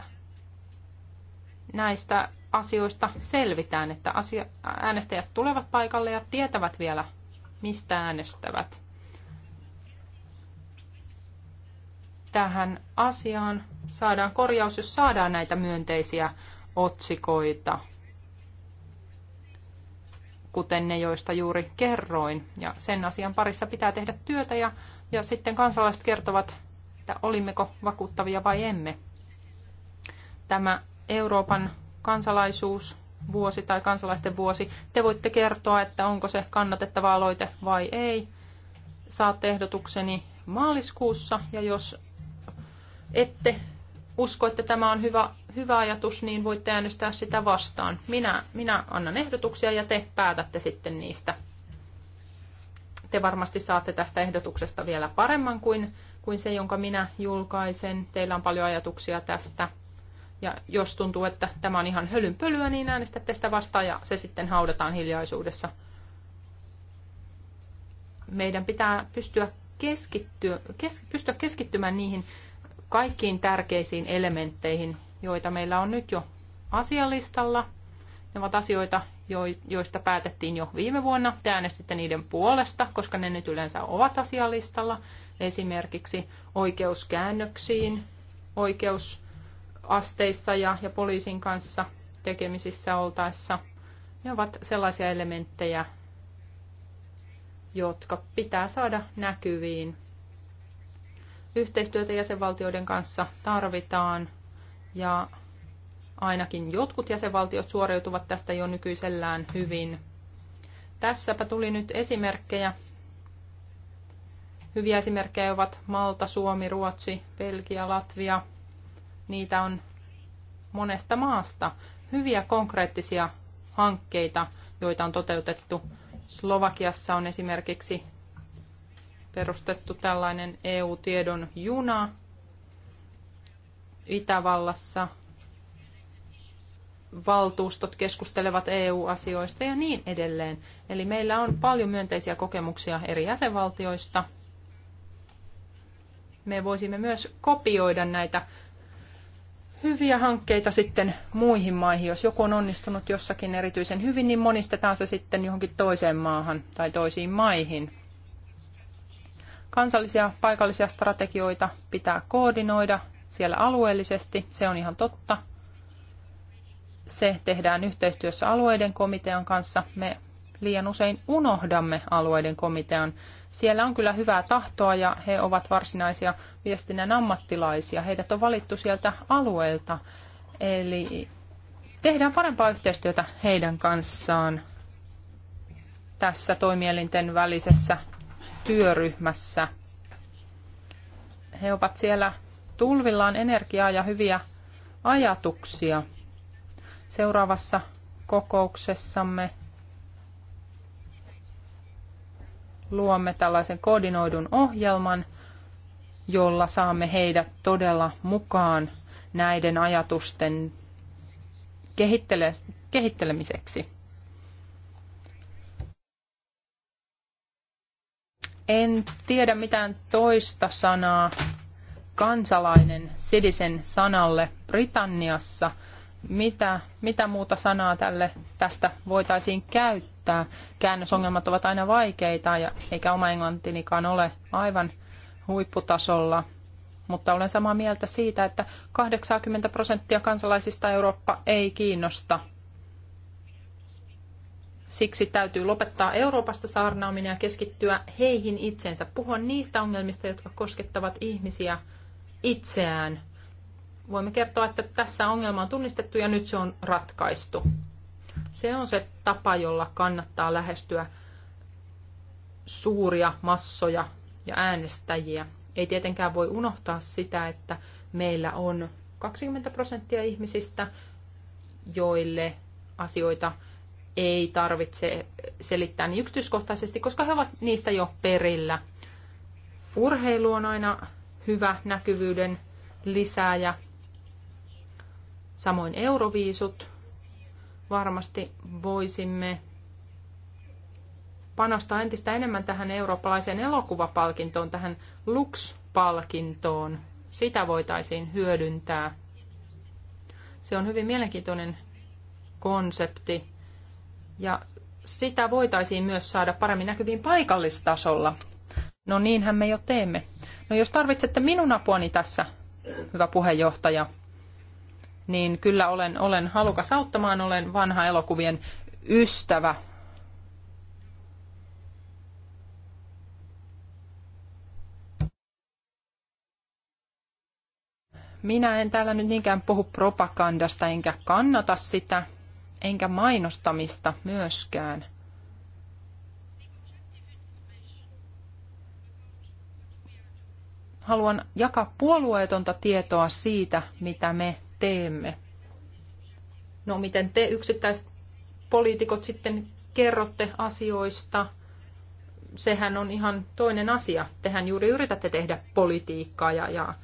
näistä asioista selvitään, että asia, äänestäjät tulevat paikalle ja tietävät vielä, mistä äänestävät. Tähän asiaan saadaan korjaus, jos saadaan näitä myönteisiä otsikoita kuten ne, joista juuri kerroin. Ja sen asian parissa pitää tehdä työtä ja, ja sitten kansalaiset kertovat, että olimmeko vakuuttavia vai emme. Tämä Euroopan kansalaisuus vuosi tai kansalaisten vuosi. Te voitte kertoa, että onko se kannatettava aloite vai ei. Saatte ehdotukseni maaliskuussa ja jos ette usko, että tämä on hyvä, hyvä ajatus, niin voitte äänestää sitä vastaan. Minä, minä annan ehdotuksia ja te päätätte sitten niistä. Te varmasti saatte tästä ehdotuksesta vielä paremman kuin, kuin se, jonka minä julkaisen. Teillä on paljon ajatuksia tästä. Ja jos tuntuu, että tämä on ihan hölynpölyä, niin äänestätte sitä vastaan ja se sitten haudataan hiljaisuudessa. Meidän pitää pystyä, keskittyä, kes, pystyä keskittymään niihin kaikkiin tärkeisiin elementteihin, joita meillä on nyt jo asialistalla. Ne ovat asioita, joista päätettiin jo viime vuonna. Te äänestitte niiden puolesta, koska ne nyt yleensä ovat asialistalla. Esimerkiksi oikeuskäännöksiin, oikeusasteissa ja, ja poliisin kanssa tekemisissä oltaessa. Ne ovat sellaisia elementtejä, jotka pitää saada näkyviin yhteistyötä jäsenvaltioiden kanssa tarvitaan ja ainakin jotkut jäsenvaltiot suoriutuvat tästä jo nykyisellään hyvin. Tässäpä tuli nyt esimerkkejä. Hyviä esimerkkejä ovat Malta, Suomi, Ruotsi, Belgia, Latvia. Niitä on monesta maasta. Hyviä konkreettisia hankkeita, joita on toteutettu. Slovakiassa on esimerkiksi perustettu tällainen EU-tiedon juna Itävallassa. Valtuustot keskustelevat EU-asioista ja niin edelleen. Eli meillä on paljon myönteisiä kokemuksia eri jäsenvaltioista. Me voisimme myös kopioida näitä hyviä hankkeita sitten muihin maihin. Jos joku on onnistunut jossakin erityisen hyvin, niin monistetaan se sitten johonkin toiseen maahan tai toisiin maihin. Kansallisia paikallisia strategioita pitää koordinoida siellä alueellisesti, se on ihan totta. Se tehdään yhteistyössä alueiden komitean kanssa. Me liian usein unohdamme alueiden komitean. Siellä on kyllä hyvää tahtoa ja he ovat varsinaisia viestinnän ammattilaisia. Heidät on valittu sieltä alueelta. Eli tehdään parempaa yhteistyötä heidän kanssaan tässä toimielinten välisessä työryhmässä. He ovat siellä tulvillaan energiaa ja hyviä ajatuksia. Seuraavassa kokouksessamme luomme tällaisen koordinoidun ohjelman, jolla saamme heidät todella mukaan näiden ajatusten kehittelemiseksi. En tiedä mitään toista sanaa kansalainen citizen sanalle Britanniassa. Mitä, mitä muuta sanaa tälle tästä voitaisiin käyttää? Käännösongelmat ovat aina vaikeita ja eikä oma englantinikaan ole aivan huipputasolla. Mutta olen samaa mieltä siitä, että 80 prosenttia kansalaisista Eurooppa ei kiinnosta – Siksi täytyy lopettaa Euroopasta saarnaaminen ja keskittyä heihin itsensä, puhua niistä ongelmista, jotka koskettavat ihmisiä itseään. Voimme kertoa, että tässä ongelma on tunnistettu ja nyt se on ratkaistu. Se on se tapa, jolla kannattaa lähestyä suuria massoja ja äänestäjiä. Ei tietenkään voi unohtaa sitä, että meillä on 20 prosenttia ihmisistä, joille asioita ei tarvitse selittää niin yksityiskohtaisesti, koska he ovat niistä jo perillä. Urheilu on aina hyvä näkyvyyden lisääjä. Samoin euroviisut. Varmasti voisimme panostaa entistä enemmän tähän eurooppalaiseen elokuvapalkintoon, tähän Lux-palkintoon. Sitä voitaisiin hyödyntää. Se on hyvin mielenkiintoinen konsepti. Ja sitä voitaisiin myös saada paremmin näkyviin paikallistasolla. No niinhän me jo teemme. No jos tarvitsette minun apuani tässä, hyvä puheenjohtaja, niin kyllä olen, olen halukas auttamaan, olen vanha elokuvien ystävä. Minä en täällä nyt niinkään puhu propagandasta enkä kannata sitä, enkä mainostamista myöskään. Haluan jakaa puolueetonta tietoa siitä, mitä me teemme. No miten te yksittäiset poliitikot sitten kerrotte asioista, sehän on ihan toinen asia. Tehän juuri yritätte tehdä politiikkaa ja, ja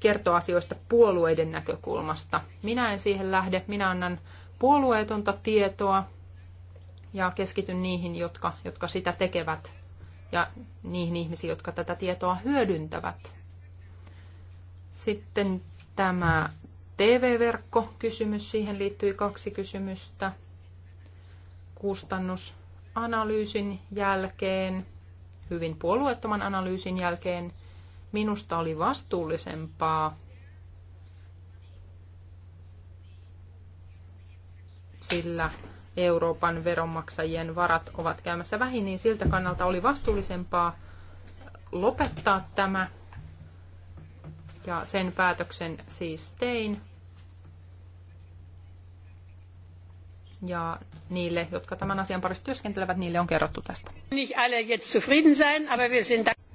kertoa asioista puolueiden näkökulmasta. Minä en siihen lähde, minä annan puolueetonta tietoa ja keskityn niihin, jotka, jotka sitä tekevät ja niihin ihmisiin, jotka tätä tietoa hyödyntävät. Sitten tämä tv verkko siihen liittyi kaksi kysymystä. Kustannusanalyysin jälkeen, hyvin puolueettoman analyysin jälkeen, minusta oli vastuullisempaa sillä Euroopan veronmaksajien varat ovat käymässä vähin, niin siltä kannalta oli vastuullisempaa lopettaa tämä. Ja sen päätöksen siis tein. Ja niille, jotka tämän asian parissa työskentelevät, niille on kerrottu tästä.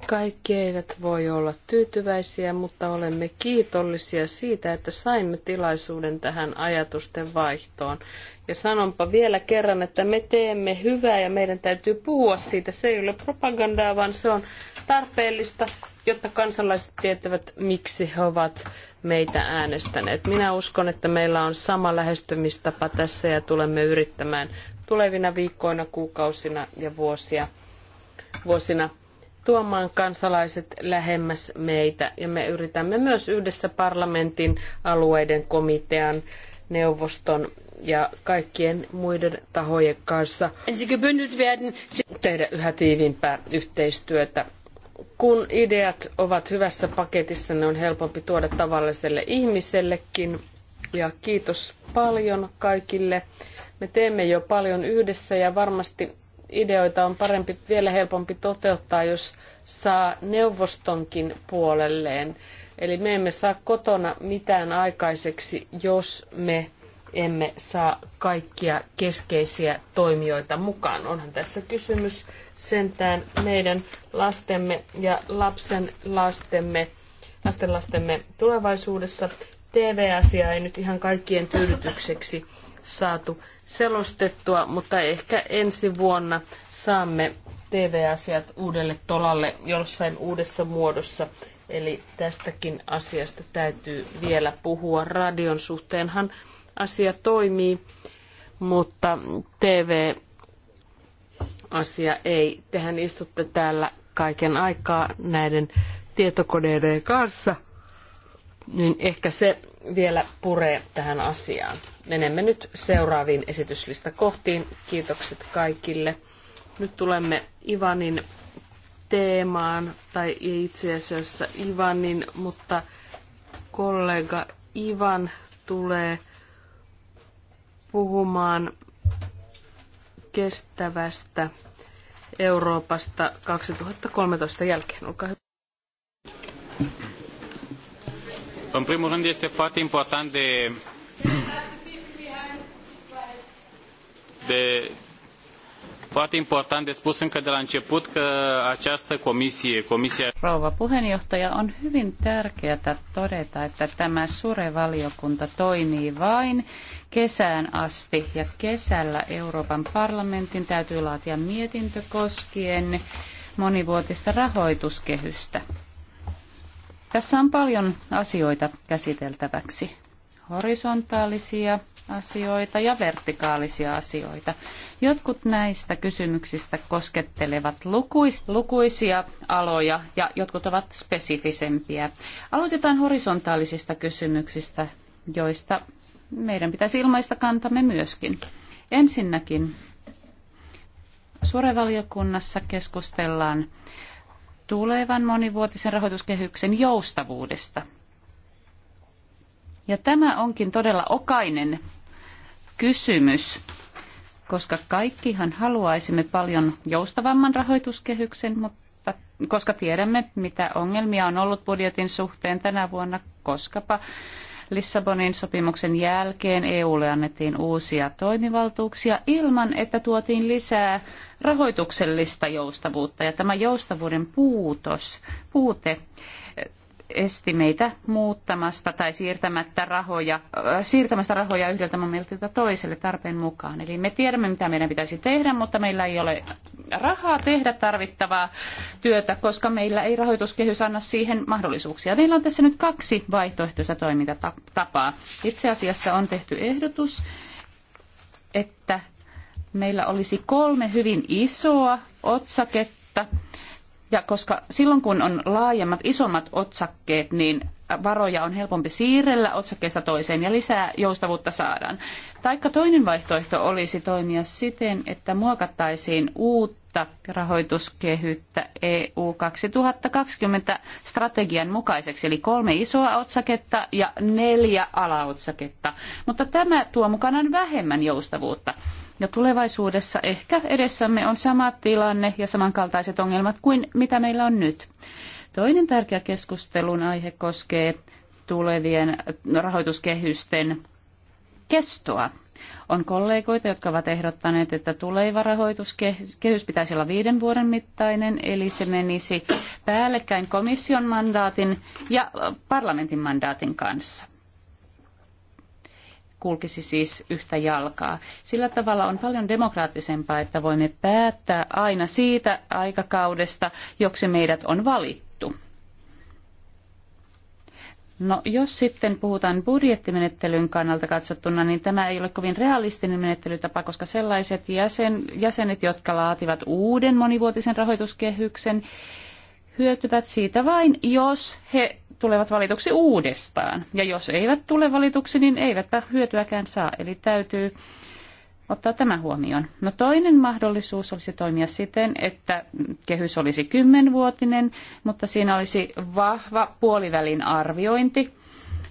Kaikki eivät voi olla tyytyväisiä, mutta olemme kiitollisia siitä, että saimme tilaisuuden tähän ajatusten vaihtoon. Ja sanonpa vielä kerran, että me teemme hyvää ja meidän täytyy puhua siitä. Se ei ole propagandaa, vaan se on tarpeellista, jotta kansalaiset tietävät, miksi he ovat meitä äänestäneet. Minä uskon, että meillä on sama lähestymistapa tässä ja tulemme yrittämään tulevina viikkoina, kuukausina ja vuosia, vuosina tuomaan kansalaiset lähemmäs meitä. Ja me yritämme myös yhdessä parlamentin, alueiden komitean, neuvoston ja kaikkien muiden tahojen kanssa tehdä yhä tiiviimpää yhteistyötä. Kun ideat ovat hyvässä paketissa, ne on helpompi tuoda tavalliselle ihmisellekin. Ja kiitos paljon kaikille. Me teemme jo paljon yhdessä ja varmasti ideoita on parempi, vielä helpompi toteuttaa, jos saa neuvostonkin puolelleen. Eli me emme saa kotona mitään aikaiseksi, jos me emme saa kaikkia keskeisiä toimijoita mukaan. Onhan tässä kysymys sentään meidän lastemme ja lapsen lastemme, lasten lastemme tulevaisuudessa. TV-asia ei nyt ihan kaikkien tyydytykseksi saatu selostettua, mutta ehkä ensi vuonna saamme TV-asiat uudelle tolalle jossain uudessa muodossa. Eli tästäkin asiasta täytyy vielä puhua. Radion suhteenhan asia toimii, mutta TV asia ei. Tehän istutte täällä kaiken aikaa näiden tietokoneiden kanssa, niin ehkä se vielä puree tähän asiaan. Menemme nyt seuraaviin kohtiin. Kiitokset kaikille. Nyt tulemme Ivanin teemaan, tai ei itse asiassa Ivanin, mutta kollega Ivan tulee puhumaan kestävästä Euroopasta 2013 jälkeen. Olkaa hyvä. În primul rând este foarte important de, de foarte important de spus încă de la început că această comisie, comisia... Rouva puheenjohtaja, on hyvin tärkeää todeta, että tämä sure valiokunta toimii vain kesään asti ja kesällä Euroopan parlamentin täytyy laatia mietintö koskien monivuotista rahoituskehystä. Tässä on paljon asioita käsiteltäväksi. Horisontaalisia asioita ja vertikaalisia asioita. Jotkut näistä kysymyksistä koskettelevat lukuis- lukuisia aloja ja jotkut ovat spesifisempiä. Aloitetaan horisontaalisista kysymyksistä, joista meidän pitäisi ilmaista kantamme myöskin. Ensinnäkin suurevaliokunnassa keskustellaan tulevan monivuotisen rahoituskehyksen joustavuudesta. Ja tämä onkin todella okainen kysymys, koska kaikkihan haluaisimme paljon joustavamman rahoituskehyksen, mutta koska tiedämme, mitä ongelmia on ollut budjetin suhteen tänä vuonna, koskapa Lissabonin sopimuksen jälkeen EUlle annettiin uusia toimivaltuuksia ilman, että tuotiin lisää rahoituksellista joustavuutta. Ja tämä joustavuuden puutos, puute esti meitä muuttamasta tai siirtämättä rahoja, siirtämästä rahoja yhdeltä momentilta toiselle tarpeen mukaan. Eli me tiedämme, mitä meidän pitäisi tehdä, mutta meillä ei ole rahaa tehdä tarvittavaa työtä, koska meillä ei rahoituskehys anna siihen mahdollisuuksia. Meillä on tässä nyt kaksi vaihtoehtoista toimintatapaa. Itse asiassa on tehty ehdotus, että meillä olisi kolme hyvin isoa otsaketta, ja koska silloin kun on laajemmat, isommat otsakkeet, niin varoja on helpompi siirrellä otsakkeesta toiseen ja lisää joustavuutta saadaan. Taikka toinen vaihtoehto olisi toimia siten, että muokattaisiin uutta rahoituskehyttä EU 2020 strategian mukaiseksi, eli kolme isoa otsaketta ja neljä alaotsaketta. Mutta tämä tuo mukanaan vähemmän joustavuutta. Ja tulevaisuudessa ehkä edessämme on sama tilanne ja samankaltaiset ongelmat kuin mitä meillä on nyt. Toinen tärkeä keskustelun aihe koskee tulevien rahoituskehysten kestoa. On kollegoita, jotka ovat ehdottaneet, että tuleva rahoituskehys pitäisi olla viiden vuoden mittainen, eli se menisi päällekkäin komission mandaatin ja parlamentin mandaatin kanssa kulkisi siis yhtä jalkaa. Sillä tavalla on paljon demokraattisempaa, että voimme päättää aina siitä aikakaudesta, joksi meidät on valittu. No jos sitten puhutaan budjettimenettelyn kannalta katsottuna, niin tämä ei ole kovin realistinen menettelytapa, koska sellaiset jäsen, jäsenet, jotka laativat uuden monivuotisen rahoituskehyksen, hyötyvät siitä vain, jos he tulevat valituksi uudestaan. Ja jos eivät tule valituksi, niin eivätpä hyötyäkään saa. Eli täytyy ottaa tämä huomioon. No toinen mahdollisuus olisi toimia siten, että kehys olisi kymmenvuotinen, mutta siinä olisi vahva puolivälin arviointi.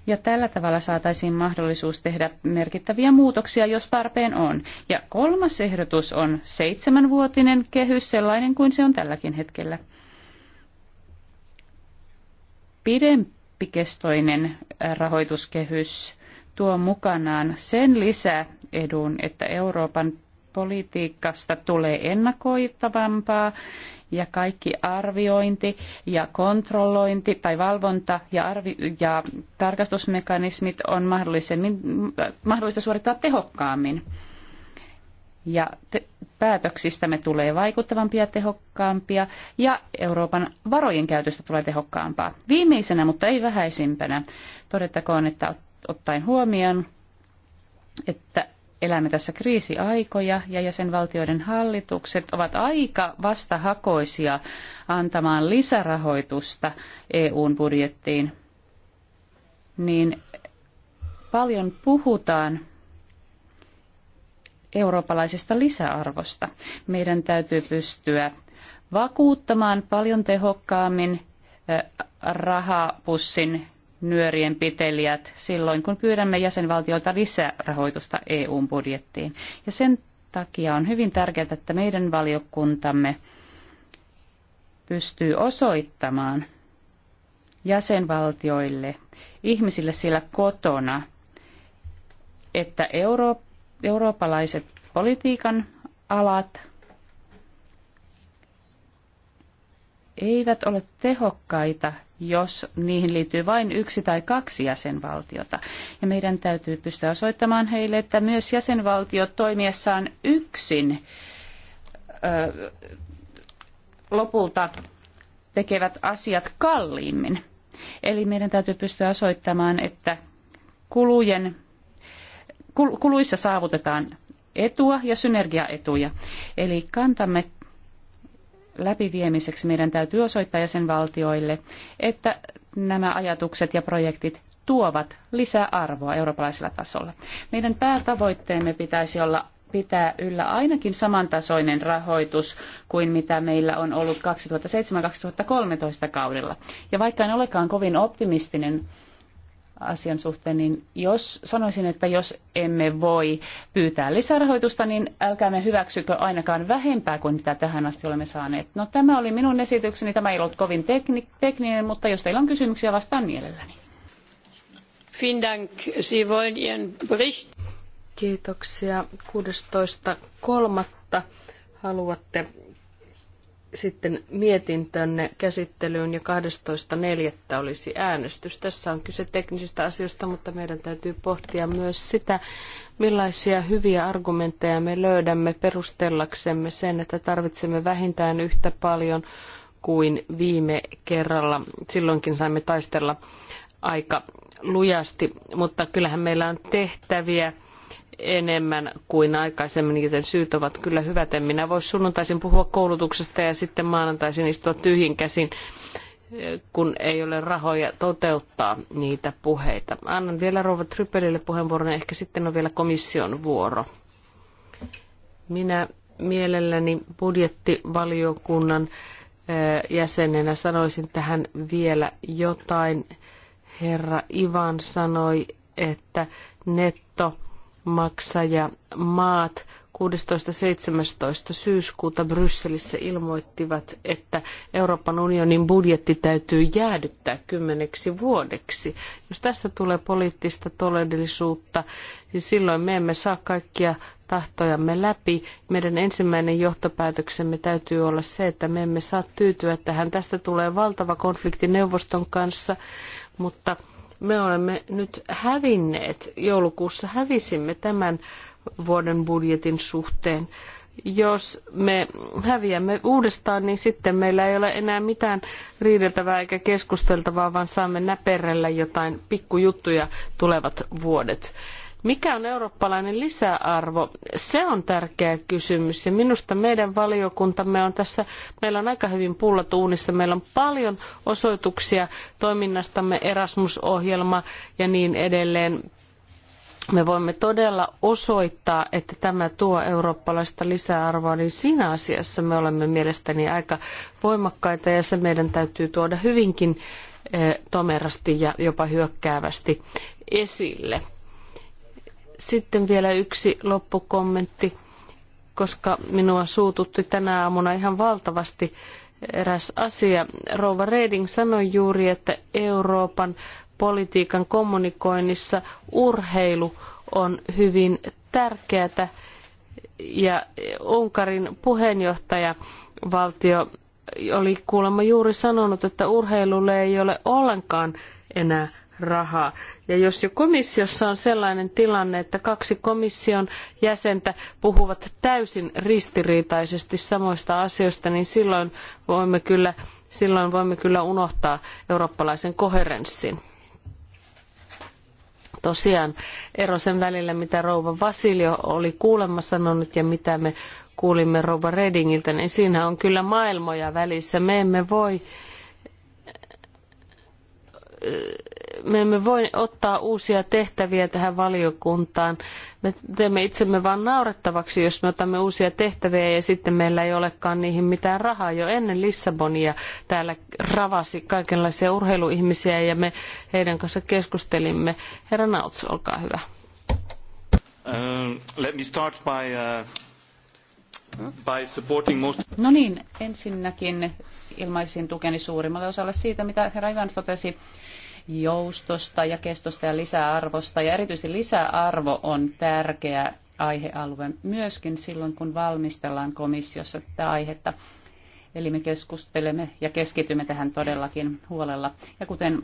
Ja tällä tavalla saataisiin mahdollisuus tehdä merkittäviä muutoksia, jos tarpeen on. Ja kolmas ehdotus on seitsemänvuotinen kehys, sellainen kuin se on tälläkin hetkellä pidempikestoinen rahoituskehys tuo mukanaan sen lisäedun, että Euroopan politiikasta tulee ennakoitavampaa ja kaikki arviointi ja kontrollointi tai valvonta ja, arvi- ja tarkastusmekanismit on mahdollisemmin, mahdollista suorittaa tehokkaammin. Ja te- päätöksistämme tulee vaikuttavampia ja tehokkaampia ja Euroopan varojen käytöstä tulee tehokkaampaa. Viimeisenä, mutta ei vähäisimpänä, todettakoon, että ottaen huomioon, että elämme tässä kriisiaikoja ja jäsenvaltioiden hallitukset ovat aika vastahakoisia antamaan lisärahoitusta EUn budjettiin, niin paljon puhutaan eurooppalaisesta lisäarvosta. Meidän täytyy pystyä vakuuttamaan paljon tehokkaammin rahapussin nyörien pitelijät silloin, kun pyydämme jäsenvaltioilta lisärahoitusta EUn budjettiin. Ja sen takia on hyvin tärkeää, että meidän valiokuntamme pystyy osoittamaan jäsenvaltioille, ihmisille siellä kotona, että Eurooppa eurooppalaiset politiikan alat eivät ole tehokkaita, jos niihin liittyy vain yksi tai kaksi jäsenvaltiota. Ja meidän täytyy pystyä osoittamaan heille, että myös jäsenvaltiot toimiessaan yksin ö, lopulta tekevät asiat kalliimmin. Eli meidän täytyy pystyä osoittamaan, että kulujen kuluissa saavutetaan etua ja synergiaetuja. Eli kantamme läpiviemiseksi meidän täytyy osoittaa jäsenvaltioille, että nämä ajatukset ja projektit tuovat lisäarvoa eurooppalaisella tasolla. Meidän päätavoitteemme pitäisi olla pitää yllä ainakin samantasoinen rahoitus kuin mitä meillä on ollut 2007-2013 kaudella. Ja vaikka en olekaan kovin optimistinen asian suhteen, niin jos sanoisin, että jos emme voi pyytää lisärahoitusta, niin älkäämme hyväksykö ainakaan vähempää kuin mitä tähän asti olemme saaneet. No tämä oli minun esitykseni, tämä ei ollut kovin tekni- tekninen, mutta jos teillä on kysymyksiä, vastaan mielelläni. Kiitoksia. 16.3. haluatte sitten tänne käsittelyyn ja 12.4. olisi äänestys. Tässä on kyse teknisistä asioista, mutta meidän täytyy pohtia myös sitä, millaisia hyviä argumentteja me löydämme perustellaksemme sen, että tarvitsemme vähintään yhtä paljon kuin viime kerralla. Silloinkin saimme taistella aika lujasti, mutta kyllähän meillä on tehtäviä enemmän kuin aikaisemmin, joten syyt ovat kyllä hyvät. En minä voi sunnuntaisin puhua koulutuksesta ja sitten maanantaisin istua tyhjin käsin, kun ei ole rahoja toteuttaa niitä puheita. Annan vielä Rouva Trypelille puheenvuoron ja ehkä sitten on vielä komission vuoro. Minä mielelläni budjettivaliokunnan eh, jäsenenä sanoisin tähän vielä jotain. Herra Ivan sanoi, että netto maksajamaat 16-17 syyskuuta Brysselissä ilmoittivat, että Euroopan unionin budjetti täytyy jäädyttää kymmeneksi vuodeksi. Jos tästä tulee poliittista todellisuutta, niin silloin me emme saa kaikkia tahtojamme läpi. Meidän ensimmäinen johtopäätöksemme täytyy olla se, että me emme saa tyytyä tähän. Tästä tulee valtava konflikti neuvoston kanssa, mutta me olemme nyt hävinneet, joulukuussa hävisimme tämän vuoden budjetin suhteen. Jos me häviämme uudestaan, niin sitten meillä ei ole enää mitään riideltävää eikä keskusteltavaa, vaan saamme näperellä jotain pikkujuttuja tulevat vuodet. Mikä on eurooppalainen lisäarvo? Se on tärkeä kysymys ja minusta meidän valiokuntamme on tässä, meillä on aika hyvin pullat uunissa, meillä on paljon osoituksia toiminnastamme, Erasmus-ohjelma ja niin edelleen. Me voimme todella osoittaa, että tämä tuo eurooppalaista lisäarvoa, niin siinä asiassa me olemme mielestäni aika voimakkaita ja se meidän täytyy tuoda hyvinkin eh, tomerasti ja jopa hyökkäävästi esille. Sitten vielä yksi loppukommentti, koska minua suututti tänä aamuna ihan valtavasti eräs asia. Rouva Reding sanoi juuri, että Euroopan politiikan kommunikoinnissa urheilu on hyvin tärkeätä ja Unkarin puheenjohtaja valtio oli kuulemma juuri sanonut, että urheilulle ei ole ollenkaan enää rahaa. Ja jos jo komissiossa on sellainen tilanne, että kaksi komission jäsentä puhuvat täysin ristiriitaisesti samoista asioista, niin silloin voimme kyllä, silloin voimme kyllä unohtaa eurooppalaisen koherenssin. Tosiaan ero sen välillä, mitä rouva Vasilio oli kuulemma sanonut ja mitä me kuulimme rouva Redingiltä, niin siinä on kyllä maailmoja välissä. Me emme voi me emme voi ottaa uusia tehtäviä tähän valiokuntaan. Me teemme itsemme vain naurettavaksi, jos me otamme uusia tehtäviä ja sitten meillä ei olekaan niihin mitään rahaa. Jo ennen Lissabonia täällä ravasi kaikenlaisia urheiluihmisiä ja me heidän kanssa keskustelimme. Herra Nauts, olkaa hyvä. Uh, let me start by, uh... No niin, ensinnäkin ilmaisin tukeni suurimmalle osalle siitä, mitä herra Ivans totesi joustosta ja kestosta ja lisäarvosta. Ja erityisesti lisäarvo on tärkeä aihealue myöskin silloin, kun valmistellaan komissiossa tätä aihetta. Eli me keskustelemme ja keskitymme tähän todellakin huolella. Ja kuten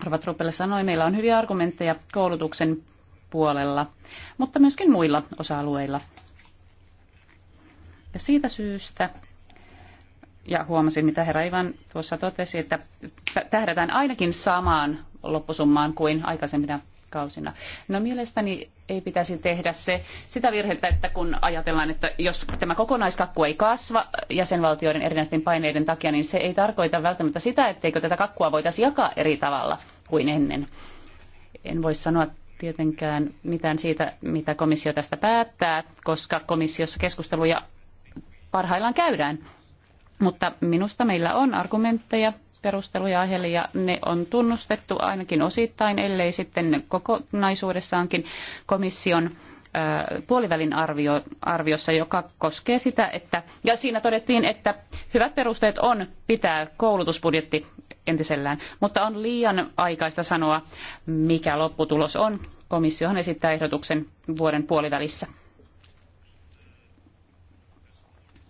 Arva Truppelle sanoi, meillä on hyviä argumentteja koulutuksen puolella, mutta myöskin muilla osa-alueilla. Ja siitä syystä ja huomasin, mitä herra Ivan tuossa totesi, että tähdätään ainakin samaan loppusummaan kuin aikaisemmin kausina. No mielestäni ei pitäisi tehdä se, sitä virhettä, että kun ajatellaan, että jos tämä kokonaiskakku ei kasva jäsenvaltioiden erinäisten paineiden takia, niin se ei tarkoita välttämättä sitä, etteikö tätä kakkua voitaisiin jakaa eri tavalla kuin ennen. En voi sanoa tietenkään mitään siitä, mitä komissio tästä päättää, koska komissiossa keskusteluja parhaillaan käydään mutta minusta meillä on argumentteja, perusteluja aiheelle ja ne on tunnustettu ainakin osittain, ellei sitten kokonaisuudessaankin komission puolivälin arvio, arviossa, joka koskee sitä, että, ja siinä todettiin, että hyvät perusteet on pitää koulutusbudjetti entisellään, mutta on liian aikaista sanoa, mikä lopputulos on. Komissiohan esittää ehdotuksen vuoden puolivälissä.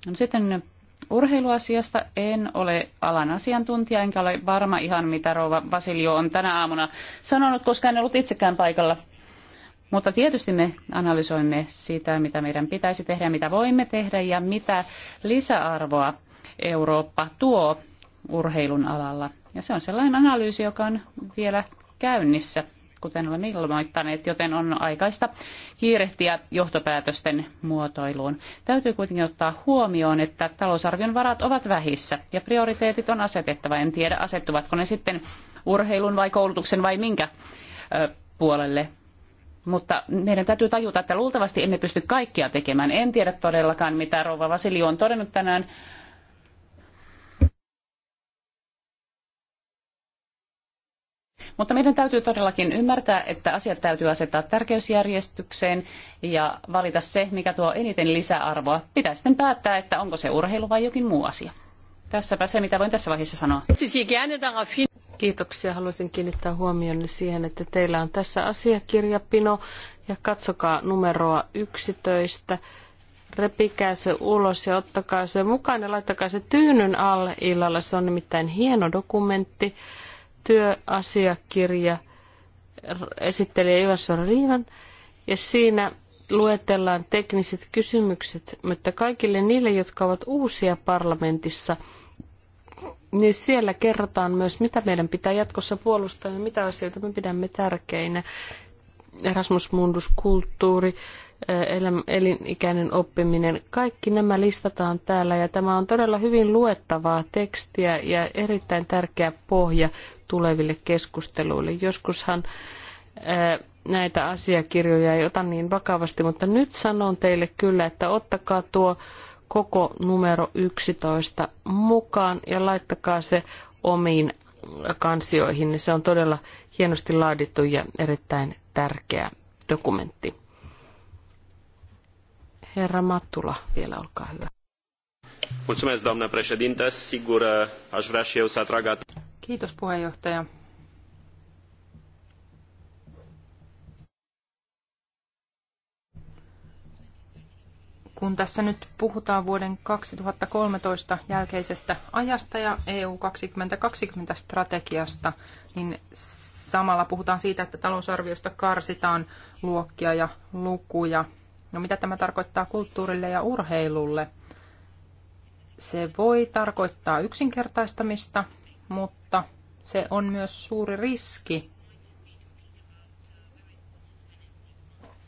No sitten urheiluasiasta. En ole alan asiantuntija, enkä ole varma ihan mitä rouva Vasilio on tänä aamuna sanonut, koska en ollut itsekään paikalla. Mutta tietysti me analysoimme sitä, mitä meidän pitäisi tehdä, mitä voimme tehdä ja mitä lisäarvoa Eurooppa tuo urheilun alalla. Ja se on sellainen analyysi, joka on vielä käynnissä kuten olemme ilmoittaneet, joten on aikaista kiirehtiä johtopäätösten muotoiluun. Täytyy kuitenkin ottaa huomioon, että talousarvion varat ovat vähissä ja prioriteetit on asetettava. En tiedä, asettuvatko ne sitten urheilun vai koulutuksen vai minkä puolelle. Mutta meidän täytyy tajuta, että luultavasti emme pysty kaikkia tekemään. En tiedä todellakaan, mitä Rouva Vasili on todennut tänään Mutta meidän täytyy todellakin ymmärtää, että asiat täytyy asettaa tärkeysjärjestykseen ja valita se, mikä tuo eniten lisäarvoa. Pitää sitten päättää, että onko se urheilu vai jokin muu asia. Tässäpä se, mitä voin tässä vaiheessa sanoa. Kiitoksia. Haluaisin kiinnittää huomionne siihen, että teillä on tässä asiakirjapino ja katsokaa numeroa 11 repikää se ulos ja ottakaa se mukaan ja laittakaa se tyynyn alle illalla. Se on nimittäin hieno dokumentti työasiakirja esittelijä Ivasson Riivan, ja siinä luetellaan tekniset kysymykset, mutta kaikille niille, jotka ovat uusia parlamentissa, niin siellä kerrotaan myös, mitä meidän pitää jatkossa puolustaa ja mitä asioita me pidämme tärkeinä. Erasmus Mundus, kulttuuri, eh, elinikäinen oppiminen, kaikki nämä listataan täällä ja tämä on todella hyvin luettavaa tekstiä ja erittäin tärkeä pohja tuleville keskusteluille. Joskushan näitä asiakirjoja ei ota niin vakavasti, mutta nyt sanon teille kyllä, että ottakaa tuo koko numero 11 mukaan ja laittakaa se omiin kansioihin. se on todella hienosti laadittu ja erittäin tärkeä dokumentti. Herra Mattula, vielä olkaa hyvä. Mulțumesc, doamnă președintă. Sigur, aș vrea și eu să atrag atenția. Kiitos puheenjohtaja. kun tässä nyt puhutaan vuoden 2013 jälkeisestä ajasta ja EU 2020 strategiasta, niin samalla puhutaan siitä, että talousarviosta karsitaan luokkia ja lukuja. No mitä tämä tarkoittaa kulttuurille ja urheilulle? Se voi tarkoittaa yksinkertaistamista, mutta se on myös suuri riski.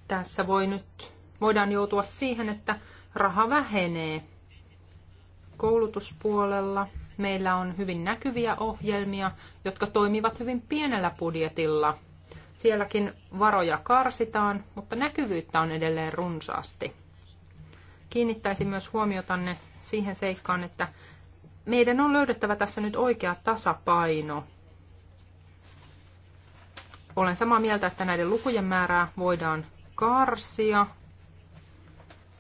Tässä voi nyt, voidaan joutua siihen, että raha vähenee. Koulutuspuolella meillä on hyvin näkyviä ohjelmia, jotka toimivat hyvin pienellä budjetilla. Sielläkin varoja karsitaan, mutta näkyvyyttä on edelleen runsaasti. Kiinnittäisin myös huomiotanne siihen seikkaan, että meidän on löydettävä tässä nyt oikea tasapaino. Olen samaa mieltä, että näiden lukujen määrää voidaan karsia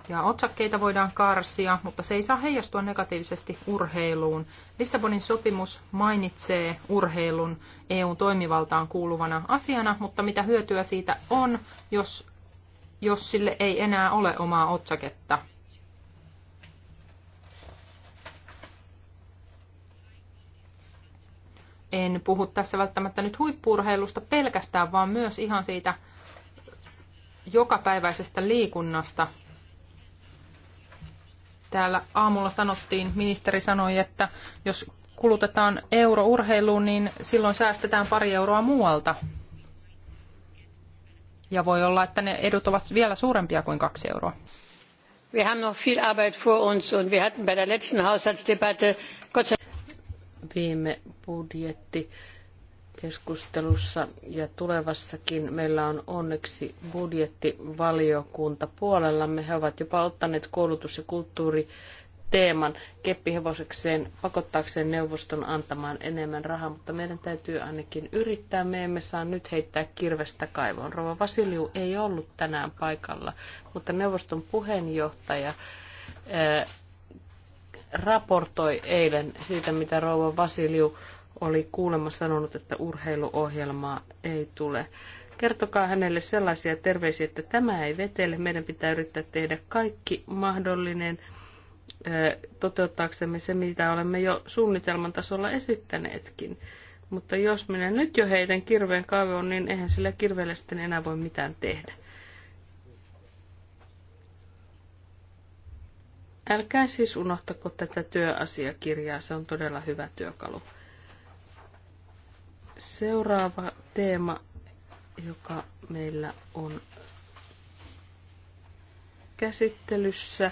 ja otsakkeita voidaan karsia, mutta se ei saa heijastua negatiivisesti urheiluun. Lissabonin sopimus mainitsee urheilun EUn toimivaltaan kuuluvana asiana, mutta mitä hyötyä siitä on, jos, jos sille ei enää ole omaa otsaketta – en puhu tässä välttämättä nyt huippurheilusta pelkästään, vaan myös ihan siitä jokapäiväisestä liikunnasta. Täällä aamulla sanottiin, ministeri sanoi, että jos kulutetaan euro urheiluun, niin silloin säästetään pari euroa muualta. Ja voi olla, että ne edut ovat vielä suurempia kuin kaksi euroa. Wir haben noch viel Arbeit vor uns und wir hatten bei der letzten Haushaltsdebatte Gott sei viime budjetti keskustelussa ja tulevassakin meillä on onneksi budjettivaliokunta puolellamme. He ovat jopa ottaneet koulutus- ja kulttuuri keppihevosekseen pakottaakseen neuvoston antamaan enemmän rahaa, mutta meidän täytyy ainakin yrittää. Me emme saa nyt heittää kirvestä kaivoon. Rova Vasiliu ei ollut tänään paikalla, mutta neuvoston puheenjohtaja eh, raportoi eilen siitä, mitä rouva Vasiliu oli kuulemma sanonut, että urheiluohjelmaa ei tule. Kertokaa hänelle sellaisia terveisiä, että tämä ei vetele. Meidän pitää yrittää tehdä kaikki mahdollinen toteuttaaksemme se, mitä olemme jo suunnitelman tasolla esittäneetkin. Mutta jos minä nyt jo heidän kirveen kaivoon, niin eihän sillä kirveellä sitten enää voi mitään tehdä. Älkää siis unohtako tätä työasiakirjaa, se on todella hyvä työkalu. Seuraava teema, joka meillä on käsittelyssä,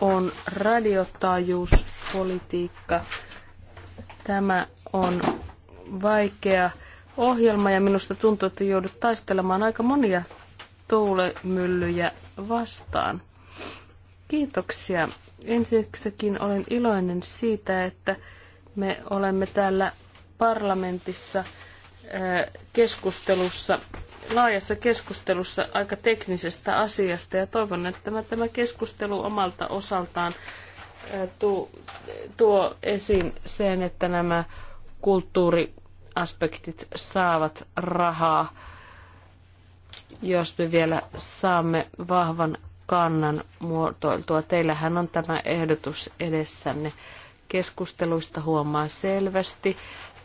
on radiotaajuuspolitiikka. Tämä on vaikea ohjelma ja minusta tuntuu, että joudut taistelemaan aika monia tuulemyllyjä vastaan. Kiitoksia. Ensiksikin olen iloinen siitä, että me olemme täällä parlamentissa keskustelussa, laajassa keskustelussa aika teknisestä asiasta ja toivon, että tämä, keskustelu omalta osaltaan tuo esiin sen, että nämä kulttuuriaspektit saavat rahaa, jos me vielä saamme vahvan kannan muotoiltua. Teillähän on tämä ehdotus edessänne. Keskusteluista huomaa selvästi,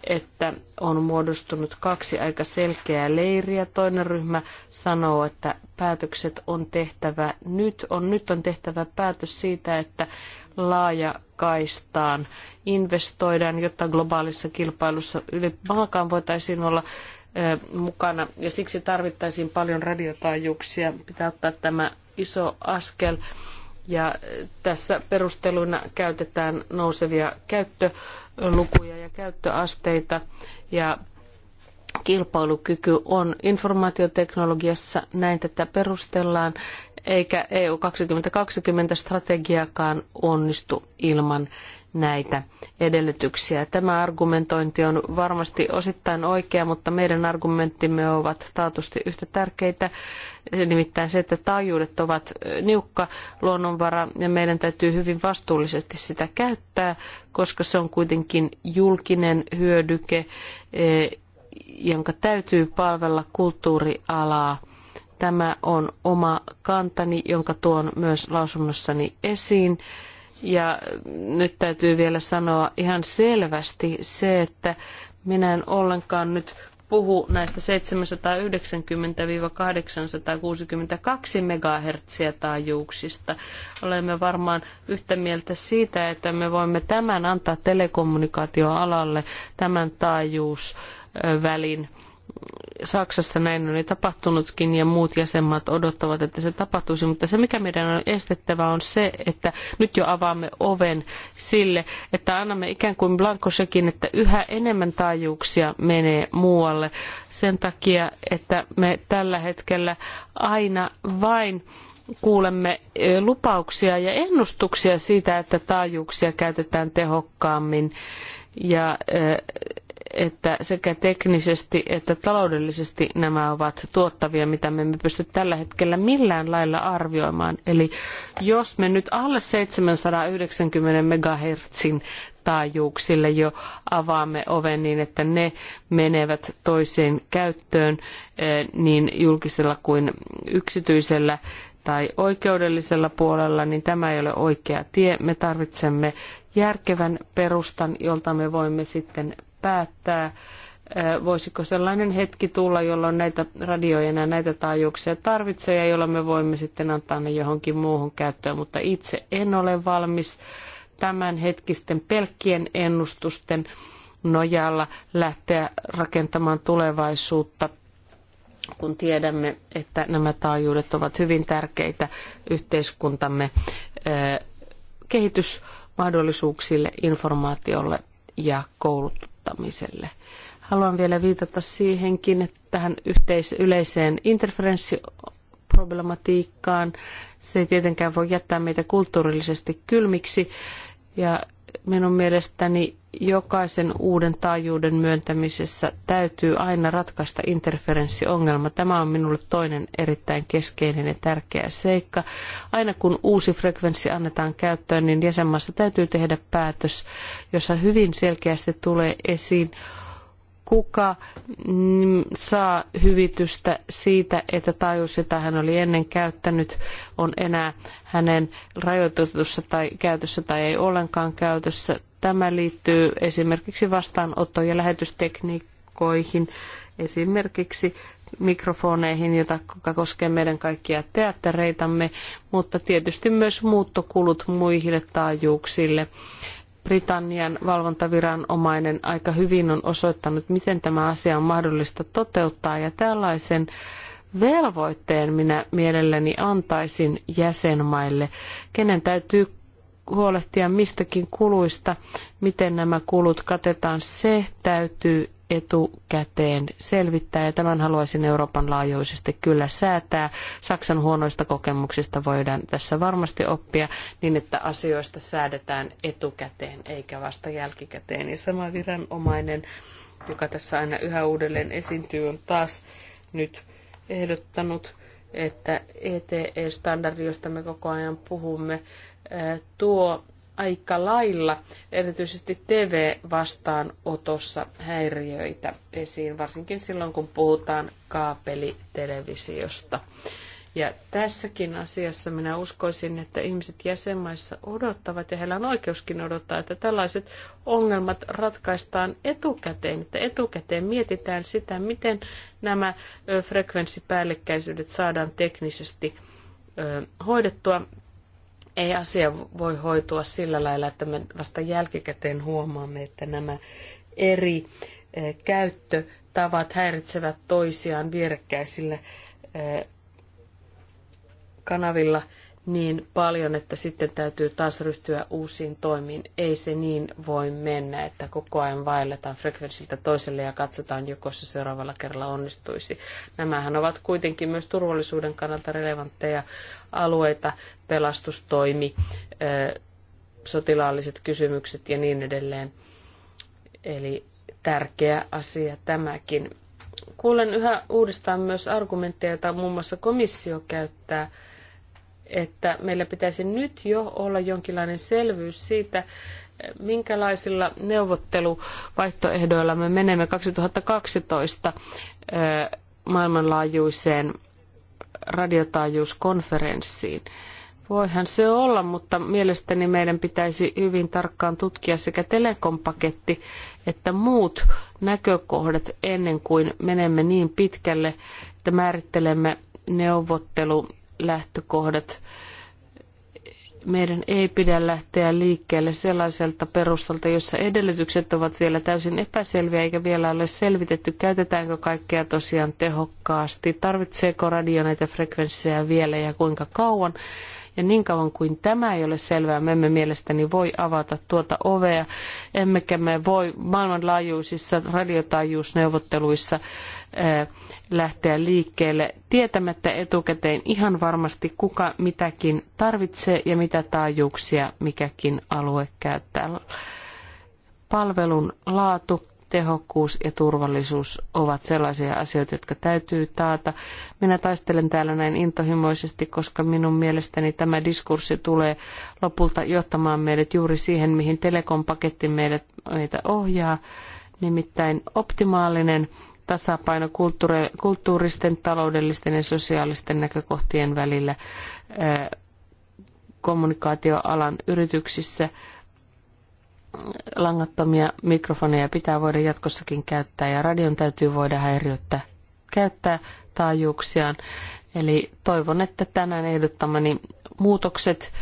että on muodostunut kaksi aika selkeää leiriä. Toinen ryhmä sanoo, että päätökset on tehtävä nyt. On, nyt on tehtävä päätös siitä, että laaja kaistaan, investoidaan, jotta globaalissa kilpailussa ylipäätään voitaisiin olla mukana ja siksi tarvittaisiin paljon radiotaajuuksia. Pitää ottaa tämä iso askel. Ja tässä perusteluna käytetään nousevia käyttölukuja ja käyttöasteita. Ja kilpailukyky on informaatioteknologiassa, näin tätä perustellaan, eikä EU 2020 strategiakaan onnistu ilman näitä edellytyksiä. Tämä argumentointi on varmasti osittain oikea, mutta meidän argumenttimme ovat taatusti yhtä tärkeitä. Nimittäin se, että taajuudet ovat niukka luonnonvara ja meidän täytyy hyvin vastuullisesti sitä käyttää, koska se on kuitenkin julkinen hyödyke, jonka täytyy palvella kulttuurialaa. Tämä on oma kantani, jonka tuon myös lausunnossani esiin. Ja nyt täytyy vielä sanoa ihan selvästi se, että minä en ollenkaan nyt puhu näistä 790-862 megahertsiä taajuuksista. Olemme varmaan yhtä mieltä siitä, että me voimme tämän antaa telekommunikaatioalalle, tämän taajuusvälin Saksassa näin on jo tapahtunutkin ja muut jäsenmaat odottavat, että se tapahtuisi, mutta se mikä meidän on estettävä on se, että nyt jo avaamme oven sille, että annamme ikään kuin blankosekin, että yhä enemmän taajuuksia menee muualle sen takia, että me tällä hetkellä aina vain kuulemme e, lupauksia ja ennustuksia siitä, että taajuuksia käytetään tehokkaammin ja e, että sekä teknisesti että taloudellisesti nämä ovat tuottavia, mitä me emme pysty tällä hetkellä millään lailla arvioimaan. Eli jos me nyt alle 790 megahertsin taajuuksille jo avaamme oven niin, että ne menevät toiseen käyttöön eh, niin julkisella kuin yksityisellä tai oikeudellisella puolella, niin tämä ei ole oikea tie. Me tarvitsemme järkevän perustan, jolta me voimme sitten päättää, voisiko sellainen hetki tulla, jolloin näitä radioja ja näitä taajuuksia tarvitsee ja jolloin me voimme sitten antaa ne johonkin muuhun käyttöön, mutta itse en ole valmis tämän hetkisten pelkkien ennustusten nojalla lähteä rakentamaan tulevaisuutta kun tiedämme, että nämä taajuudet ovat hyvin tärkeitä yhteiskuntamme kehitysmahdollisuuksille, informaatiolle ja koulut, toteuttamiselle. Haluan vielä viitata siihenkin, että tähän yhteis- yleiseen interferenssiproblematiikkaan. Se ei tietenkään voi jättää meitä kulttuurillisesti kylmiksi. Ja minun mielestäni jokaisen uuden taajuuden myöntämisessä täytyy aina ratkaista interferenssiongelma. Tämä on minulle toinen erittäin keskeinen ja tärkeä seikka. Aina kun uusi frekvenssi annetaan käyttöön, niin jäsenmaassa täytyy tehdä päätös, jossa hyvin selkeästi tulee esiin, kuka mm, saa hyvitystä siitä, että taajuus, jota hän oli ennen käyttänyt, on enää hänen rajoitetussa tai käytössä tai ei ollenkaan käytössä Tämä liittyy esimerkiksi vastaanotto- ja lähetystekniikoihin, esimerkiksi mikrofoneihin, joka koskee meidän kaikkia teattereitamme, mutta tietysti myös muuttokulut muihille taajuuksille. Britannian valvontaviranomainen aika hyvin on osoittanut, miten tämä asia on mahdollista toteuttaa ja tällaisen velvoitteen minä mielelläni antaisin jäsenmaille, kenen täytyy huolehtia mistäkin kuluista, miten nämä kulut katetaan, se täytyy etukäteen selvittää ja tämän haluaisin Euroopan laajuisesti kyllä säätää. Saksan huonoista kokemuksista voidaan tässä varmasti oppia niin, että asioista säädetään etukäteen eikä vasta jälkikäteen. Ja sama viranomainen, joka tässä aina yhä uudelleen esiintyy, on taas nyt ehdottanut että ETE-standardi, josta me koko ajan puhumme, tuo aika lailla erityisesti TV-vastaanotossa häiriöitä esiin, varsinkin silloin kun puhutaan kaapelitelevisiosta. televisiosta ja tässäkin asiassa minä uskoisin, että ihmiset jäsenmaissa odottavat, ja heillä on oikeuskin odottaa, että tällaiset ongelmat ratkaistaan etukäteen, että etukäteen mietitään sitä, miten nämä frekvenssipäällekkäisyydet saadaan teknisesti hoidettua. Ei asia voi hoitua sillä lailla, että me vasta jälkikäteen huomaamme, että nämä eri käyttötavat häiritsevät toisiaan vierekkäisillä kanavilla niin paljon, että sitten täytyy taas ryhtyä uusiin toimiin. Ei se niin voi mennä, että koko ajan vaelletaan frekvenssiltä toiselle ja katsotaan, joko se seuraavalla kerralla onnistuisi. Nämähän ovat kuitenkin myös turvallisuuden kannalta relevantteja alueita, pelastustoimi, sotilaalliset kysymykset ja niin edelleen. Eli tärkeä asia tämäkin. Kuulen yhä uudestaan myös argumentteja, joita muun muassa komissio käyttää – että meillä pitäisi nyt jo olla jonkinlainen selvyys siitä, minkälaisilla neuvotteluvaihtoehdoilla me menemme 2012 maailmanlaajuiseen radiotaajuuskonferenssiin. Voihan se olla, mutta mielestäni meidän pitäisi hyvin tarkkaan tutkia sekä telekompaketti että muut näkökohdat ennen kuin menemme niin pitkälle, että määrittelemme neuvottelu lähtökohdat. Meidän ei pidä lähteä liikkeelle sellaiselta perustalta, jossa edellytykset ovat vielä täysin epäselviä eikä vielä ole selvitetty, käytetäänkö kaikkea tosiaan tehokkaasti, tarvitseeko radio näitä frekvenssejä vielä ja kuinka kauan. Ja niin kauan kuin tämä ei ole selvää, me emme mielestäni voi avata tuota ovea, emmekä me voi maailmanlaajuisissa radiotaajuusneuvotteluissa lähteä liikkeelle tietämättä etukäteen ihan varmasti, kuka mitäkin tarvitsee ja mitä taajuuksia mikäkin alue käyttää. Palvelun laatu, tehokkuus ja turvallisuus ovat sellaisia asioita, jotka täytyy taata. Minä taistelen täällä näin intohimoisesti, koska minun mielestäni tämä diskurssi tulee lopulta johtamaan meidät juuri siihen, mihin telekompaketti meidät, meitä ohjaa, nimittäin optimaalinen tasapaino kulttuuristen, taloudellisten ja sosiaalisten näkökohtien välillä eh, kommunikaatioalan yrityksissä. Langattomia mikrofoneja pitää voida jatkossakin käyttää ja radion täytyy voida häiriöttä käyttää taajuuksiaan. Eli toivon, että tänään ehdottamani muutokset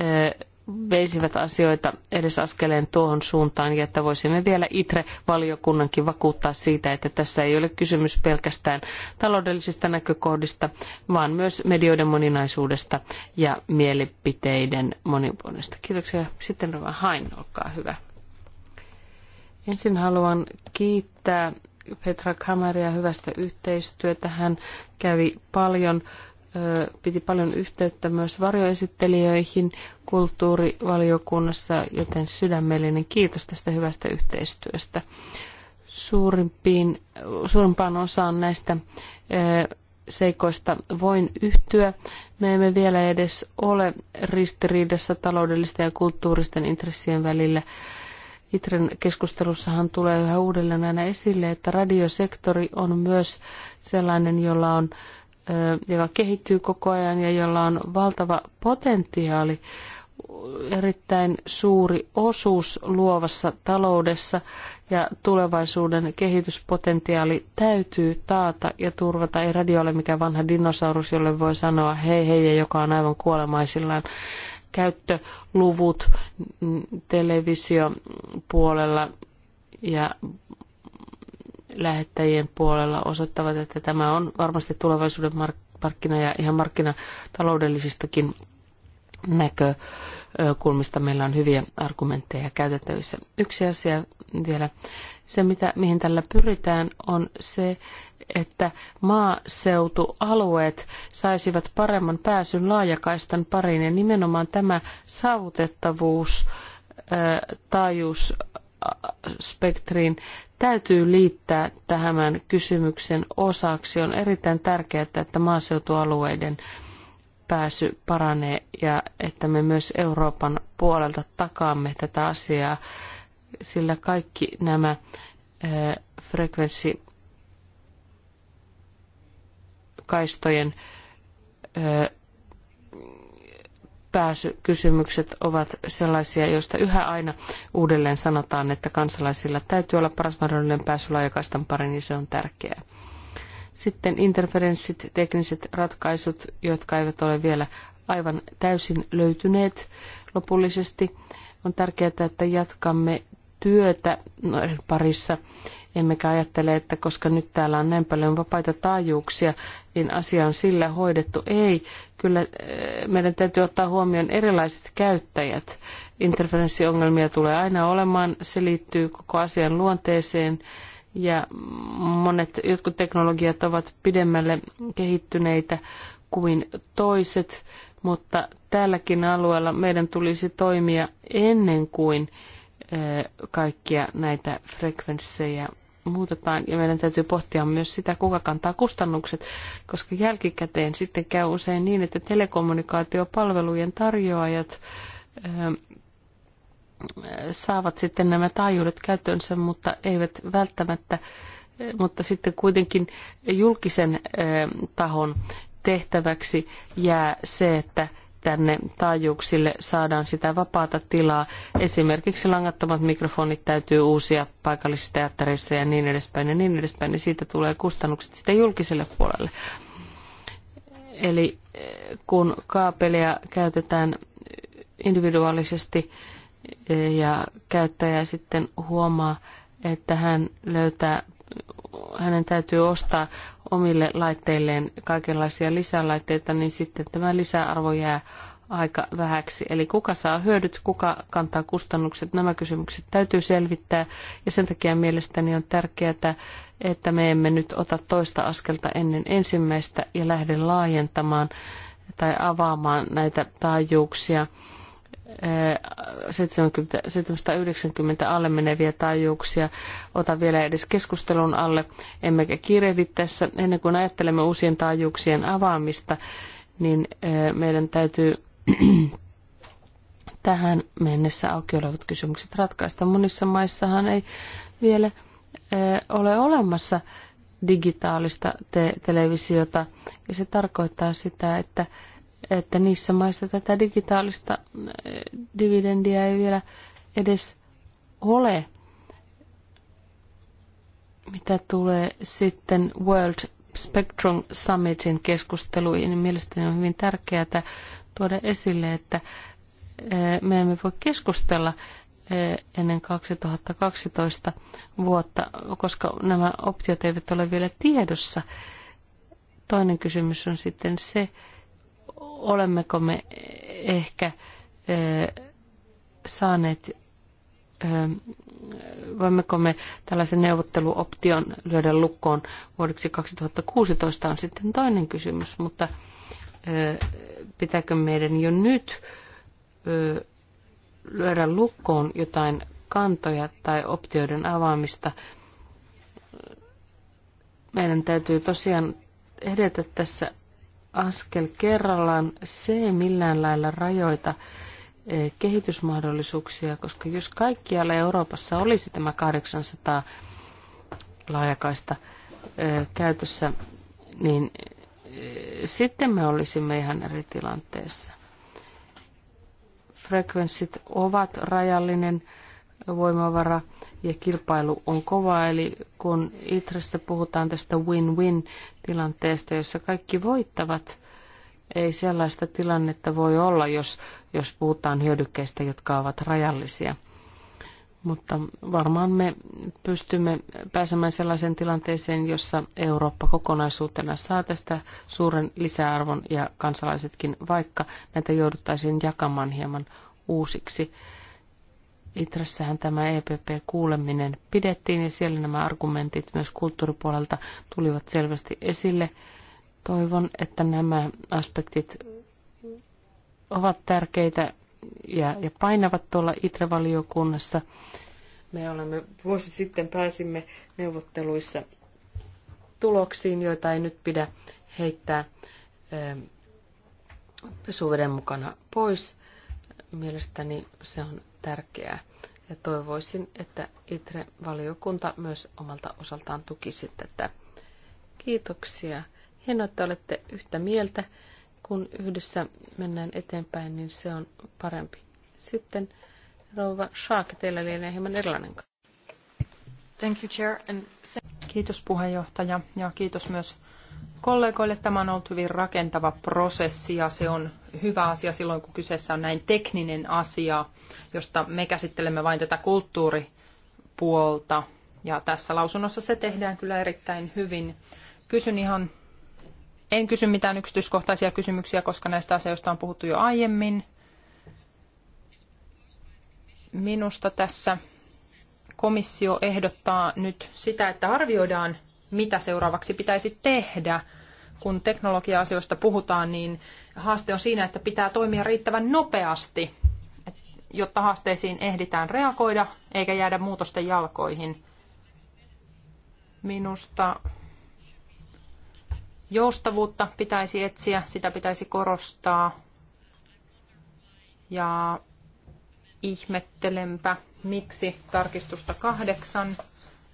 eh, veisivät asioita edes askeleen tuohon suuntaan ja että voisimme vielä ITRE-valiokunnankin vakuuttaa siitä, että tässä ei ole kysymys pelkästään taloudellisista näkökohdista, vaan myös medioiden moninaisuudesta ja mielipiteiden monipuolista. Kiitoksia. Sitten Rova Hain, olkaa hyvä. Ensin haluan kiittää Petra Kamaria hyvästä yhteistyötä. Hän kävi paljon piti paljon yhteyttä myös varjoesittelijöihin kulttuurivaliokunnassa, joten sydämellinen kiitos tästä hyvästä yhteistyöstä. Suurimpiin, suurimpaan osaan näistä seikoista voin yhtyä. Me emme vielä edes ole ristiriidassa taloudellisten ja kulttuuristen intressien välillä. Itren keskustelussahan tulee yhä uudelleen aina esille, että radiosektori on myös sellainen, jolla on joka kehittyy koko ajan ja jolla on valtava potentiaali, erittäin suuri osuus luovassa taloudessa ja tulevaisuuden kehityspotentiaali täytyy taata ja turvata. Ei radio ole mikään vanha dinosaurus, jolle voi sanoa hei hei ja joka on aivan kuolemaisillaan käyttöluvut televisiopuolella ja lähettäjien puolella osoittavat, että tämä on varmasti tulevaisuuden markkina ja ihan markkinataloudellisistakin näkökulmista meillä on hyviä argumentteja käytettävissä. Yksi asia vielä, se mitä, mihin tällä pyritään on se, että maaseutualueet saisivat paremman pääsyn laajakaistan pariin ja nimenomaan tämä saavutettavuus, taajuusspektriin täytyy liittää tähän kysymyksen osaksi. On erittäin tärkeää, että maaseutualueiden pääsy paranee ja että me myös Euroopan puolelta takaamme tätä asiaa, sillä kaikki nämä eh, frekvenssikaistojen eh, pääsykysymykset ovat sellaisia, joista yhä aina uudelleen sanotaan, että kansalaisilla täytyy olla paras mahdollinen pääsy laajakaistan pariin, niin se on tärkeää. Sitten interferenssit, tekniset ratkaisut, jotka eivät ole vielä aivan täysin löytyneet lopullisesti. On tärkeää, että jatkamme työtä parissa, emmekä ajattele, että koska nyt täällä on näin paljon vapaita taajuuksia, niin asia on sillä hoidettu. Ei, kyllä eh, meidän täytyy ottaa huomioon erilaiset käyttäjät. Interferenssiongelmia tulee aina olemaan, se liittyy koko asian luonteeseen ja monet jotkut teknologiat ovat pidemmälle kehittyneitä kuin toiset, mutta tälläkin alueella meidän tulisi toimia ennen kuin kaikkia näitä frekvenssejä muutetaan. Ja meidän täytyy pohtia myös sitä, kuka kantaa kustannukset, koska jälkikäteen sitten käy usein niin, että telekommunikaatiopalvelujen tarjoajat saavat sitten nämä taajuudet käyttöönsä, mutta eivät välttämättä, mutta sitten kuitenkin julkisen tahon tehtäväksi jää se, että tänne taajuuksille saadaan sitä vapaata tilaa. Esimerkiksi langattomat mikrofonit täytyy uusia paikallisissa teattereissa ja niin edespäin ja niin edespäin. niin siitä tulee kustannukset sitä julkiselle puolelle. Eli eh, kun kaapelia käytetään individuaalisesti eh, ja käyttäjä sitten huomaa, että hän löytää, hänen täytyy ostaa omille laitteilleen kaikenlaisia lisälaitteita, niin sitten tämä lisäarvo jää aika vähäksi. Eli kuka saa hyödyt, kuka kantaa kustannukset, nämä kysymykset täytyy selvittää. Ja sen takia mielestäni on tärkeää, että me emme nyt ota toista askelta ennen ensimmäistä ja lähde laajentamaan tai avaamaan näitä taajuuksia 70, 790 alle meneviä taajuuksia ota vielä edes keskustelun alle, emmekä kiirehdi tässä. Ennen kuin ajattelemme uusien taajuuksien avaamista, niin meidän täytyy tähän mennessä auki olevat kysymykset ratkaista. Monissa maissahan ei vielä ole olemassa digitaalista te- televisiota, ja se tarkoittaa sitä, että että niissä maissa tätä digitaalista eh, dividendiä ei vielä edes ole. Mitä tulee sitten World Spectrum Summitin keskusteluihin, niin mielestäni on hyvin tärkeää tuoda esille, että eh, me emme voi keskustella eh, ennen 2012 vuotta, koska nämä optiot eivät ole vielä tiedossa. Toinen kysymys on sitten se, olemmeko me ehkä saaneet, voimmeko me tällaisen neuvotteluoption lyödä lukkoon vuodeksi 2016 on sitten toinen kysymys, mutta pitääkö meidän jo nyt lyödä lukkoon jotain kantoja tai optioiden avaamista. Meidän täytyy tosiaan edetä tässä askel kerrallaan. Se ei millään lailla rajoita eh, kehitysmahdollisuuksia, koska jos kaikkialla Euroopassa olisi tämä 800 laajakaista eh, käytössä, niin eh, sitten me olisimme ihan eri tilanteessa. Frekvenssit ovat rajallinen voimavara ja kilpailu on kova. Eli kun Itressä puhutaan tästä win-win tilanteesta, jossa kaikki voittavat, ei sellaista tilannetta voi olla, jos, jos puhutaan hyödykkeistä, jotka ovat rajallisia. Mutta varmaan me pystymme pääsemään sellaiseen tilanteeseen, jossa Eurooppa kokonaisuutena saa tästä suuren lisäarvon ja kansalaisetkin, vaikka näitä jouduttaisiin jakamaan hieman uusiksi. Itrassähän tämä EPP-kuuleminen pidettiin ja siellä nämä argumentit myös kulttuuripuolelta tulivat selvästi esille. Toivon, että nämä aspektit ovat tärkeitä ja, ja painavat tuolla ITRE-valiokunnassa. Me olemme vuosi sitten pääsimme neuvotteluissa tuloksiin, joita ei nyt pidä heittää ähm, suveden mukana pois. Mielestäni se on tärkeää. Ja toivoisin, että ITRE-valiokunta myös omalta osaltaan tukisi tätä. Kiitoksia. Hienoa, että olette yhtä mieltä. Kun yhdessä mennään eteenpäin, niin se on parempi. Sitten rouva Shaake, teillä lienee hieman erilainen. Thank you, Chair, and Kiitos puheenjohtaja ja kiitos myös kollegoille. Tämä on ollut hyvin rakentava prosessi ja se on hyvä asia silloin, kun kyseessä on näin tekninen asia, josta me käsittelemme vain tätä kulttuuripuolta. Ja tässä lausunnossa se tehdään kyllä erittäin hyvin. Kysyn ihan, en kysy mitään yksityiskohtaisia kysymyksiä, koska näistä asioista on puhuttu jo aiemmin. Minusta tässä komissio ehdottaa nyt sitä, että arvioidaan mitä seuraavaksi pitäisi tehdä. Kun teknologia-asioista puhutaan, niin haaste on siinä, että pitää toimia riittävän nopeasti, jotta haasteisiin ehditään reagoida eikä jäädä muutosten jalkoihin. Minusta joustavuutta pitäisi etsiä, sitä pitäisi korostaa. Ja ihmettelenpä, miksi tarkistusta kahdeksan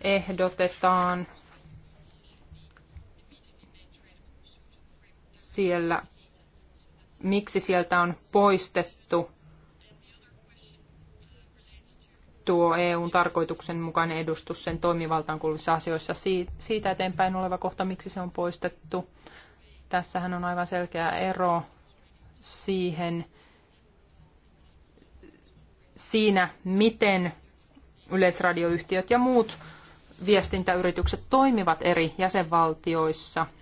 ehdotetaan siellä, miksi sieltä on poistettu tuo EUn tarkoituksen mukainen edustus sen toimivaltaan kuuluvissa asioissa siitä eteenpäin oleva kohta, miksi se on poistettu. Tässähän on aivan selkeä ero siihen, siinä, miten yleisradioyhtiöt ja muut viestintäyritykset toimivat eri jäsenvaltioissa –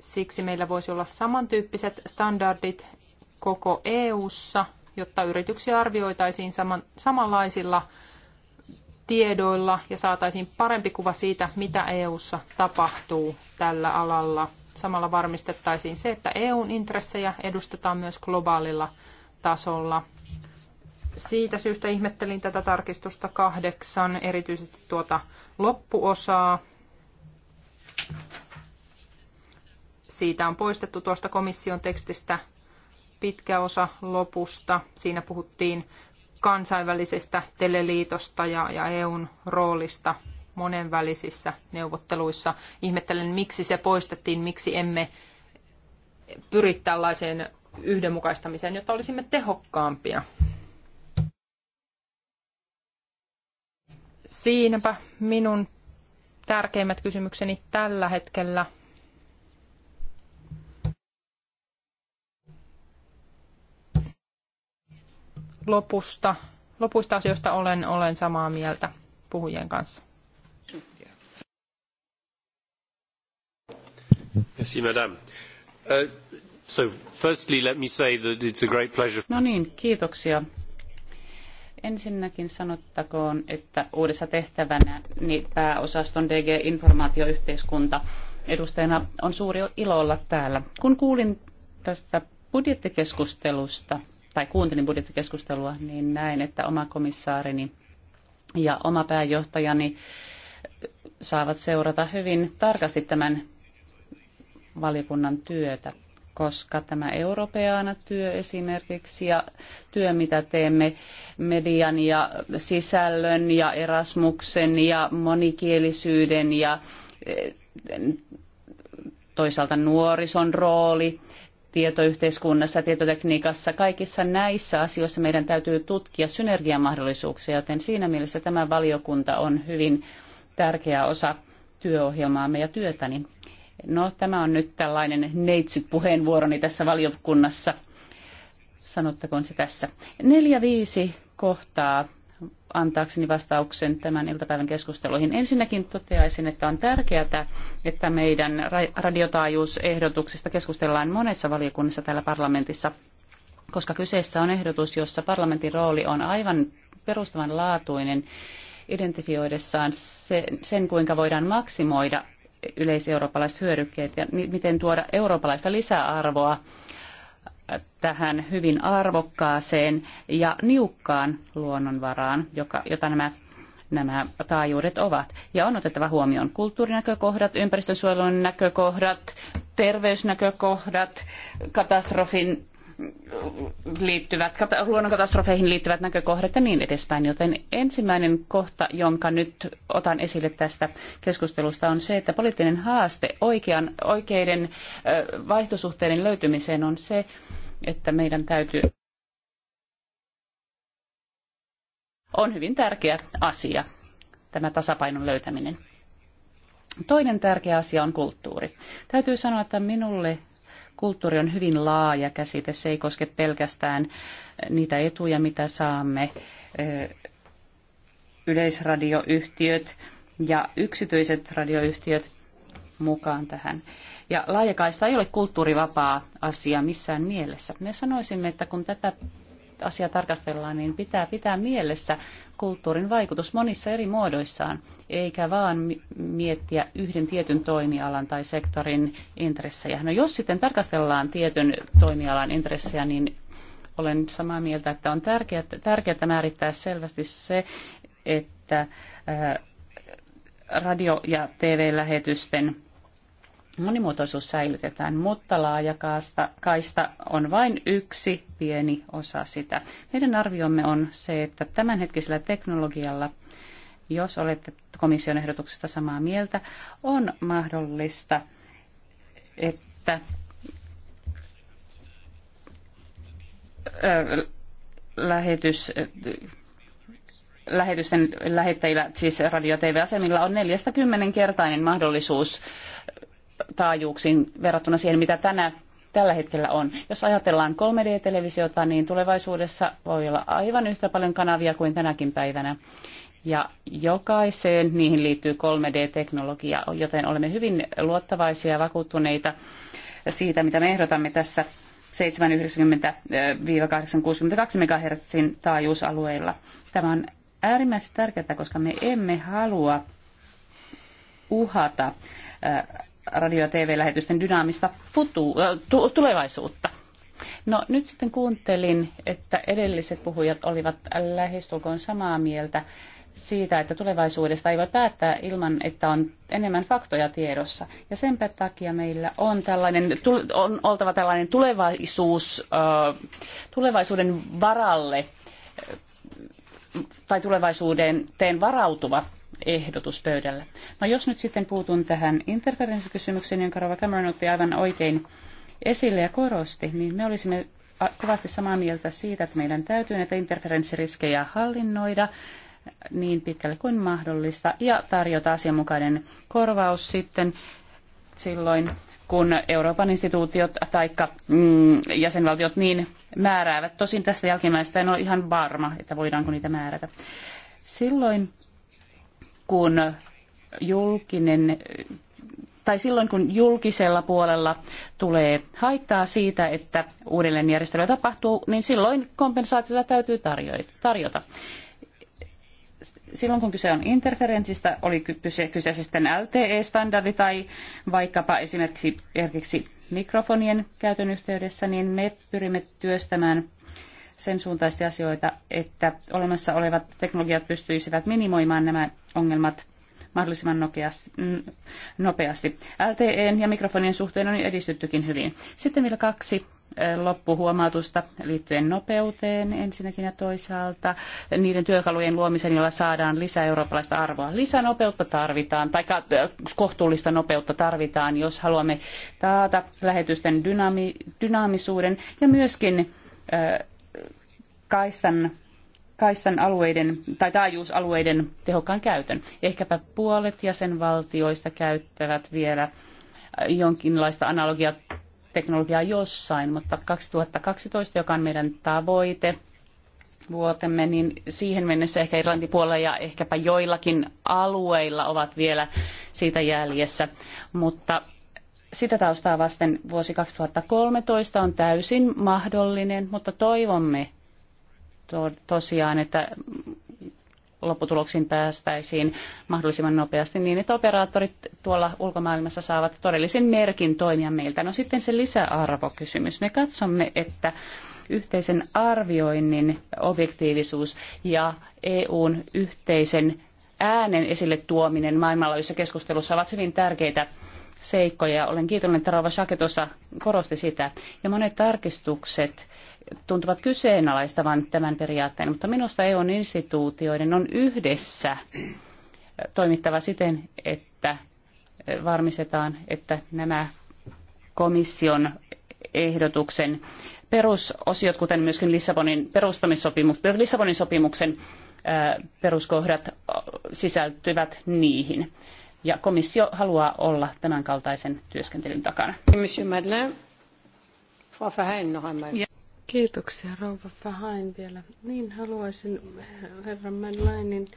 Siksi meillä voisi olla samantyyppiset standardit koko EU-ssa, jotta yrityksiä arvioitaisiin saman, samanlaisilla tiedoilla ja saataisiin parempi kuva siitä, mitä EU:ssa tapahtuu tällä alalla. Samalla varmistettaisiin se, että EUn intressejä edustetaan myös globaalilla tasolla. Siitä syystä ihmettelin tätä tarkistusta kahdeksan, erityisesti tuota loppuosaa. Siitä on poistettu tuosta komission tekstistä pitkä osa lopusta. Siinä puhuttiin kansainvälisestä teleliitosta ja, ja EUn roolista monenvälisissä neuvotteluissa. Ihmettelen, miksi se poistettiin, miksi emme pyri tällaiseen yhdenmukaistamiseen, jotta olisimme tehokkaampia. Siinäpä minun tärkeimmät kysymykseni tällä hetkellä. lopusta, lopuista asioista olen, olen samaa mieltä puhujien kanssa. Merci, madame. Uh, so firstly, let me say that it's a great pleasure. No niin, kiitoksia. Ensinnäkin sanottakoon, että uudessa tehtävänä niin pääosaston DG Informaatioyhteiskunta edustajana on suuri ilo olla täällä. Kun kuulin tästä budjettikeskustelusta, tai kuuntelin budjettikeskustelua, niin näin, että oma komissaarini ja oma pääjohtajani saavat seurata hyvin tarkasti tämän valiokunnan työtä, koska tämä europeana työ esimerkiksi ja työ, mitä teemme median ja sisällön ja Erasmuksen ja monikielisyyden ja eh, toisaalta nuorison rooli tietoyhteiskunnassa, tietotekniikassa, kaikissa näissä asioissa meidän täytyy tutkia synergiamahdollisuuksia, joten siinä mielessä tämä valiokunta on hyvin tärkeä osa työohjelmaamme ja työtäni. No, tämä on nyt tällainen neitsyt puheenvuoroni tässä valiokunnassa. Sanottakoon se tässä. Neljä, viisi kohtaa antaakseni vastauksen tämän iltapäivän keskusteluihin. Ensinnäkin toteaisin, että on tärkeää, että meidän radiotaajuusehdotuksista keskustellaan monessa valiokunnassa täällä parlamentissa, koska kyseessä on ehdotus, jossa parlamentin rooli on aivan perustavanlaatuinen identifioidessaan sen, kuinka voidaan maksimoida yleiseurooppalaiset hyödykkeet ja miten tuoda eurooppalaista lisäarvoa tähän hyvin arvokkaaseen ja niukkaan luonnonvaraan, joka, jota nämä nämä taajuudet ovat. Ja on otettava huomioon kulttuurinäkökohdat, ympäristönsuojelun näkökohdat, terveysnäkökohdat, katastrofin liittyvät, luonnonkatastrofeihin liittyvät näkökohdat ja niin edespäin. Joten ensimmäinen kohta, jonka nyt otan esille tästä keskustelusta, on se, että poliittinen haaste oikean, oikeiden vaihtosuhteiden löytymiseen on se, että meidän täytyy on hyvin tärkeä asia, tämä tasapainon löytäminen. Toinen tärkeä asia on kulttuuri. Täytyy sanoa, että minulle Kulttuuri on hyvin laaja käsite, se ei koske pelkästään niitä etuja, mitä saamme yleisradioyhtiöt ja yksityiset radioyhtiöt mukaan tähän. Ja laajakaista ei ole kulttuurivapaa asia missään mielessä. Me sanoisimme, että kun tätä asiaa tarkastellaan, niin pitää pitää mielessä kulttuurin vaikutus monissa eri muodoissaan, eikä vaan miettiä yhden tietyn toimialan tai sektorin intressejä. No jos sitten tarkastellaan tietyn toimialan intressejä, niin olen samaa mieltä, että on tärkeää, tärkeää määrittää selvästi se, että radio- ja TV-lähetysten monimuotoisuus säilytetään, mutta laajakaista kaista on vain yksi pieni osa sitä. Meidän arviomme on se, että tämänhetkisellä teknologialla, jos olette komission ehdotuksesta samaa mieltä, on mahdollista, että lähetys lähetysten lähettäjillä, siis radio- ja TV-asemilla on 40-kertainen mahdollisuus taajuuksiin verrattuna siihen, mitä tänä, tällä hetkellä on. Jos ajatellaan 3D-televisiota, niin tulevaisuudessa voi olla aivan yhtä paljon kanavia kuin tänäkin päivänä. Ja jokaiseen niihin liittyy 3D-teknologia, joten olemme hyvin luottavaisia ja vakuuttuneita siitä, mitä me ehdotamme tässä 790-862 MHz taajuusalueilla. Tämä on äärimmäisen tärkeää, koska me emme halua uhata radio- ja TV-lähetysten dynaamista futu, t- tulevaisuutta. No nyt sitten kuuntelin, että edelliset puhujat olivat lähestulkoon samaa mieltä siitä, että tulevaisuudesta ei voi päättää ilman, että on enemmän faktoja tiedossa. Ja sen takia meillä on, tällainen, on oltava tällainen tulevaisuus, tulevaisuuden varalle tai tulevaisuuden teen varautuva ehdotus pöydällä. No jos nyt sitten puutun tähän interferenssikysymykseen, jonka Rova Cameron otti aivan oikein esille ja korosti, niin me olisimme kovasti samaa mieltä siitä, että meidän täytyy näitä interferenssiriskejä hallinnoida niin pitkälle kuin mahdollista ja tarjota asianmukainen korvaus sitten silloin, kun Euroopan instituutiot tai mm, jäsenvaltiot niin määräävät. Tosin tästä jälkimmäistä en ole ihan varma, että voidaanko niitä määrätä. Silloin kun julkinen tai silloin kun julkisella puolella tulee haittaa siitä, että uudelleenjärjestelyä tapahtuu, niin silloin kompensaatiota täytyy tarjota. Silloin kun kyse on interferenssistä, oli kyse, kyse siis sitten LTE-standardi tai vaikkapa esimerkiksi, esimerkiksi mikrofonien käytön yhteydessä, niin me pyrimme työstämään sen suuntaisia asioita, että olemassa olevat teknologiat pystyisivät minimoimaan nämä ongelmat mahdollisimman nopeasti. LTEn ja mikrofonien suhteen on edistyttykin hyvin. Sitten vielä kaksi loppuhuomautusta liittyen nopeuteen ensinnäkin ja toisaalta niiden työkalujen luomisen, jolla saadaan lisää eurooppalaista arvoa. lisää nopeutta tarvitaan, tai kohtuullista nopeutta tarvitaan, jos haluamme taata lähetysten dynaami, dynaamisuuden ja myöskin kaistan, kaistan alueiden tai taajuusalueiden tehokkaan käytön. Ehkäpä puolet jäsenvaltioista käyttävät vielä äh, jonkinlaista analogiateknologiaa jossain, mutta 2012, joka on meidän tavoite, vuotemme, niin siihen mennessä ehkä Irlantin puolella ja ehkäpä joillakin alueilla ovat vielä siitä jäljessä. Mutta sitä taustaa vasten vuosi 2013 on täysin mahdollinen, mutta toivomme, to- tosiaan, että lopputuloksiin päästäisiin mahdollisimman nopeasti niin, että operaattorit tuolla ulkomaailmassa saavat todellisen merkin toimia meiltä. No sitten se lisäarvokysymys. Me katsomme, että yhteisen arvioinnin objektiivisuus ja EUn yhteisen äänen esille tuominen maailmanlaajuisessa keskustelussa ovat hyvin tärkeitä seikkoja. Olen kiitollinen, että Rauva Shake tuossa korosti sitä. Ja monet tarkistukset tuntuvat kyseenalaistavan tämän periaatteen, mutta minusta EUn instituutioiden on yhdessä toimittava siten, että varmistetaan, että nämä komission ehdotuksen perusosiot, kuten myöskin Lissabonin, perustamissopimuksen, Lissabonin sopimuksen peruskohdat sisältyvät niihin. Ja komissio haluaa olla tämän kaltaisen työskentelyn takana. Monsieur Madeleine, Frau Verheyen noch einmal. Kiitoksia Rouva Fahain vielä. Niin haluaisin herran Manlainin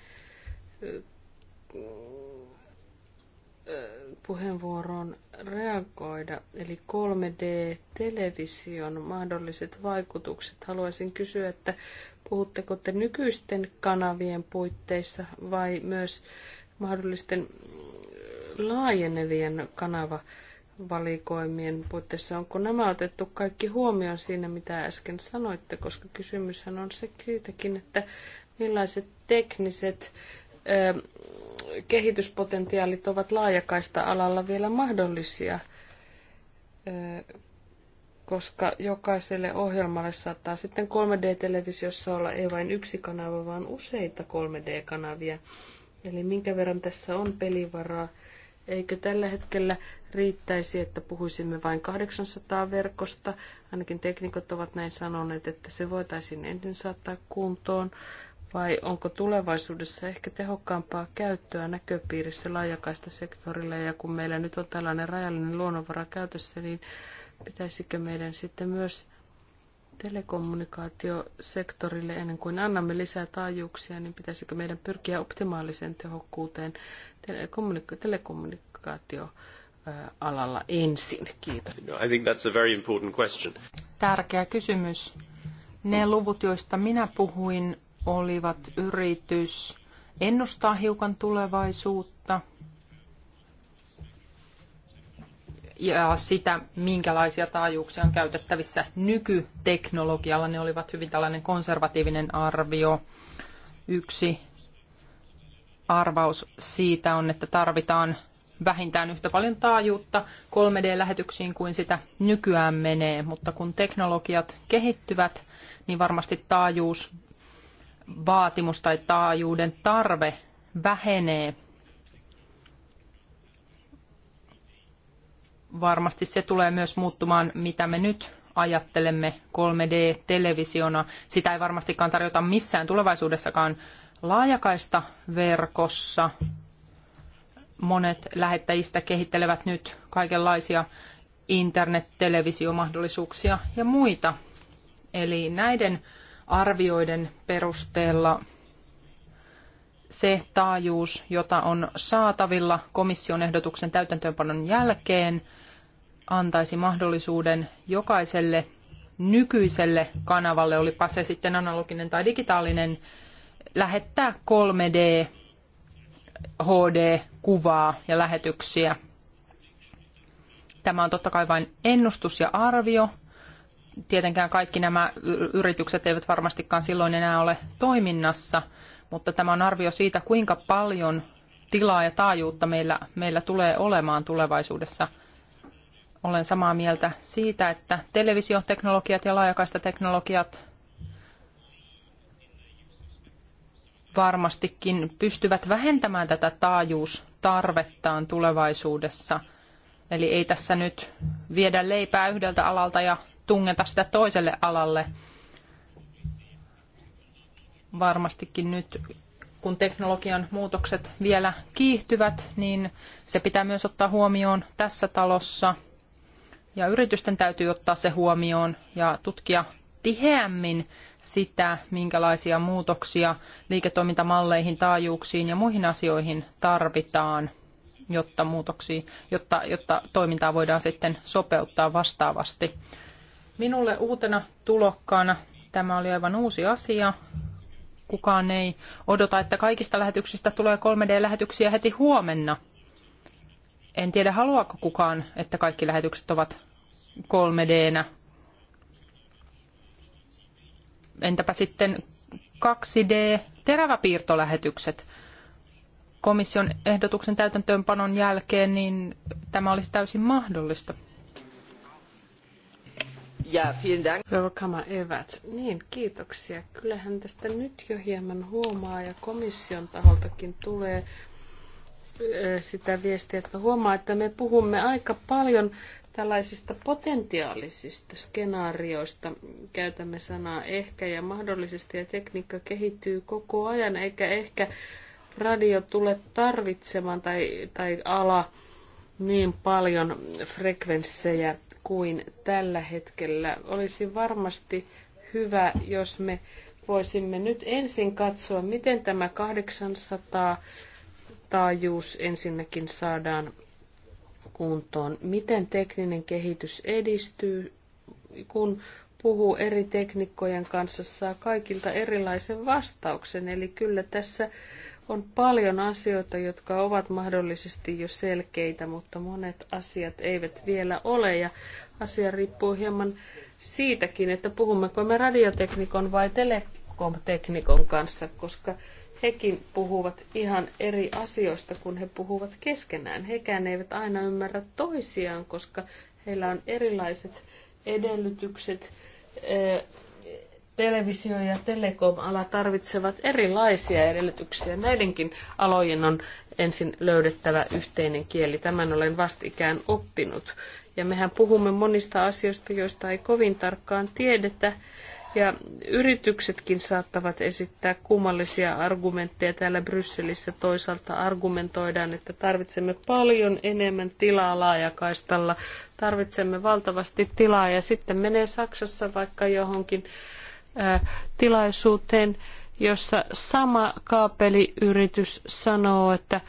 puheenvuoroon reagoida, eli 3D-television mahdolliset vaikutukset. Haluaisin kysyä, että puhutteko te nykyisten kanavien puitteissa vai myös mahdollisten laajenevien kanava valikoimien puitteissa. Onko nämä otettu kaikki huomioon siinä, mitä äsken sanoitte, koska kysymyshän on se siitäkin, että millaiset tekniset ö, kehityspotentiaalit ovat laajakaista-alalla vielä mahdollisia, ö, koska jokaiselle ohjelmalle saattaa sitten 3D-televisiossa olla ei vain yksi kanava, vaan useita 3D-kanavia. Eli minkä verran tässä on pelivaraa? Eikö tällä hetkellä riittäisi, että puhuisimme vain 800 verkosta. Ainakin teknikot ovat näin sanoneet, että se voitaisiin ensin saattaa kuntoon. Vai onko tulevaisuudessa ehkä tehokkaampaa käyttöä näköpiirissä laajakaista sektorilla? Ja kun meillä nyt on tällainen rajallinen luonnonvara käytössä, niin pitäisikö meidän sitten myös telekommunikaatiosektorille ennen kuin annamme lisää taajuuksia, niin pitäisikö meidän pyrkiä optimaaliseen tehokkuuteen telekommunikaatiosektorilla? alalla ensin? Kiitos. No, I think that's a very important question. Tärkeä kysymys. Ne luvut, joista minä puhuin, olivat yritys ennustaa hiukan tulevaisuutta ja sitä, minkälaisia taajuuksia on käytettävissä nykyteknologialla. Ne olivat hyvin tällainen konservatiivinen arvio. Yksi arvaus siitä on, että tarvitaan vähintään yhtä paljon taajuutta 3D-lähetyksiin kuin sitä nykyään menee, mutta kun teknologiat kehittyvät, niin varmasti taajuus vaatimus tai taajuuden tarve vähenee. Varmasti se tulee myös muuttumaan, mitä me nyt ajattelemme 3D-televisiona. Sitä ei varmastikaan tarjota missään tulevaisuudessakaan laajakaista verkossa, Monet lähettäjistä kehittelevät nyt kaikenlaisia internet-televisiomahdollisuuksia ja muita. Eli näiden arvioiden perusteella se taajuus, jota on saatavilla komission ehdotuksen täytäntöönpanon jälkeen, antaisi mahdollisuuden jokaiselle nykyiselle kanavalle, olipa se sitten analoginen tai digitaalinen, lähettää 3D, HD kuvaa ja lähetyksiä. Tämä on totta kai vain ennustus ja arvio. Tietenkään kaikki nämä yritykset eivät varmastikaan silloin enää ole toiminnassa, mutta tämä on arvio siitä, kuinka paljon tilaa ja taajuutta meillä, meillä tulee olemaan tulevaisuudessa. Olen samaa mieltä siitä, että televisioteknologiat ja laajakaistateknologiat varmastikin pystyvät vähentämään tätä taajuus tarvettaan tulevaisuudessa. Eli ei tässä nyt viedä leipää yhdeltä alalta ja tungeta sitä toiselle alalle. Varmastikin nyt kun teknologian muutokset vielä kiihtyvät, niin se pitää myös ottaa huomioon tässä talossa. Ja yritysten täytyy ottaa se huomioon ja tutkia tiheämmin sitä, minkälaisia muutoksia liiketoimintamalleihin, taajuuksiin ja muihin asioihin tarvitaan, jotta, muutoksia, jotta, jotta toimintaa voidaan sitten sopeuttaa vastaavasti. Minulle uutena tulokkaana tämä oli aivan uusi asia. Kukaan ei odota, että kaikista lähetyksistä tulee 3D-lähetyksiä heti huomenna. En tiedä, haluaako kukaan, että kaikki lähetykset ovat 3 d Entäpä sitten 2D-teräväpiirtolähetykset? Komission ehdotuksen täytäntöönpanon jälkeen, niin tämä olisi täysin mahdollista. Ja, vielen dank. Rovakama evät. Niin, kiitoksia. Kyllähän tästä nyt jo hieman huomaa ja komission taholtakin tulee sitä viestiä, että huomaa, että me puhumme aika paljon tällaisista potentiaalisista skenaarioista. Käytämme sanaa ehkä ja mahdollisesti ja tekniikka kehittyy koko ajan, eikä ehkä radio tule tarvitsemaan tai, tai ala niin paljon frekvenssejä kuin tällä hetkellä. Olisi varmasti hyvä, jos me voisimme nyt ensin katsoa, miten tämä 800 taajuus ensinnäkin saadaan kuntoon. Miten tekninen kehitys edistyy, kun puhuu eri teknikkojen kanssa, saa kaikilta erilaisen vastauksen. Eli kyllä tässä on paljon asioita, jotka ovat mahdollisesti jo selkeitä, mutta monet asiat eivät vielä ole. Ja asia riippuu hieman siitäkin, että puhummeko me radioteknikon vai telekomteknikon kanssa, koska hekin puhuvat ihan eri asioista, kun he puhuvat keskenään. Hekään eivät aina ymmärrä toisiaan, koska heillä on erilaiset edellytykset. Eh, televisio- ja telekom-ala tarvitsevat erilaisia edellytyksiä. Näidenkin alojen on ensin löydettävä yhteinen kieli. Tämän olen vastikään oppinut. Ja mehän puhumme monista asioista, joista ei kovin tarkkaan tiedetä ja yrityksetkin saattavat esittää kummallisia argumentteja täällä Brysselissä. Toisaalta argumentoidaan, että tarvitsemme paljon enemmän tilaa laajakaistalla. Tarvitsemme valtavasti tilaa ja sitten menee Saksassa vaikka johonkin ää, tilaisuuteen, jossa sama kaapeliyritys sanoo, että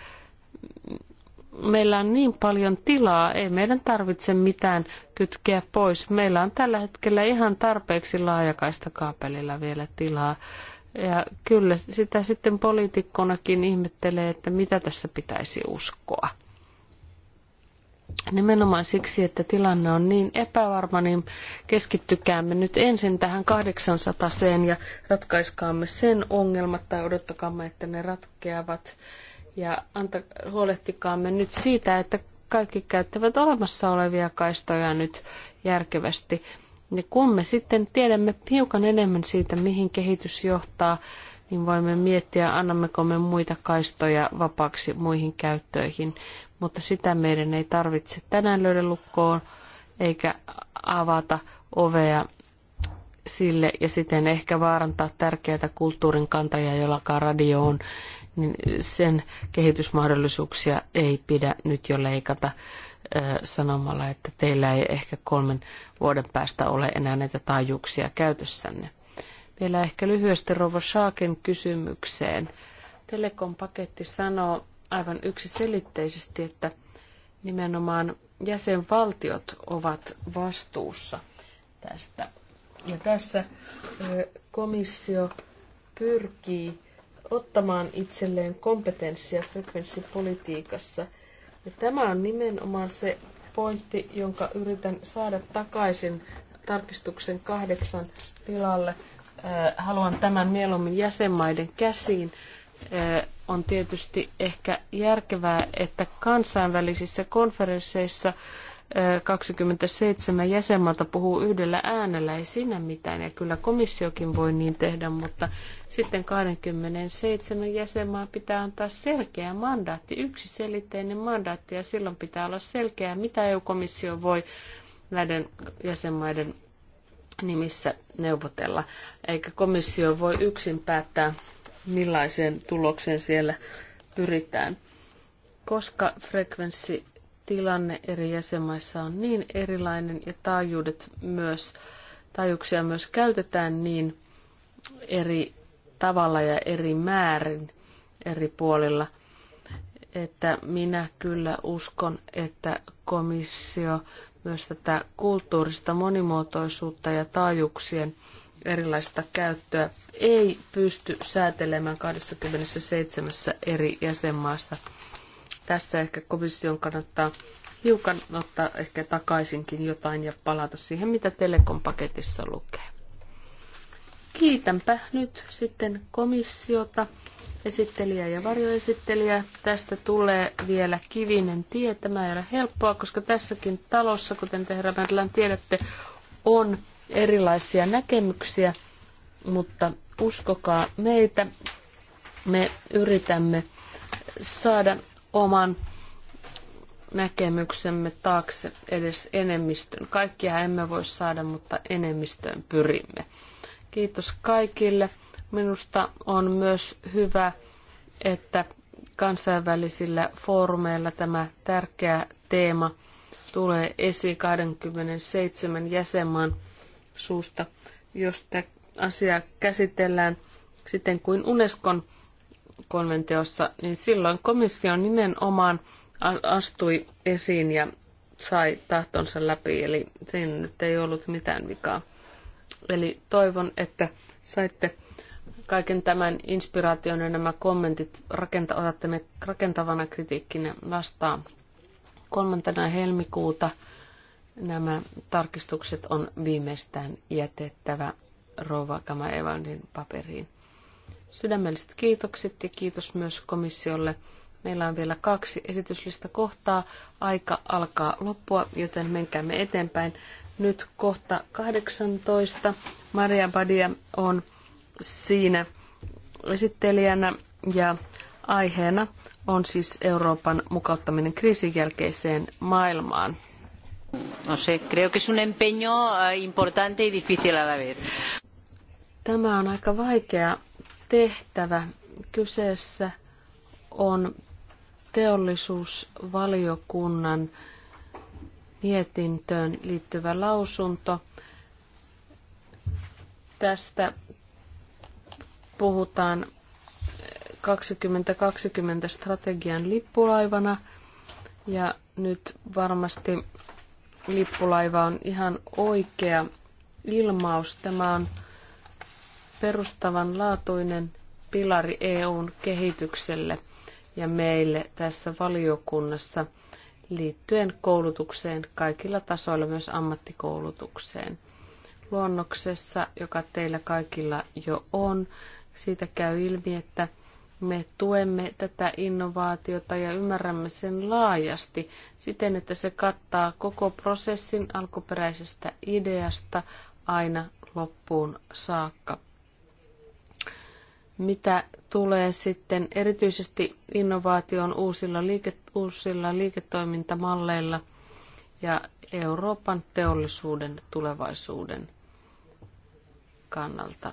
meillä on niin paljon tilaa, ei meidän tarvitse mitään kytkeä pois. Meillä on tällä hetkellä ihan tarpeeksi laajakaista kaapelilla vielä tilaa. Ja kyllä sitä sitten poliitikkonakin ihmettelee, että mitä tässä pitäisi uskoa. Nimenomaan siksi, että tilanne on niin epävarma, niin keskittykäämme nyt ensin tähän 800 ja ratkaiskaamme sen ongelmat tai odottakaamme, että ne ratkeavat ja anta, huolehtikaamme nyt siitä, että kaikki käyttävät olemassa olevia kaistoja nyt järkevästi. Ja kun me sitten tiedämme hiukan enemmän siitä, mihin kehitys johtaa, niin voimme miettiä, annammeko me muita kaistoja vapaaksi muihin käyttöihin. Mutta sitä meidän ei tarvitse tänään löydä lukkoon eikä avata ovea sille ja siten ehkä vaarantaa tärkeää kulttuurin kantajaa, jolla radio on niin sen kehitysmahdollisuuksia ei pidä nyt jo leikata sanomalla, että teillä ei ehkä kolmen vuoden päästä ole enää näitä taajuuksia käytössänne. Vielä ehkä lyhyesti Rovo Saaken kysymykseen. Telekom-paketti sanoo aivan yksiselitteisesti, että nimenomaan jäsenvaltiot ovat vastuussa tästä. Ja tässä komissio pyrkii ottamaan itselleen kompetenssia frekvenssipolitiikassa. Ja tämä on nimenomaan se pointti, jonka yritän saada takaisin tarkistuksen kahdeksan tilalle. Äh, haluan tämän mieluummin jäsenmaiden käsiin. Äh, on tietysti ehkä järkevää, että kansainvälisissä konferensseissa – 27 jäsenmaalta puhuu yhdellä äänellä, ei siinä mitään. Ja kyllä komissiokin voi niin tehdä, mutta sitten 27 jäsenmaan pitää antaa selkeä mandaatti, yksiselitteinen mandaatti, ja silloin pitää olla selkeää, mitä EU-komissio voi näiden jäsenmaiden nimissä neuvotella. Eikä komissio voi yksin päättää, millaiseen tulokseen siellä pyritään. Koska frekvenssi tilanne eri jäsenmaissa on niin erilainen ja taajuudet myös, taajuuksia myös käytetään niin eri tavalla ja eri määrin eri puolilla, että minä kyllä uskon, että komissio myös tätä kulttuurista monimuotoisuutta ja taajuuksien erilaista käyttöä ei pysty säätelemään 27 eri jäsenmaassa tässä ehkä komission kannattaa hiukan ottaa ehkä takaisinkin jotain ja palata siihen, mitä Telekom-paketissa lukee. Kiitänpä nyt sitten komissiota, esittelijä ja varjoesittelijä. Tästä tulee vielä kivinen tie. Tämä ei ole helppoa, koska tässäkin talossa, kuten te herra Mätlän tiedätte, on erilaisia näkemyksiä, mutta uskokaa meitä, me yritämme saada oman näkemyksemme taakse edes enemmistön. Kaikkia emme voi saada, mutta enemmistöön pyrimme. Kiitos kaikille. Minusta on myös hyvä, että kansainvälisillä foorumeilla tämä tärkeä teema tulee esiin 27 jäsenmaan suusta, josta asia asiaa käsitellään siten kuin Unescon konventiossa, niin silloin komissio nimenomaan astui esiin ja sai tahtonsa läpi, eli siinä nyt ei ollut mitään vikaa. Eli toivon, että saitte kaiken tämän inspiraation ja nämä kommentit rakenta, otatte ne rakentavana kritiikkinä vastaan. Kolmantena helmikuuta nämä tarkistukset on viimeistään jätettävä Rova Kama Evanin paperiin. Sydämelliset kiitokset ja kiitos myös komissiolle. Meillä on vielä kaksi esityslista kohtaa. Aika alkaa loppua, joten menkäämme eteenpäin. Nyt kohta 18. Maria Badia on siinä esittelijänä ja aiheena on siis Euroopan mukauttaminen kriisin jälkeiseen maailmaan. No se creo que es un empeño eh, importante y difícil a la vez. Tämä on aika vaikea tehtävä. Kyseessä on teollisuusvaliokunnan mietintöön liittyvä lausunto. Tästä puhutaan 2020 strategian lippulaivana ja nyt varmasti lippulaiva on ihan oikea ilmaus. Tämä on perustavanlaatuinen pilari EUn kehitykselle ja meille tässä valiokunnassa liittyen koulutukseen kaikilla tasoilla, myös ammattikoulutukseen. Luonnoksessa, joka teillä kaikilla jo on, siitä käy ilmi, että me tuemme tätä innovaatiota ja ymmärrämme sen laajasti siten, että se kattaa koko prosessin alkuperäisestä ideasta aina loppuun saakka. Mitä tulee sitten erityisesti innovaation uusilla, liike, uusilla liiketoimintamalleilla ja Euroopan teollisuuden tulevaisuuden kannalta?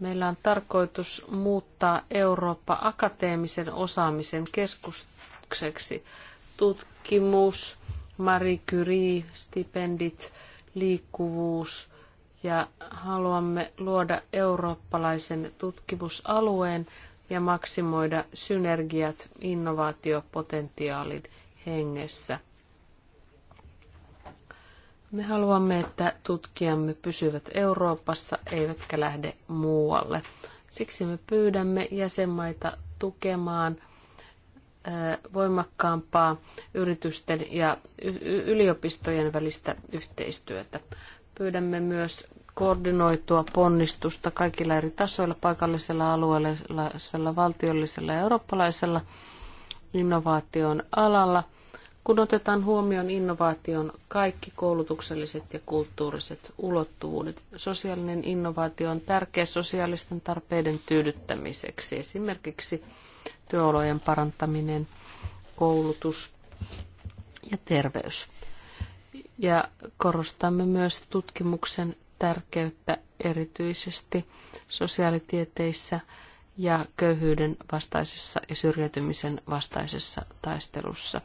Meillä on tarkoitus muuttaa Eurooppa akateemisen osaamisen keskukseksi. Tutkimus, Marie Curie, stipendit, liikkuvuus – ja haluamme luoda eurooppalaisen tutkimusalueen ja maksimoida synergiat innovaatiopotentiaalin hengessä. Me haluamme, että tutkijamme pysyvät Euroopassa eivätkä lähde muualle. Siksi me pyydämme jäsenmaita tukemaan voimakkaampaa yritysten ja yliopistojen välistä yhteistyötä. Pyydämme myös koordinoitua ponnistusta kaikilla eri tasoilla, paikallisella, alueellisella, valtiollisella ja eurooppalaisella innovaation alalla, kun otetaan huomioon innovaation kaikki koulutukselliset ja kulttuuriset ulottuvuudet. Sosiaalinen innovaatio on tärkeä sosiaalisten tarpeiden tyydyttämiseksi, esimerkiksi työolojen parantaminen, koulutus ja terveys ja korostamme myös tutkimuksen tärkeyttä erityisesti sosiaalitieteissä ja köyhyyden vastaisessa ja syrjäytymisen vastaisessa taistelussa.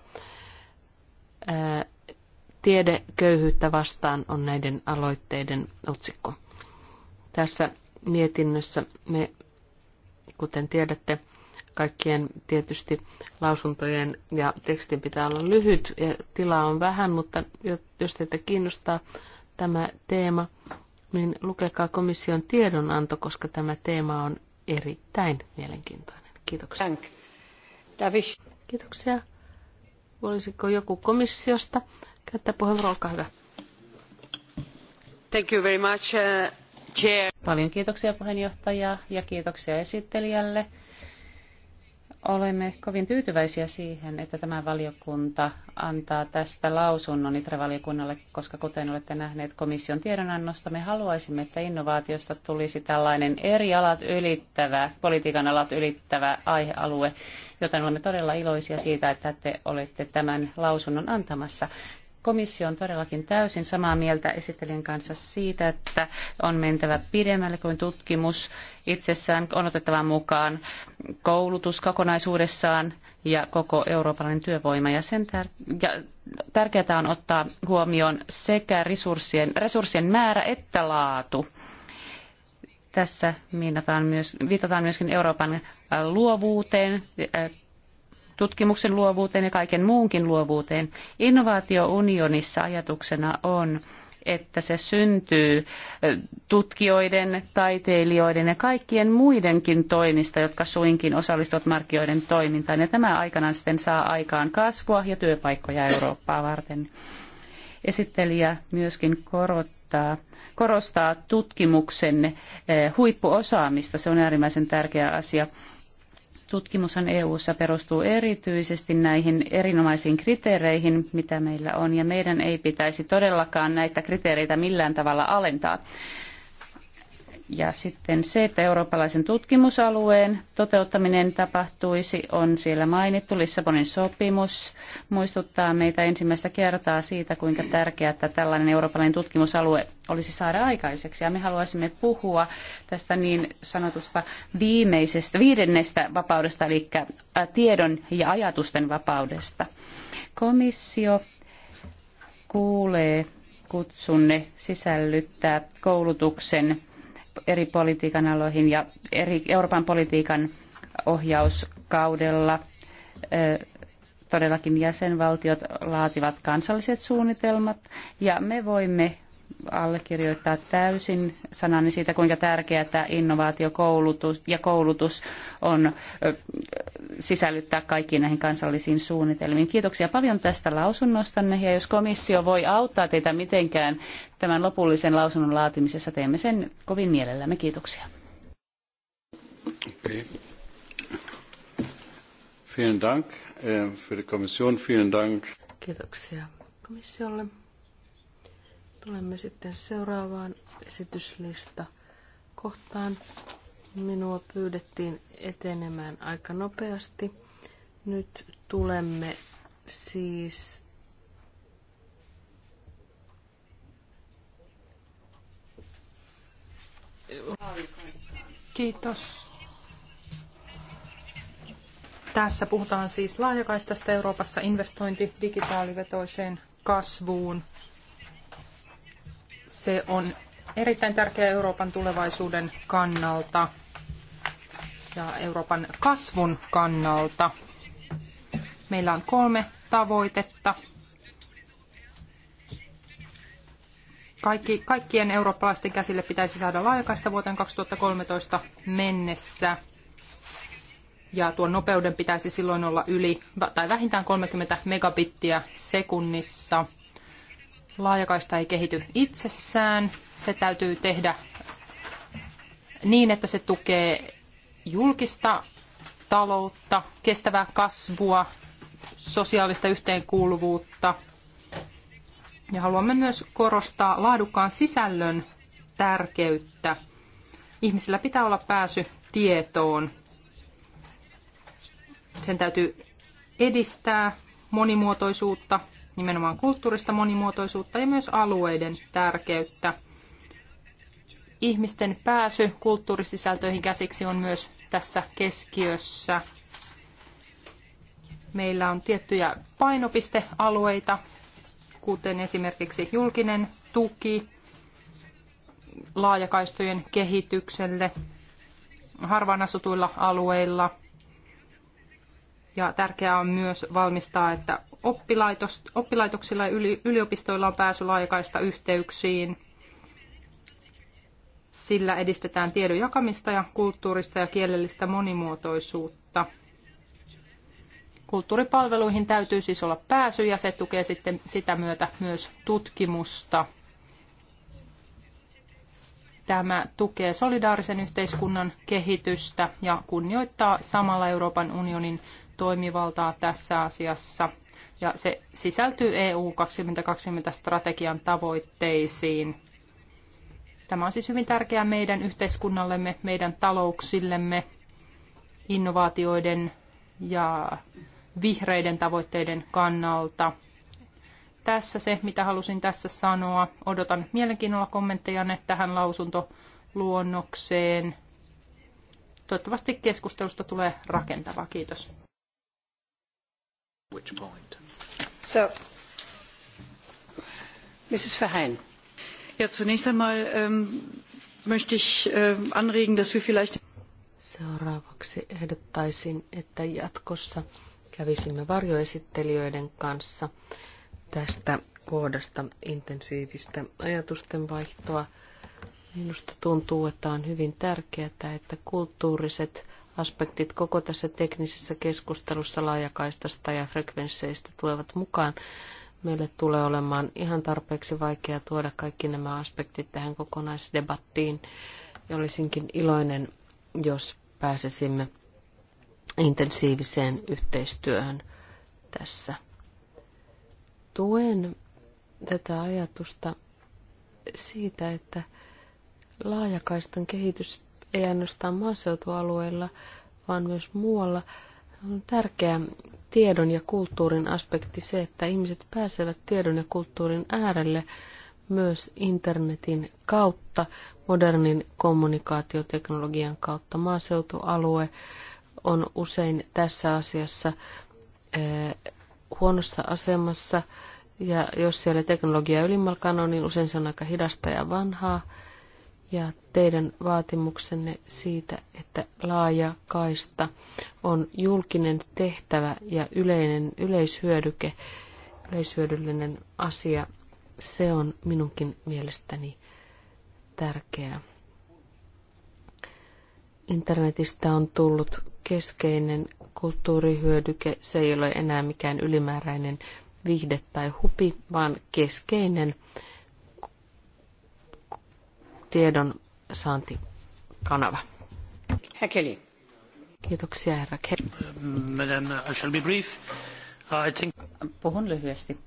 Tiede köyhyyttä vastaan on näiden aloitteiden otsikko. Tässä mietinnössä me, kuten tiedätte, Kaikkien tietysti lausuntojen ja tekstin pitää olla lyhyt ja tilaa on vähän, mutta jos teitä kiinnostaa tämä teema, niin lukekaa komission tiedonanto, koska tämä teema on erittäin mielenkiintoinen. Kiitoksia. Kiitoksia. Olisiko joku komissiosta? Käyttää puheenvuoro, olkaa hyvä. Thank you very much, uh, chair. Paljon kiitoksia puheenjohtaja ja kiitoksia esittelijälle Olemme kovin tyytyväisiä siihen, että tämä valiokunta antaa tästä lausunnon ITRE-valiokunnalle, koska kuten olette nähneet komission tiedonannosta, me haluaisimme, että innovaatiosta tulisi tällainen eri alat ylittävä, politiikan alat ylittävä aihealue, joten olemme todella iloisia siitä, että te olette tämän lausunnon antamassa. Komissio on todellakin täysin samaa mieltä esittelijän kanssa siitä, että on mentävä pidemmälle kuin tutkimus. Itsessään on otettava mukaan koulutus kokonaisuudessaan ja koko eurooppalainen työvoima. Ja, sen tär- ja tärkeää on ottaa huomioon sekä resurssien, resurssien määrä että laatu. Tässä myös, viitataan myöskin Euroopan luovuuteen, tutkimuksen luovuuteen ja kaiken muunkin luovuuteen. Innovaatiounionissa ajatuksena on, että se syntyy tutkijoiden, taiteilijoiden ja kaikkien muidenkin toimista, jotka suinkin osallistuvat markkinoiden toimintaan. Ja tämä aikanaan sitten saa aikaan kasvua ja työpaikkoja Eurooppaa varten. Esittelijä myöskin korottaa, korostaa tutkimuksen huippuosaamista. Se on äärimmäisen tärkeä asia Tutkimushan EU:ssa perustuu erityisesti näihin erinomaisiin kriteereihin, mitä meillä on, ja meidän ei pitäisi todellakaan näitä kriteereitä millään tavalla alentaa. Ja sitten se, että eurooppalaisen tutkimusalueen toteuttaminen tapahtuisi, on siellä mainittu. Lissabonin sopimus muistuttaa meitä ensimmäistä kertaa siitä, kuinka tärkeää, että tällainen eurooppalainen tutkimusalue olisi saada aikaiseksi. Ja me haluaisimme puhua tästä niin sanotusta viimeisestä, viidennestä vapaudesta, eli äh, tiedon ja ajatusten vapaudesta. Komissio kuulee kutsunne sisällyttää koulutuksen eri politiikan aloihin ja eri Euroopan politiikan ohjauskaudella todellakin jäsenvaltiot laativat kansalliset suunnitelmat ja me voimme allekirjoittaa täysin sanani siitä, kuinka tärkeää tämä innovaatiokoulutus ja koulutus on sisällyttää kaikkiin näihin kansallisiin suunnitelmiin. Kiitoksia paljon tästä lausunnostanne ja jos komissio voi auttaa teitä mitenkään tämän lopullisen lausunnon laatimisessa, teemme sen kovin mielellämme. Kiitoksia. Okay. Vielen Dank äh, für die Kommission. Vielen Dank. Kiitoksia komissiolle. Tulemme sitten seuraavaan esityslista kohtaan. Minua pyydettiin etenemään aika nopeasti. Nyt tulemme siis Kiitos. Tässä puhutaan siis laajakaistasta Euroopassa investointi digitaalivetoiseen kasvuun. Se on erittäin tärkeä Euroopan tulevaisuuden kannalta ja Euroopan kasvun kannalta. Meillä on kolme tavoitetta. Kaikki, kaikkien eurooppalaisten käsille pitäisi saada laajakaista vuoteen 2013 mennessä. Ja tuon nopeuden pitäisi silloin olla yli tai vähintään 30 megabittiä sekunnissa – Laajakaista ei kehity itsessään. Se täytyy tehdä niin, että se tukee julkista taloutta, kestävää kasvua, sosiaalista yhteenkuuluvuutta. Ja haluamme myös korostaa laadukkaan sisällön tärkeyttä. Ihmisillä pitää olla pääsy tietoon. Sen täytyy edistää monimuotoisuutta, nimenomaan kulttuurista monimuotoisuutta ja myös alueiden tärkeyttä. Ihmisten pääsy kulttuurisisältöihin käsiksi on myös tässä keskiössä. Meillä on tiettyjä painopistealueita, kuten esimerkiksi julkinen tuki laajakaistojen kehitykselle harvaan asutuilla alueilla – ja tärkeää on myös valmistaa, että oppilaitos, oppilaitoksilla ja yliopistoilla on pääsy laajakaista yhteyksiin. Sillä edistetään tiedon jakamista ja kulttuurista ja kielellistä monimuotoisuutta. Kulttuuripalveluihin täytyy siis olla pääsy ja se tukee sitten sitä myötä myös tutkimusta. Tämä tukee solidaarisen yhteiskunnan kehitystä ja kunnioittaa samalla Euroopan unionin toimivaltaa tässä asiassa ja se sisältyy EU 2020-strategian tavoitteisiin. Tämä on siis hyvin tärkeää meidän yhteiskunnallemme, meidän talouksillemme, innovaatioiden ja vihreiden tavoitteiden kannalta. Tässä se, mitä halusin tässä sanoa. Odotan mielenkiinnolla kommenttejanne tähän lausuntoluonnokseen. Toivottavasti keskustelusta tulee rakentavaa. Kiitos which point. So, Mrs. Verheyen. Ja, zunächst einmal ähm, möchte ich äh, anregen, dass wir vielleicht... Seuraavaksi ehdottaisin, että jatkossa kävisimme varjoesittelijöiden kanssa tästä kohdasta intensiivistä ajatusten vaihtoa. Minusta tuntuu, että on hyvin tärkeää, että kulttuuriset aspektit koko tässä teknisessä keskustelussa laajakaistasta ja frekvensseistä tulevat mukaan. Meille tulee olemaan ihan tarpeeksi vaikea tuoda kaikki nämä aspektit tähän kokonaisdebattiin. Ja olisinkin iloinen, jos pääsisimme intensiiviseen yhteistyöhön tässä. Tuen tätä ajatusta siitä, että laajakaistan kehitys ei ainoastaan maaseutualueilla, vaan myös muualla. On tärkeä tiedon ja kulttuurin aspekti se, että ihmiset pääsevät tiedon ja kulttuurin äärelle myös internetin kautta, modernin kommunikaatioteknologian kautta. Maaseutualue on usein tässä asiassa eh, huonossa asemassa, ja jos siellä teknologia ylimalkaan on, niin usein se on aika hidasta ja vanhaa ja teidän vaatimuksenne siitä, että laaja kaista on julkinen tehtävä ja yleinen yleishyödyke, yleishyödyllinen asia, se on minunkin mielestäni tärkeää. Internetistä on tullut keskeinen kulttuurihyödyke. Se ei ole enää mikään ylimääräinen viihde tai hupi, vaan keskeinen tiedon saantikanava. Häkeli. Kiitoksia, herra Kelly. Uh, Puhun lyhyesti.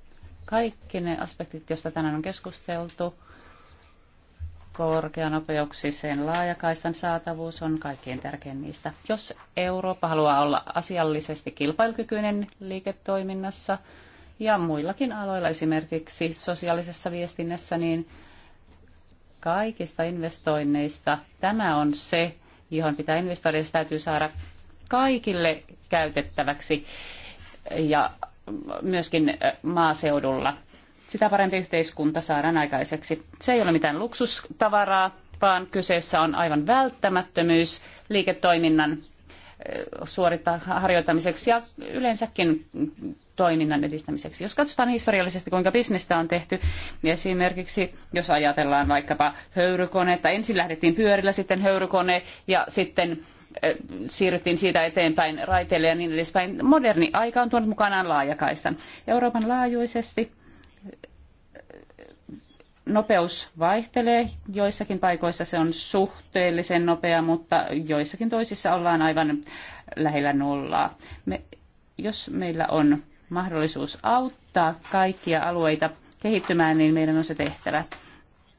Kaikki ne aspektit, joista tänään on keskusteltu, korkeanopeuksisen laajakaistan saatavuus on kaikkein tärkein niistä. Jos Eurooppa haluaa olla asiallisesti kilpailukykyinen liiketoiminnassa ja muillakin aloilla, esimerkiksi sosiaalisessa viestinnässä, niin kaikista investoinneista. Tämä on se, johon pitää investoida, se täytyy saada kaikille käytettäväksi ja myöskin maaseudulla. Sitä parempi yhteiskunta saadaan aikaiseksi. Se ei ole mitään luksustavaraa, vaan kyseessä on aivan välttämättömyys liiketoiminnan suorittaa harjoittamiseksi ja yleensäkin toiminnan edistämiseksi. Jos katsotaan historiallisesti, kuinka bisnestä on tehty, niin esimerkiksi jos ajatellaan vaikkapa höyrykonetta, ensin lähdettiin pyörillä, sitten höyrykone ja sitten siirryttiin siitä eteenpäin raiteille ja niin edespäin. Moderni aika on tuonut mukanaan laajakaistan. Euroopan laajuisesti nopeus vaihtelee. Joissakin paikoissa se on suhteellisen nopea, mutta joissakin toisissa ollaan aivan lähellä nollaa. Me, jos meillä on mahdollisuus auttaa kaikkia alueita kehittymään, niin meidän on se tehtävä.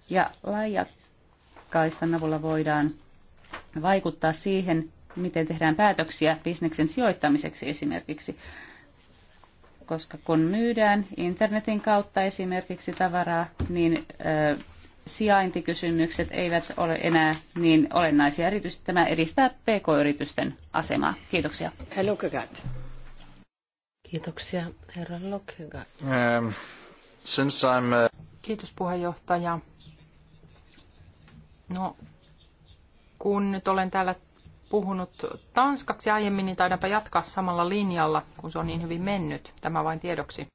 Ja laajakaistan avulla voidaan vaikuttaa siihen, miten tehdään päätöksiä bisneksen sijoittamiseksi esimerkiksi koska kun myydään internetin kautta esimerkiksi tavaraa, niin ö, sijaintikysymykset eivät ole enää niin olennaisia. Erityisesti tämä edistää pk-yritysten asemaa. Kiitoksia. Kiitoksia, herra Lokegaard. Um, ähm, since I'm, uh... Kiitos puheenjohtaja. No, kun nyt olen täällä puhunut tanskaksi aiemmin, niin taidanpa jatkaa samalla linjalla, kun se on niin hyvin mennyt. Tämä vain tiedoksi.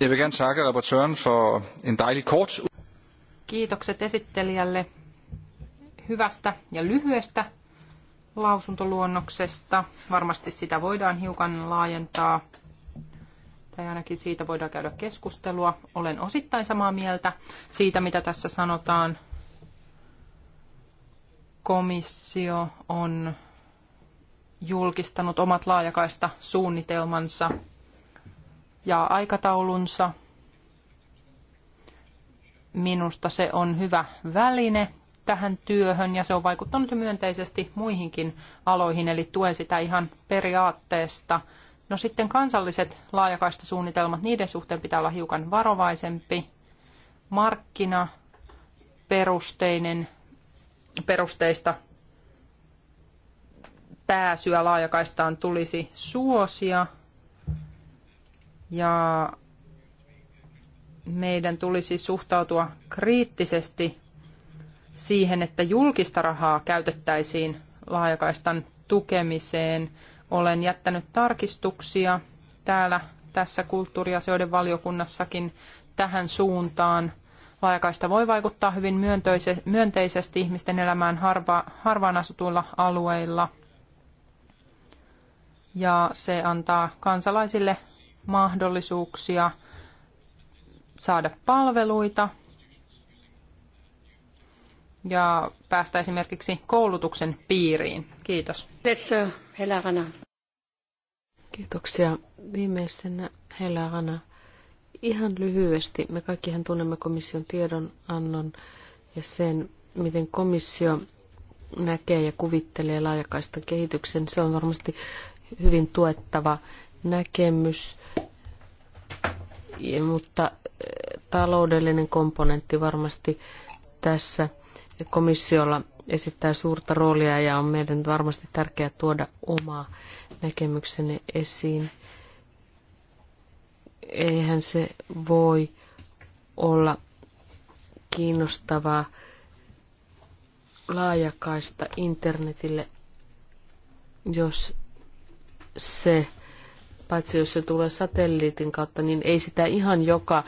Jeg vil gerne takke rapportøren for en dejlig kort... Kiitokset esittelijälle hyvästä ja lyhyestä lausuntoluonnoksesta. Varmasti sitä voidaan hiukan laajentaa, tai ainakin siitä voidaan käydä keskustelua. Olen osittain samaa mieltä siitä, mitä tässä sanotaan komissio on julkistanut omat laajakaista suunnitelmansa ja aikataulunsa. Minusta se on hyvä väline tähän työhön ja se on vaikuttanut myönteisesti muihinkin aloihin, eli tuen sitä ihan periaatteesta. No sitten kansalliset laajakaista suunnitelmat niiden suhteen pitää olla hiukan varovaisempi. Markkina perusteinen perusteista pääsyä laajakaistaan tulisi suosia. Ja meidän tulisi suhtautua kriittisesti siihen, että julkista rahaa käytettäisiin laajakaistan tukemiseen. Olen jättänyt tarkistuksia täällä tässä kulttuuriasioiden valiokunnassakin tähän suuntaan – Laajakaista voi vaikuttaa hyvin myönteisesti ihmisten elämään harva, harvaan asutuilla alueilla. Ja se antaa kansalaisille mahdollisuuksia saada palveluita ja päästä esimerkiksi koulutuksen piiriin. Kiitos. Kiitoksia. Viimeisenä Helena Ihan lyhyesti, me kaikkihan tunnemme komission tiedonannon ja sen, miten komissio näkee ja kuvittelee laajakaistan kehityksen. Se on varmasti hyvin tuettava näkemys, mutta eh, taloudellinen komponentti varmasti tässä komissiolla esittää suurta roolia ja on meidän varmasti tärkeää tuoda oma näkemyksenne esiin eihän se voi olla kiinnostavaa laajakaista internetille, jos se, paitsi jos se tulee satelliitin kautta, niin ei sitä ihan joka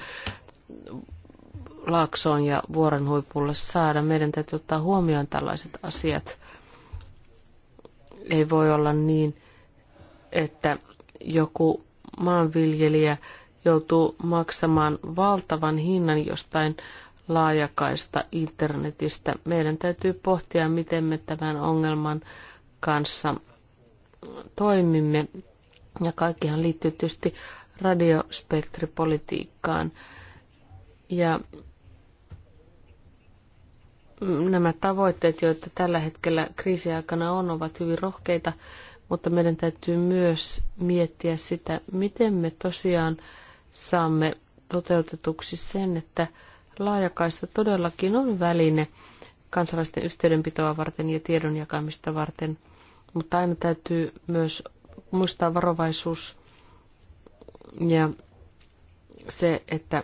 laaksoon ja vuoren huipulle saada. Meidän täytyy ottaa huomioon tällaiset asiat. Ei voi olla niin, että joku maanviljelijä joutuu maksamaan valtavan hinnan jostain laajakaista internetistä. Meidän täytyy pohtia, miten me tämän ongelman kanssa toimimme. Ja kaikkihan liittyy tietysti radiospektripolitiikkaan. Ja nämä tavoitteet, joita tällä hetkellä kriisiaikana on, ovat hyvin rohkeita, mutta meidän täytyy myös miettiä sitä, miten me tosiaan saamme toteutetuksi sen, että laajakaista todellakin on väline kansalaisten yhteydenpitoa varten ja tiedon jakamista varten, mutta aina täytyy myös muistaa varovaisuus ja se, että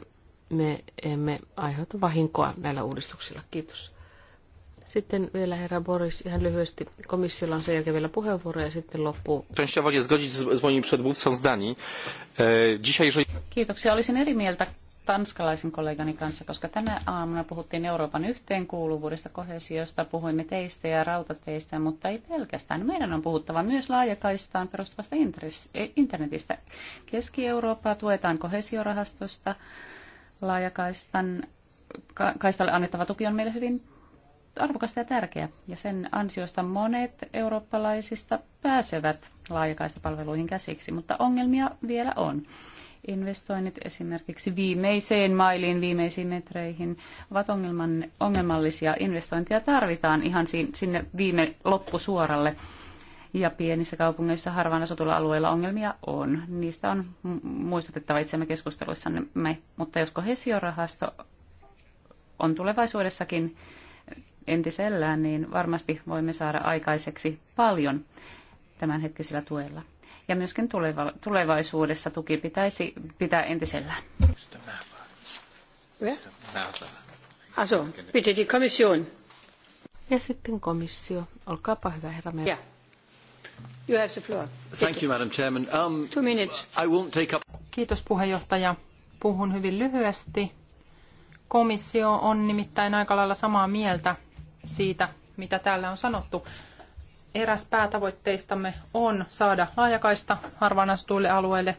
me emme aiheuta vahinkoa näillä uudistuksilla. Kiitos. Sitten vielä herra Boris ihan lyhyesti. Komissiolla on sen jälkeen vielä puheenvuoro ja sitten loppuu. Częściowo nie zgodzić z moim przedmówcą zdani. E, dzisiaj, jeżeli... Kiitoksia. Olisin eri mieltä tanskalaisen kollegani kanssa, koska tänä aamuna puhuttiin Euroopan yhteenkuuluvuudesta, kohesiosta, puhuimme teistä ja rautateistä, mutta ei pelkästään. Meidän on puhuttava myös laajakaistaan perustuvasta e, internetistä. Keski-Eurooppaa tuetaan kohesiorahastosta, laajakaistan kaistalle annettava tuki on meille hyvin arvokasta ja tärkeä, ja sen ansiosta monet eurooppalaisista pääsevät laajakaista palveluihin käsiksi, mutta ongelmia vielä on. Investoinnit esimerkiksi viimeiseen mailiin, viimeisiin metreihin ovat ongelman, ongelmallisia. Investointia tarvitaan ihan sinne viime loppusuoralle. Ja pienissä kaupungeissa harvaan asutulla alueilla ongelmia on. Niistä on muistutettava itsemme keskusteluissamme. Mutta josko hesiorahasto on tulevaisuudessakin entisellään, niin varmasti voimme saada aikaiseksi paljon tämänhetkisellä tuella. Ja myöskin tuleva, tulevaisuudessa tuki pitäisi pitää entisellään. Also, bitte komission. Ja sitten komissio. Olkaapa hyvä, herra Merkel. Yeah. You have the floor. Thank you, Madam Chairman. Um, Two minutes. I won't take up... Kiitos puheenjohtaja. Puhun hyvin lyhyesti. Komissio on nimittäin aika lailla samaa mieltä siitä, mitä täällä on sanottu. Eräs päätavoitteistamme on saada laajakaista harvaan asutuille alueille,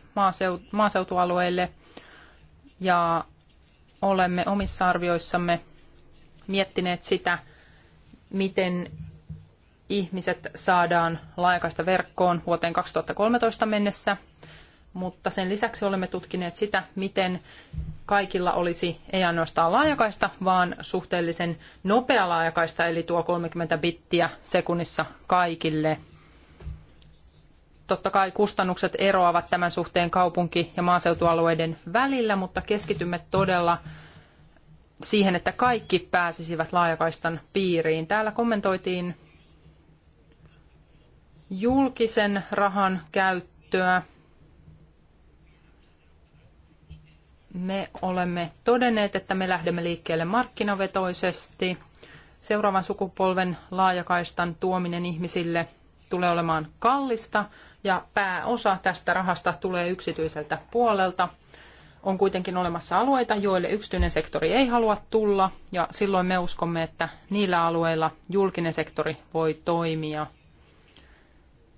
maaseutualueille ja olemme omissa arvioissamme miettineet sitä, miten ihmiset saadaan laajakaista verkkoon vuoteen 2013 mennessä mutta sen lisäksi olemme tutkineet sitä, miten kaikilla olisi ei ainoastaan laajakaista, vaan suhteellisen nopea laajakaista, eli tuo 30 bittiä sekunnissa kaikille. Totta kai kustannukset eroavat tämän suhteen kaupunki- ja maaseutualueiden välillä, mutta keskitymme todella siihen, että kaikki pääsisivät laajakaistan piiriin. Täällä kommentoitiin julkisen rahan käyttöä Me olemme todenneet, että me lähdemme liikkeelle markkinavetoisesti. Seuraavan sukupolven laajakaistan tuominen ihmisille tulee olemaan kallista ja pääosa tästä rahasta tulee yksityiseltä puolelta. On kuitenkin olemassa alueita, joille yksityinen sektori ei halua tulla ja silloin me uskomme, että niillä alueilla julkinen sektori voi toimia.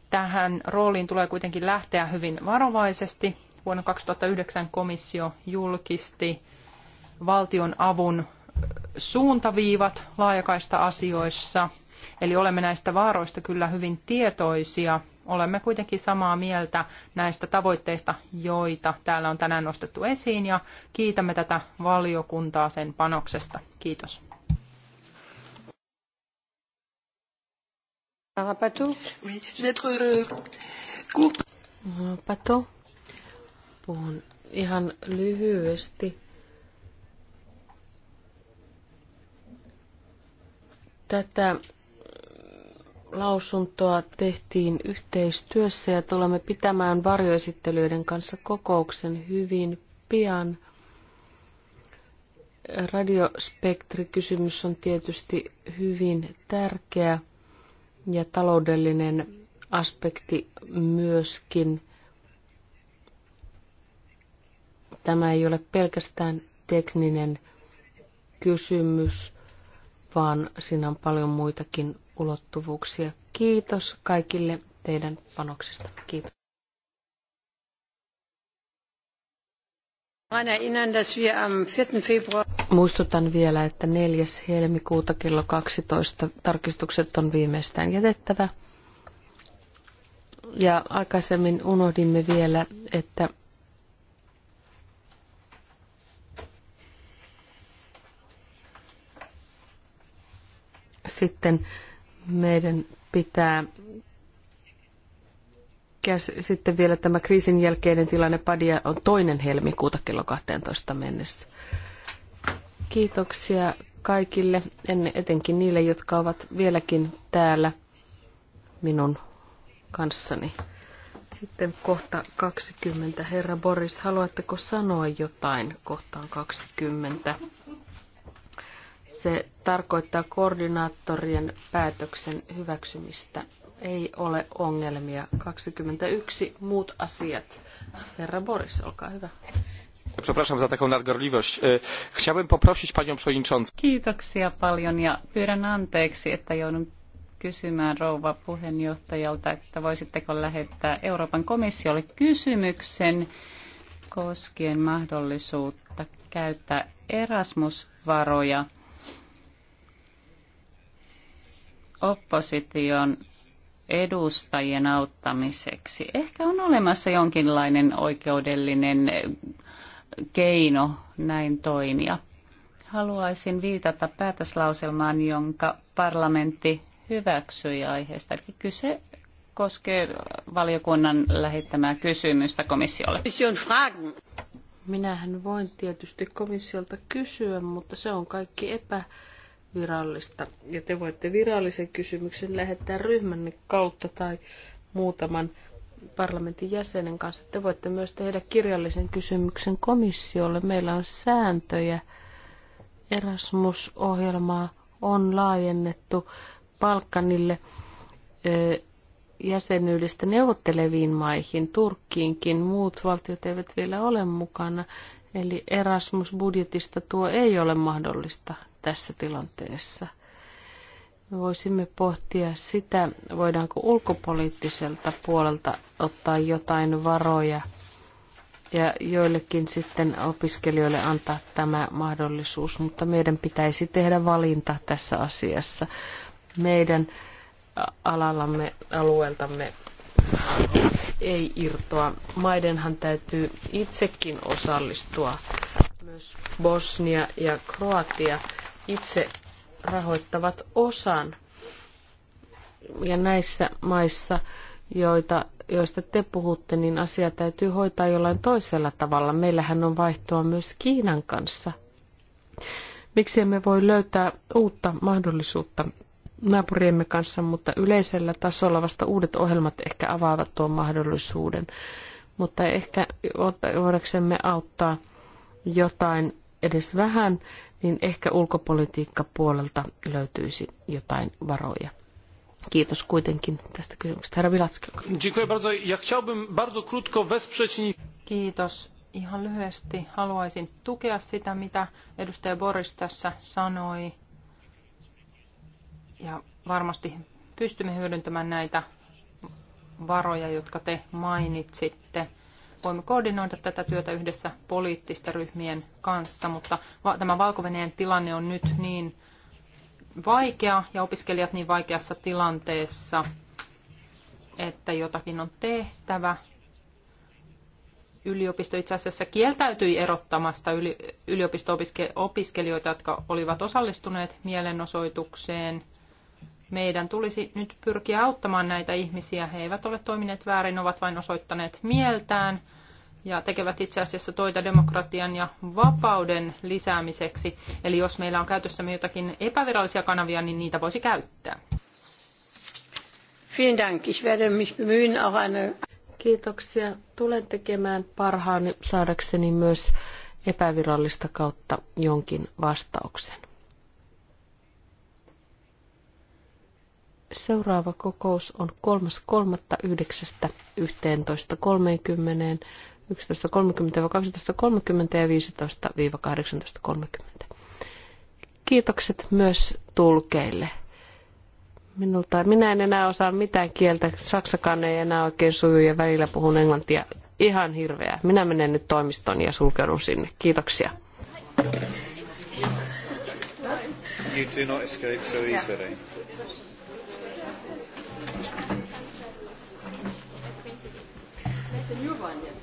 Tähän rooliin tulee kuitenkin lähteä hyvin varovaisesti Vuonna 2009 komissio julkisti valtion avun suuntaviivat laajakaista asioissa. Eli olemme näistä vaaroista kyllä hyvin tietoisia. Olemme kuitenkin samaa mieltä näistä tavoitteista, joita täällä on tänään nostettu esiin ja kiitämme tätä valiokuntaa sen panoksesta. Kiitos. Pato. Euh, puhun ihan lyhyesti. Tätä lausuntoa tehtiin yhteistyössä ja tulemme pitämään varjoesittelyiden kanssa kokouksen hyvin pian. Radiospektrikysymys on tietysti hyvin tärkeä ja taloudellinen aspekti myöskin. Tämä ei ole pelkästään tekninen kysymys, vaan siinä on paljon muitakin ulottuvuuksia. Kiitos kaikille teidän panoksista. Kiitos. Muistutan vielä, että 4. helmikuuta kello 12 tarkistukset on viimeistään jätettävä. Ja aikaisemmin unohdimme vielä, että sitten meidän pitää sitten vielä tämä kriisin jälkeinen tilanne Padia on toinen helmikuuta kello 12 mennessä. Kiitoksia kaikille, ennen etenkin niille, jotka ovat vieläkin täällä minun kanssani. Sitten kohta 20. Herra Boris, haluatteko sanoa jotain kohtaan 20? Se tarkoittaa koordinaattorien päätöksen hyväksymistä. Ei ole ongelmia. 21 muut asiat. Herra Boris, olkaa hyvä. Przepraszam za taką nadgorliwość. E, chciałbym poprosić panią przewodniczącą. Kiitoksia paljon ja pyydän anteeksi, että joudun kysymään rouva puheenjohtajalta, että voisitteko lähettää Euroopan komissiolle kysymyksen koskien mahdollisuutta käyttää Erasmus-varoja opposition edustajien auttamiseksi. Ehkä on olemassa jonkinlainen oikeudellinen keino näin toimia. Haluaisin viitata päätöslauselmaan, jonka parlamentti hyväksyi aiheesta. Eli kyse koskee valiokunnan lähettämää kysymystä komissiolle. Minähän voin tietysti komissiolta kysyä, mutta se on kaikki epä virallista. Ja te voitte virallisen kysymyksen lähettää ryhmänne kautta tai muutaman parlamentin jäsenen kanssa. Te voitte myös tehdä kirjallisen kysymyksen komissiolle. Meillä on sääntöjä. Erasmus-ohjelmaa on laajennettu Balkanille jäsenyydestä neuvotteleviin maihin, Turkkiinkin. Muut valtiot eivät vielä ole mukana. Eli Erasmus-budjetista tuo ei ole mahdollista tässä tilanteessa. Me voisimme pohtia sitä, voidaanko ulkopoliittiselta puolelta ottaa jotain varoja ja joillekin sitten opiskelijoille antaa tämä mahdollisuus, mutta meidän pitäisi tehdä valinta tässä asiassa. Meidän alallamme, alueeltamme ei irtoa. Maidenhan täytyy itsekin osallistua. Myös Bosnia ja Kroatia itse rahoittavat osan. Ja näissä maissa, joita, joista te puhutte, niin asia täytyy hoitaa jollain toisella tavalla. Meillähän on vaihtoa myös Kiinan kanssa. Miksi emme voi löytää uutta mahdollisuutta naapuriemme kanssa, mutta yleisellä tasolla vasta uudet ohjelmat ehkä avaavat tuon mahdollisuuden. Mutta ehkä voidaksemme auttaa jotain edes vähän, niin ehkä ulkopolitiikka puolelta löytyisi jotain varoja. Kiitos kuitenkin tästä kysymyksestä. Herra Vilatski. Kiitos. Ihan lyhyesti haluaisin tukea sitä, mitä edustaja Boris tässä sanoi ja varmasti pystymme hyödyntämään näitä varoja, jotka te mainitsitte. Voimme koordinoida tätä työtä yhdessä poliittisten ryhmien kanssa, mutta tämä valko tilanne on nyt niin vaikea ja opiskelijat niin vaikeassa tilanteessa, että jotakin on tehtävä. Yliopisto itse asiassa kieltäytyi erottamasta yliopisto-opiskelijoita, jotka olivat osallistuneet mielenosoitukseen – meidän tulisi nyt pyrkiä auttamaan näitä ihmisiä. He eivät ole toimineet väärin, ovat vain osoittaneet mieltään ja tekevät itse asiassa toita demokratian ja vapauden lisäämiseksi. Eli jos meillä on käytössämme jotakin epävirallisia kanavia, niin niitä voisi käyttää. Vielen Dank. Ich werde mich bemühen, auch eine... Kiitoksia. Tulen tekemään parhaani saadakseni myös epävirallista kautta jonkin vastauksen. Seuraava kokous on 3.3.9.11.30, 11.30-12.30 ja 15-18.30. Kiitokset myös tulkeille. Minulta, minä en enää osaa mitään kieltä, saksakaan ei enää oikein suju ja välillä puhun englantia. Ihan hirveää. Minä menen nyt toimistoon ja sulkeudun sinne. Kiitoksia. You do not escape so easily. Yeah. The new one, yes.